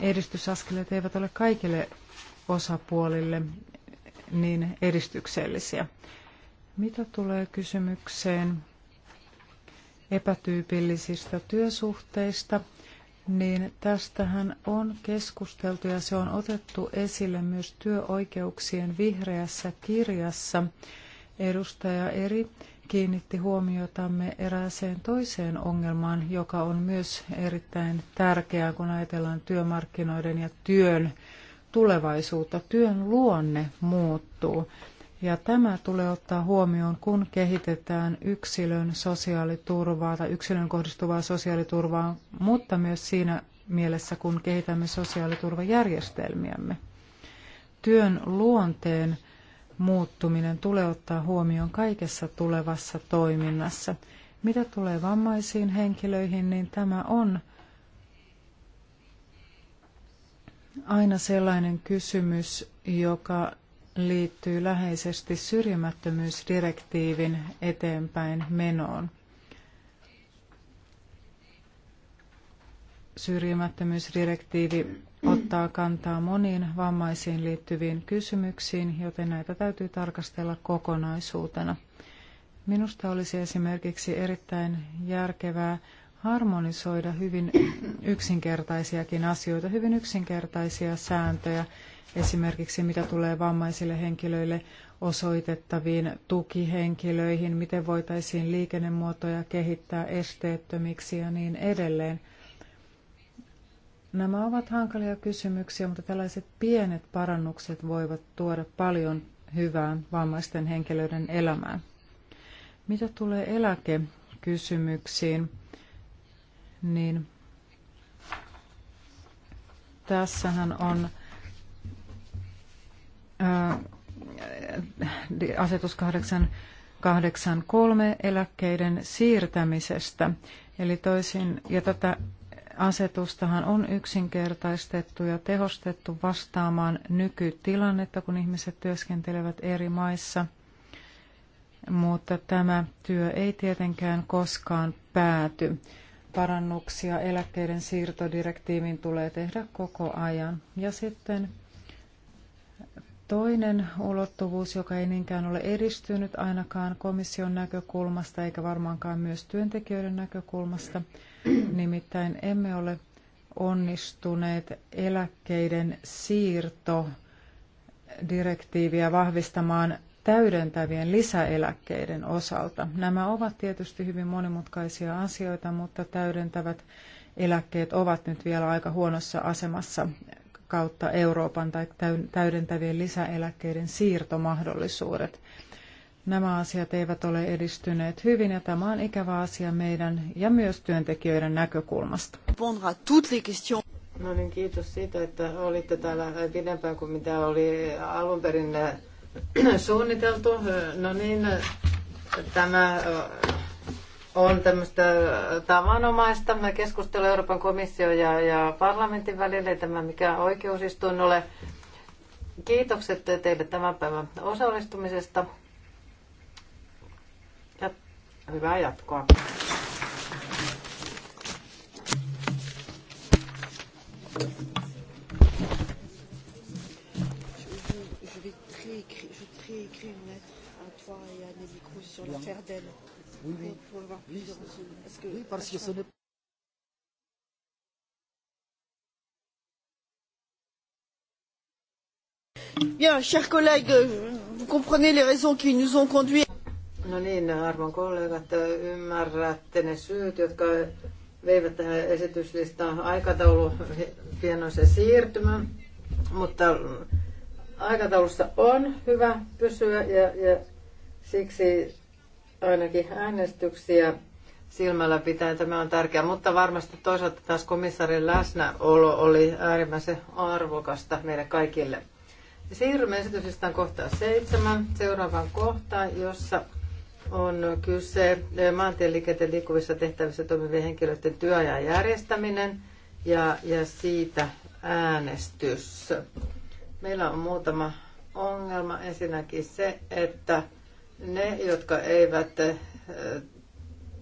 edistysaskeleet eivät ole kaikille osapuolille niin edistyksellisiä. Mitä tulee kysymykseen epätyypillisistä työsuhteista, niin tästähän on keskusteltu ja se on otettu esille myös työoikeuksien vihreässä kirjassa. Edustaja Eri kiinnitti huomiotamme erääseen toiseen ongelmaan, joka on myös erittäin tärkeää, kun ajatellaan työmarkkinoiden ja työn tulevaisuutta. Työn luonne muuttuu. Ja tämä tulee ottaa huomioon, kun kehitetään yksilön sosiaaliturvaa tai yksilön kohdistuvaa sosiaaliturvaa, mutta myös siinä mielessä, kun kehitämme sosiaaliturvajärjestelmiämme. Työn luonteen muuttuminen tulee ottaa huomioon kaikessa tulevassa toiminnassa. Mitä tulee vammaisiin henkilöihin, niin tämä on aina sellainen kysymys, joka liittyy läheisesti syrjimättömyysdirektiivin eteenpäin menoon. Syrjimättömyysdirektiivi ottaa kantaa moniin vammaisiin liittyviin kysymyksiin, joten näitä täytyy tarkastella kokonaisuutena. Minusta olisi esimerkiksi erittäin järkevää harmonisoida hyvin yksinkertaisiakin asioita, hyvin yksinkertaisia sääntöjä, esimerkiksi mitä tulee vammaisille henkilöille osoitettaviin tukihenkilöihin, miten voitaisiin liikennemuotoja kehittää esteettömiksi ja niin edelleen. Nämä ovat hankalia kysymyksiä, mutta tällaiset pienet parannukset voivat tuoda paljon hyvää vammaisten henkilöiden elämään. Mitä tulee eläkekysymyksiin? niin tässähän on asetus 883 eläkkeiden siirtämisestä. Eli toisin, ja tätä asetustahan on yksinkertaistettu ja tehostettu vastaamaan nykytilannetta, kun ihmiset työskentelevät eri maissa. Mutta tämä työ ei tietenkään koskaan pääty parannuksia eläkkeiden siirtodirektiivin tulee tehdä koko ajan. Ja sitten toinen ulottuvuus, joka ei niinkään ole edistynyt ainakaan komission näkökulmasta eikä varmaankaan myös työntekijöiden näkökulmasta, nimittäin emme ole onnistuneet eläkkeiden siirto direktiiviä vahvistamaan täydentävien lisäeläkkeiden osalta. Nämä ovat tietysti hyvin monimutkaisia asioita, mutta täydentävät eläkkeet ovat nyt vielä aika huonossa asemassa kautta Euroopan tai täydentävien lisäeläkkeiden siirtomahdollisuudet. Nämä asiat eivät ole edistyneet hyvin ja tämä on ikävä asia meidän ja myös työntekijöiden näkökulmasta. No niin, kiitos siitä, että olitte täällä pidempään kuin mitä oli alun perin suunniteltu. No niin, tämä on tämmöistä tavanomaista keskustelua Euroopan komission ja, ja parlamentin välillä, ei tämä mikä oikeusistuin ole. Kiitokset teille tämän päivän osallistumisesta ja hyvää jatkoa. Thank you. j'ai écrit une lettre à toi et à Nelly Cruz sur l'affaire d'elle. Oui, oui. Pour, pour avoir oui, plusieurs parce que, oui, parce que ce n'est pas. Bien, chers collègues, vous comprenez les raisons qui nous ont conduits. No niin, arvon kollegat, ymmärrätte ne syyt, jotka veivät tähän esityslistaan aikataulu, pienoisen siirtymän, mutta Aikataulussa on hyvä pysyä ja, ja siksi ainakin äänestyksiä silmällä pitää tämä on tärkeää, mutta varmasti toisaalta taas komissarin läsnäolo oli äärimmäisen arvokasta meille kaikille. Siirrymme esityslistan kohtaan seitsemän, seuraavaan kohtaan, jossa on kyse maantieliikenteen liikkuvissa tehtävissä toimivien henkilöiden työajan järjestäminen ja, ja siitä äänestys. Meillä on muutama ongelma. Ensinnäkin se, että ne, jotka eivät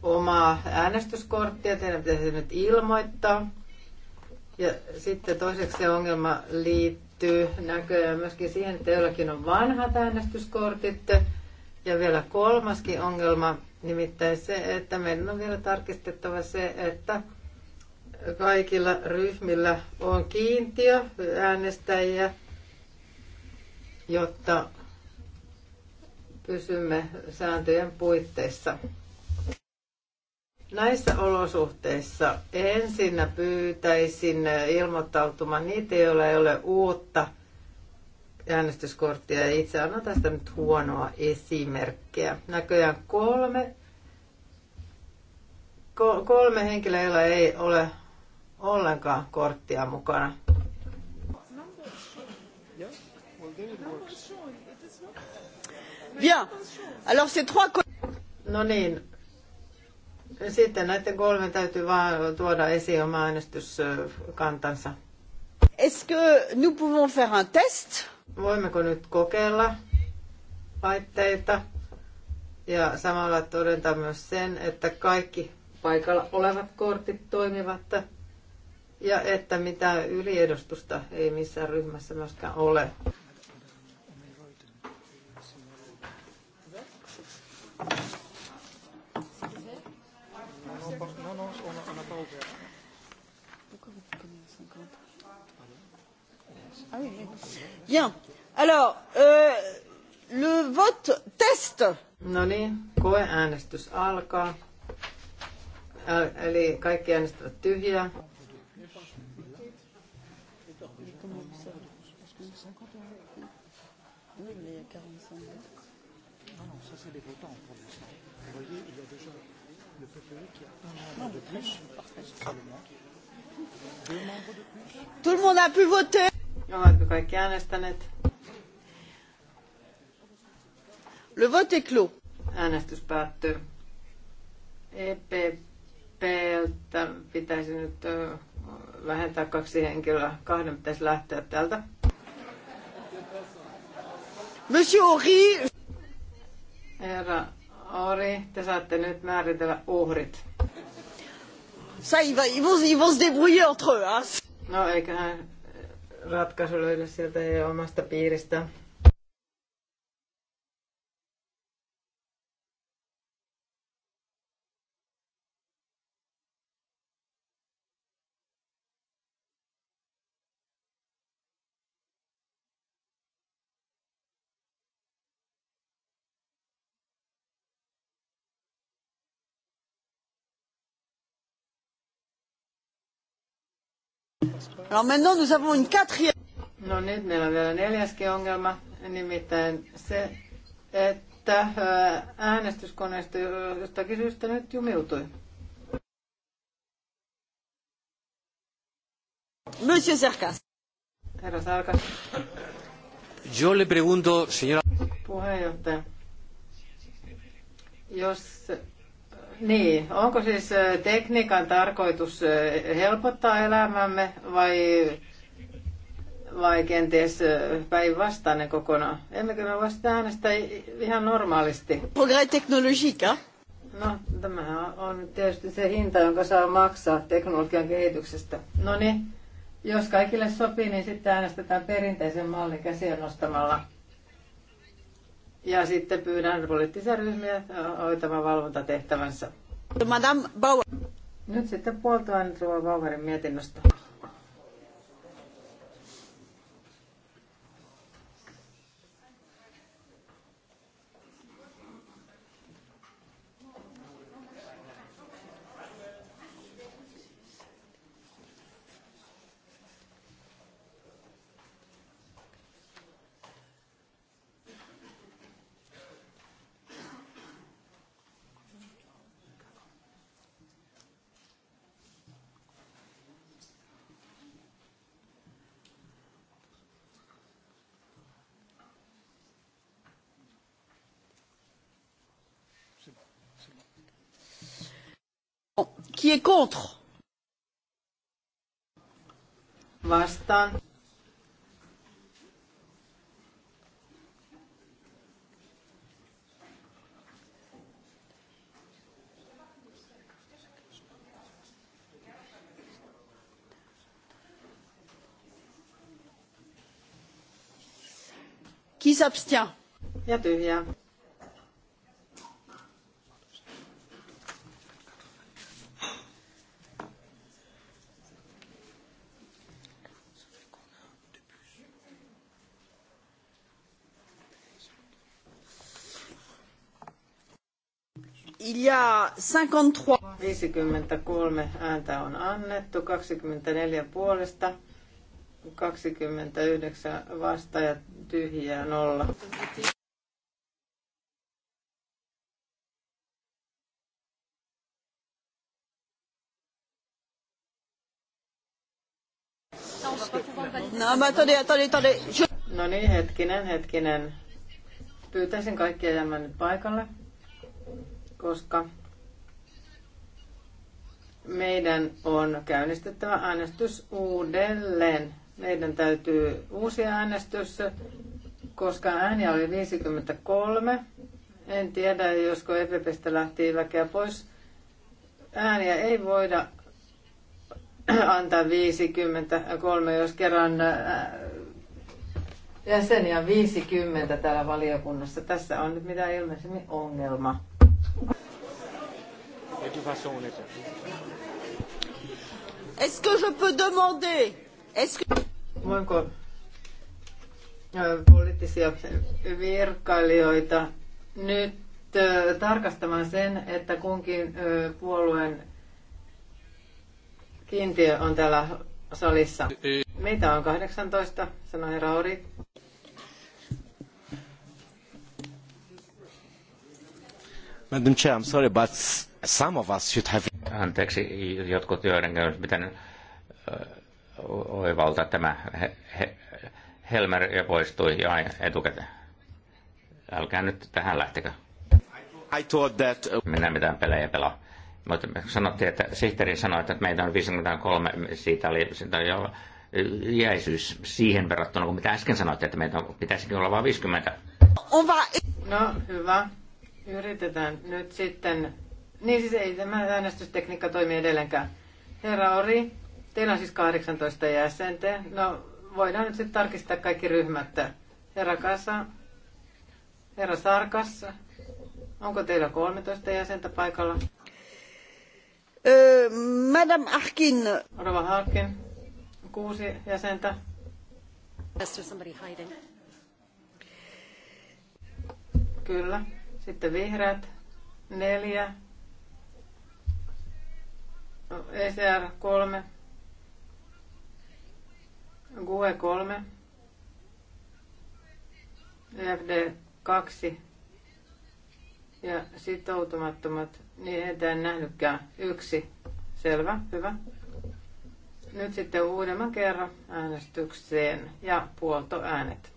omaa äänestyskorttia, teidän pitäisi nyt ilmoittaa. Ja sitten toiseksi se ongelma liittyy näköjään myöskin siihen, että joillakin on vanhat äänestyskortit. Ja vielä kolmaskin ongelma, nimittäin se, että meidän on vielä tarkistettava se, että kaikilla ryhmillä on kiintiö äänestäjiä – jotta pysymme sääntöjen puitteissa. Näissä olosuhteissa ensin pyytäisin ilmoittautumaan niitä, joilla ei ole uutta äänestyskorttia. Itse annan tästä nyt huonoa esimerkkiä. Näköjään kolme, kolme henkilöä, joilla ei ole ollenkaan korttia mukana. Bien. Alors ces trois... No niin. Sitten näiden kolmen täytyy vaan tuoda esiin oma äänestyskantansa. Est-ce que nous pouvons faire un test? Voimmeko nyt kokeilla laitteita ja samalla todentaa myös sen, että kaikki paikalla olevat kortit toimivat ja että mitään yliedustusta ei missään ryhmässä myöskään ole. Äänestys alkaa. Eli kaikki äänestävät tyhjää. Tout le monde a pu voter. Ovatko kaikki äänestäneet? Le vote est clos. Äänestys päättyy. EPPltä pitäisi nyt vähentää kaksi henkilöä. Kahden pitäisi lähteä täältä. Monsieur Ori! Herra Ori, te saatte nyt määritellä uhrit. Ça, ils vont, ils vont se débrouiller entre eux. No eiköhän ratkaisu löydä sieltä ja omasta piiristä. Alors maintenant nous avons une quatrième... No nyt niin, meillä on vielä neljäskin ongelma, nimittäin se, että äh, äänestyskoneesta jostakin syystä nyt jumiutui. Monsieur Serkas. Herra Sarkas. Yo le pregunto, señora... Puheenjohtaja, jos niin, onko siis tekniikan tarkoitus helpottaa elämämme vai, vai kenties päinvastainen kokonaan? Emmekö me voi sitä äänestää ihan normaalisti? Progrès technologique, No, tämähän on tietysti se hinta, jonka saa maksaa teknologian kehityksestä. No niin, jos kaikille sopii, niin sitten äänestetään perinteisen mallin käsiä nostamalla. Ja sitten pyydän poliittisia ryhmiä hoitamaan valvontatehtävänsä. Madame Bauer. Nyt sitten puoltoaine Bauerin mietinnöstä. est contre? Vastaan. Qui s'abstient? Il il y a deux, y a. Ja 53. 53 ääntä on annettu, 24 puolesta, 29 vasta ja tyhjää nolla. No, mä todella, todella, todella. No niin, hetkinen, hetkinen. Pyytäisin kaikkia jäämään nyt paikalle koska meidän on käynnistettävä äänestys uudelleen. Meidän täytyy uusi äänestys, koska ääniä oli 53. En tiedä, josko EPPstä lähti väkeä pois. Ääniä ei voida antaa 53, jos kerran äh, jäseniä 50 täällä valiokunnassa. Tässä on nyt mitä ilmeisemmin ongelma de façon honnête. Est-ce que je peux demander Est-ce que... Voinko äh, poliittisia virkailijoita nyt äh, tarkastamaan sen, että kunkin äh, puolueen kiintiö on täällä salissa. Meitä on 18, sanoi Rauri. Madam Chair, I'm sorry, but some of us should have... Anteeksi, jotkut joiden olisi pitänyt oivaltaa tämä. He, he, Helmer jo poistui jo etukäteen. Älkää nyt tähän lähtekö. I thought that... Uh, Minä mitään pelejä pelaa. Mutta sanottiin, että sihteeri sanoi, että meitä on 53, siitä oli, siitä oli jo jäisyys siihen verrattuna, kun mitä äsken sanoitte, että meitä pitäisikin olla vain 50. No hyvä. Yritetään nyt sitten. Niin siis ei tämä äänestystekniikka toimi edelleenkään. Herra Ori, teillä on siis 18 jäsentä. No voidaan nyt sitten tarkistaa kaikki ryhmät. Herra Kasa, herra Sarkas, onko teillä 13 jäsentä paikalla? Madame Harkin. Rova Harkin, kuusi jäsentä. somebody hiding. Kyllä. Sitten vihreät, neljä. No, ECR kolme. GUE kolme. fd kaksi. Ja sitoutumattomat, niin heitä en nähnytkään. Yksi. Selvä, hyvä. Nyt sitten uudemman kerran äänestykseen ja puoltoäänet.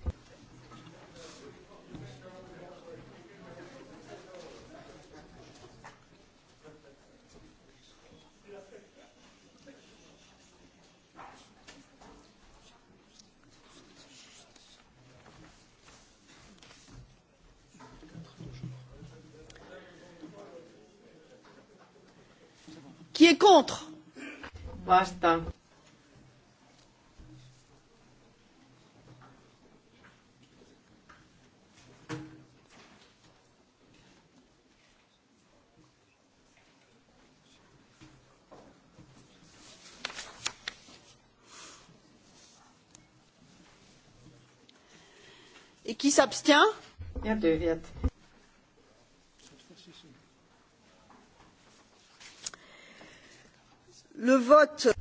Qui est contre? Basta. et qui s'abstient? Ja tyhjät. Le vote.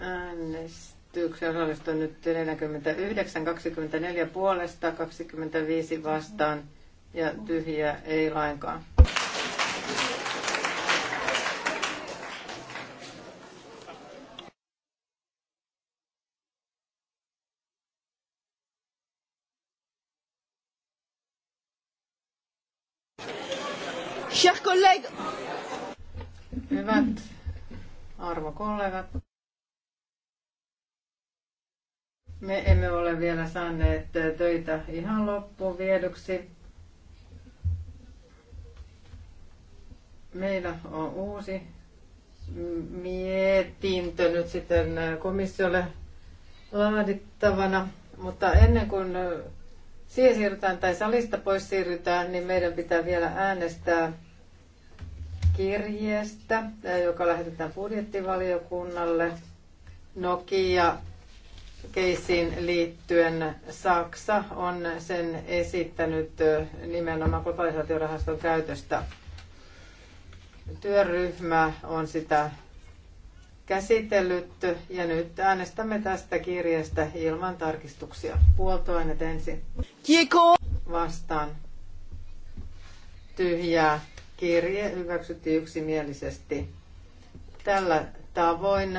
Äänestykseen osallistui nyt 49, 24 puolesta, 25 vastaan ja tyhjiä ei lainkaan. Me emme ole vielä saaneet töitä ihan loppuun viedyksi. Meillä on uusi mietintö nyt sitten komissiolle laadittavana, mutta ennen kuin siihen siirrytään tai salista pois siirrytään, niin meidän pitää vielä äänestää kirjeestä, joka lähetetään budjettivaliokunnalle. Nokia keisiin liittyen Saksa on sen esittänyt nimenomaan globalisaatiorahaston käytöstä. Työryhmä on sitä käsitellyt ja nyt äänestämme tästä kirjasta ilman tarkistuksia. Puoltoaineet ensin. Kiko! Vastaan. Tyhjää. Kirje hyväksyttiin yksimielisesti. Tällä tavoin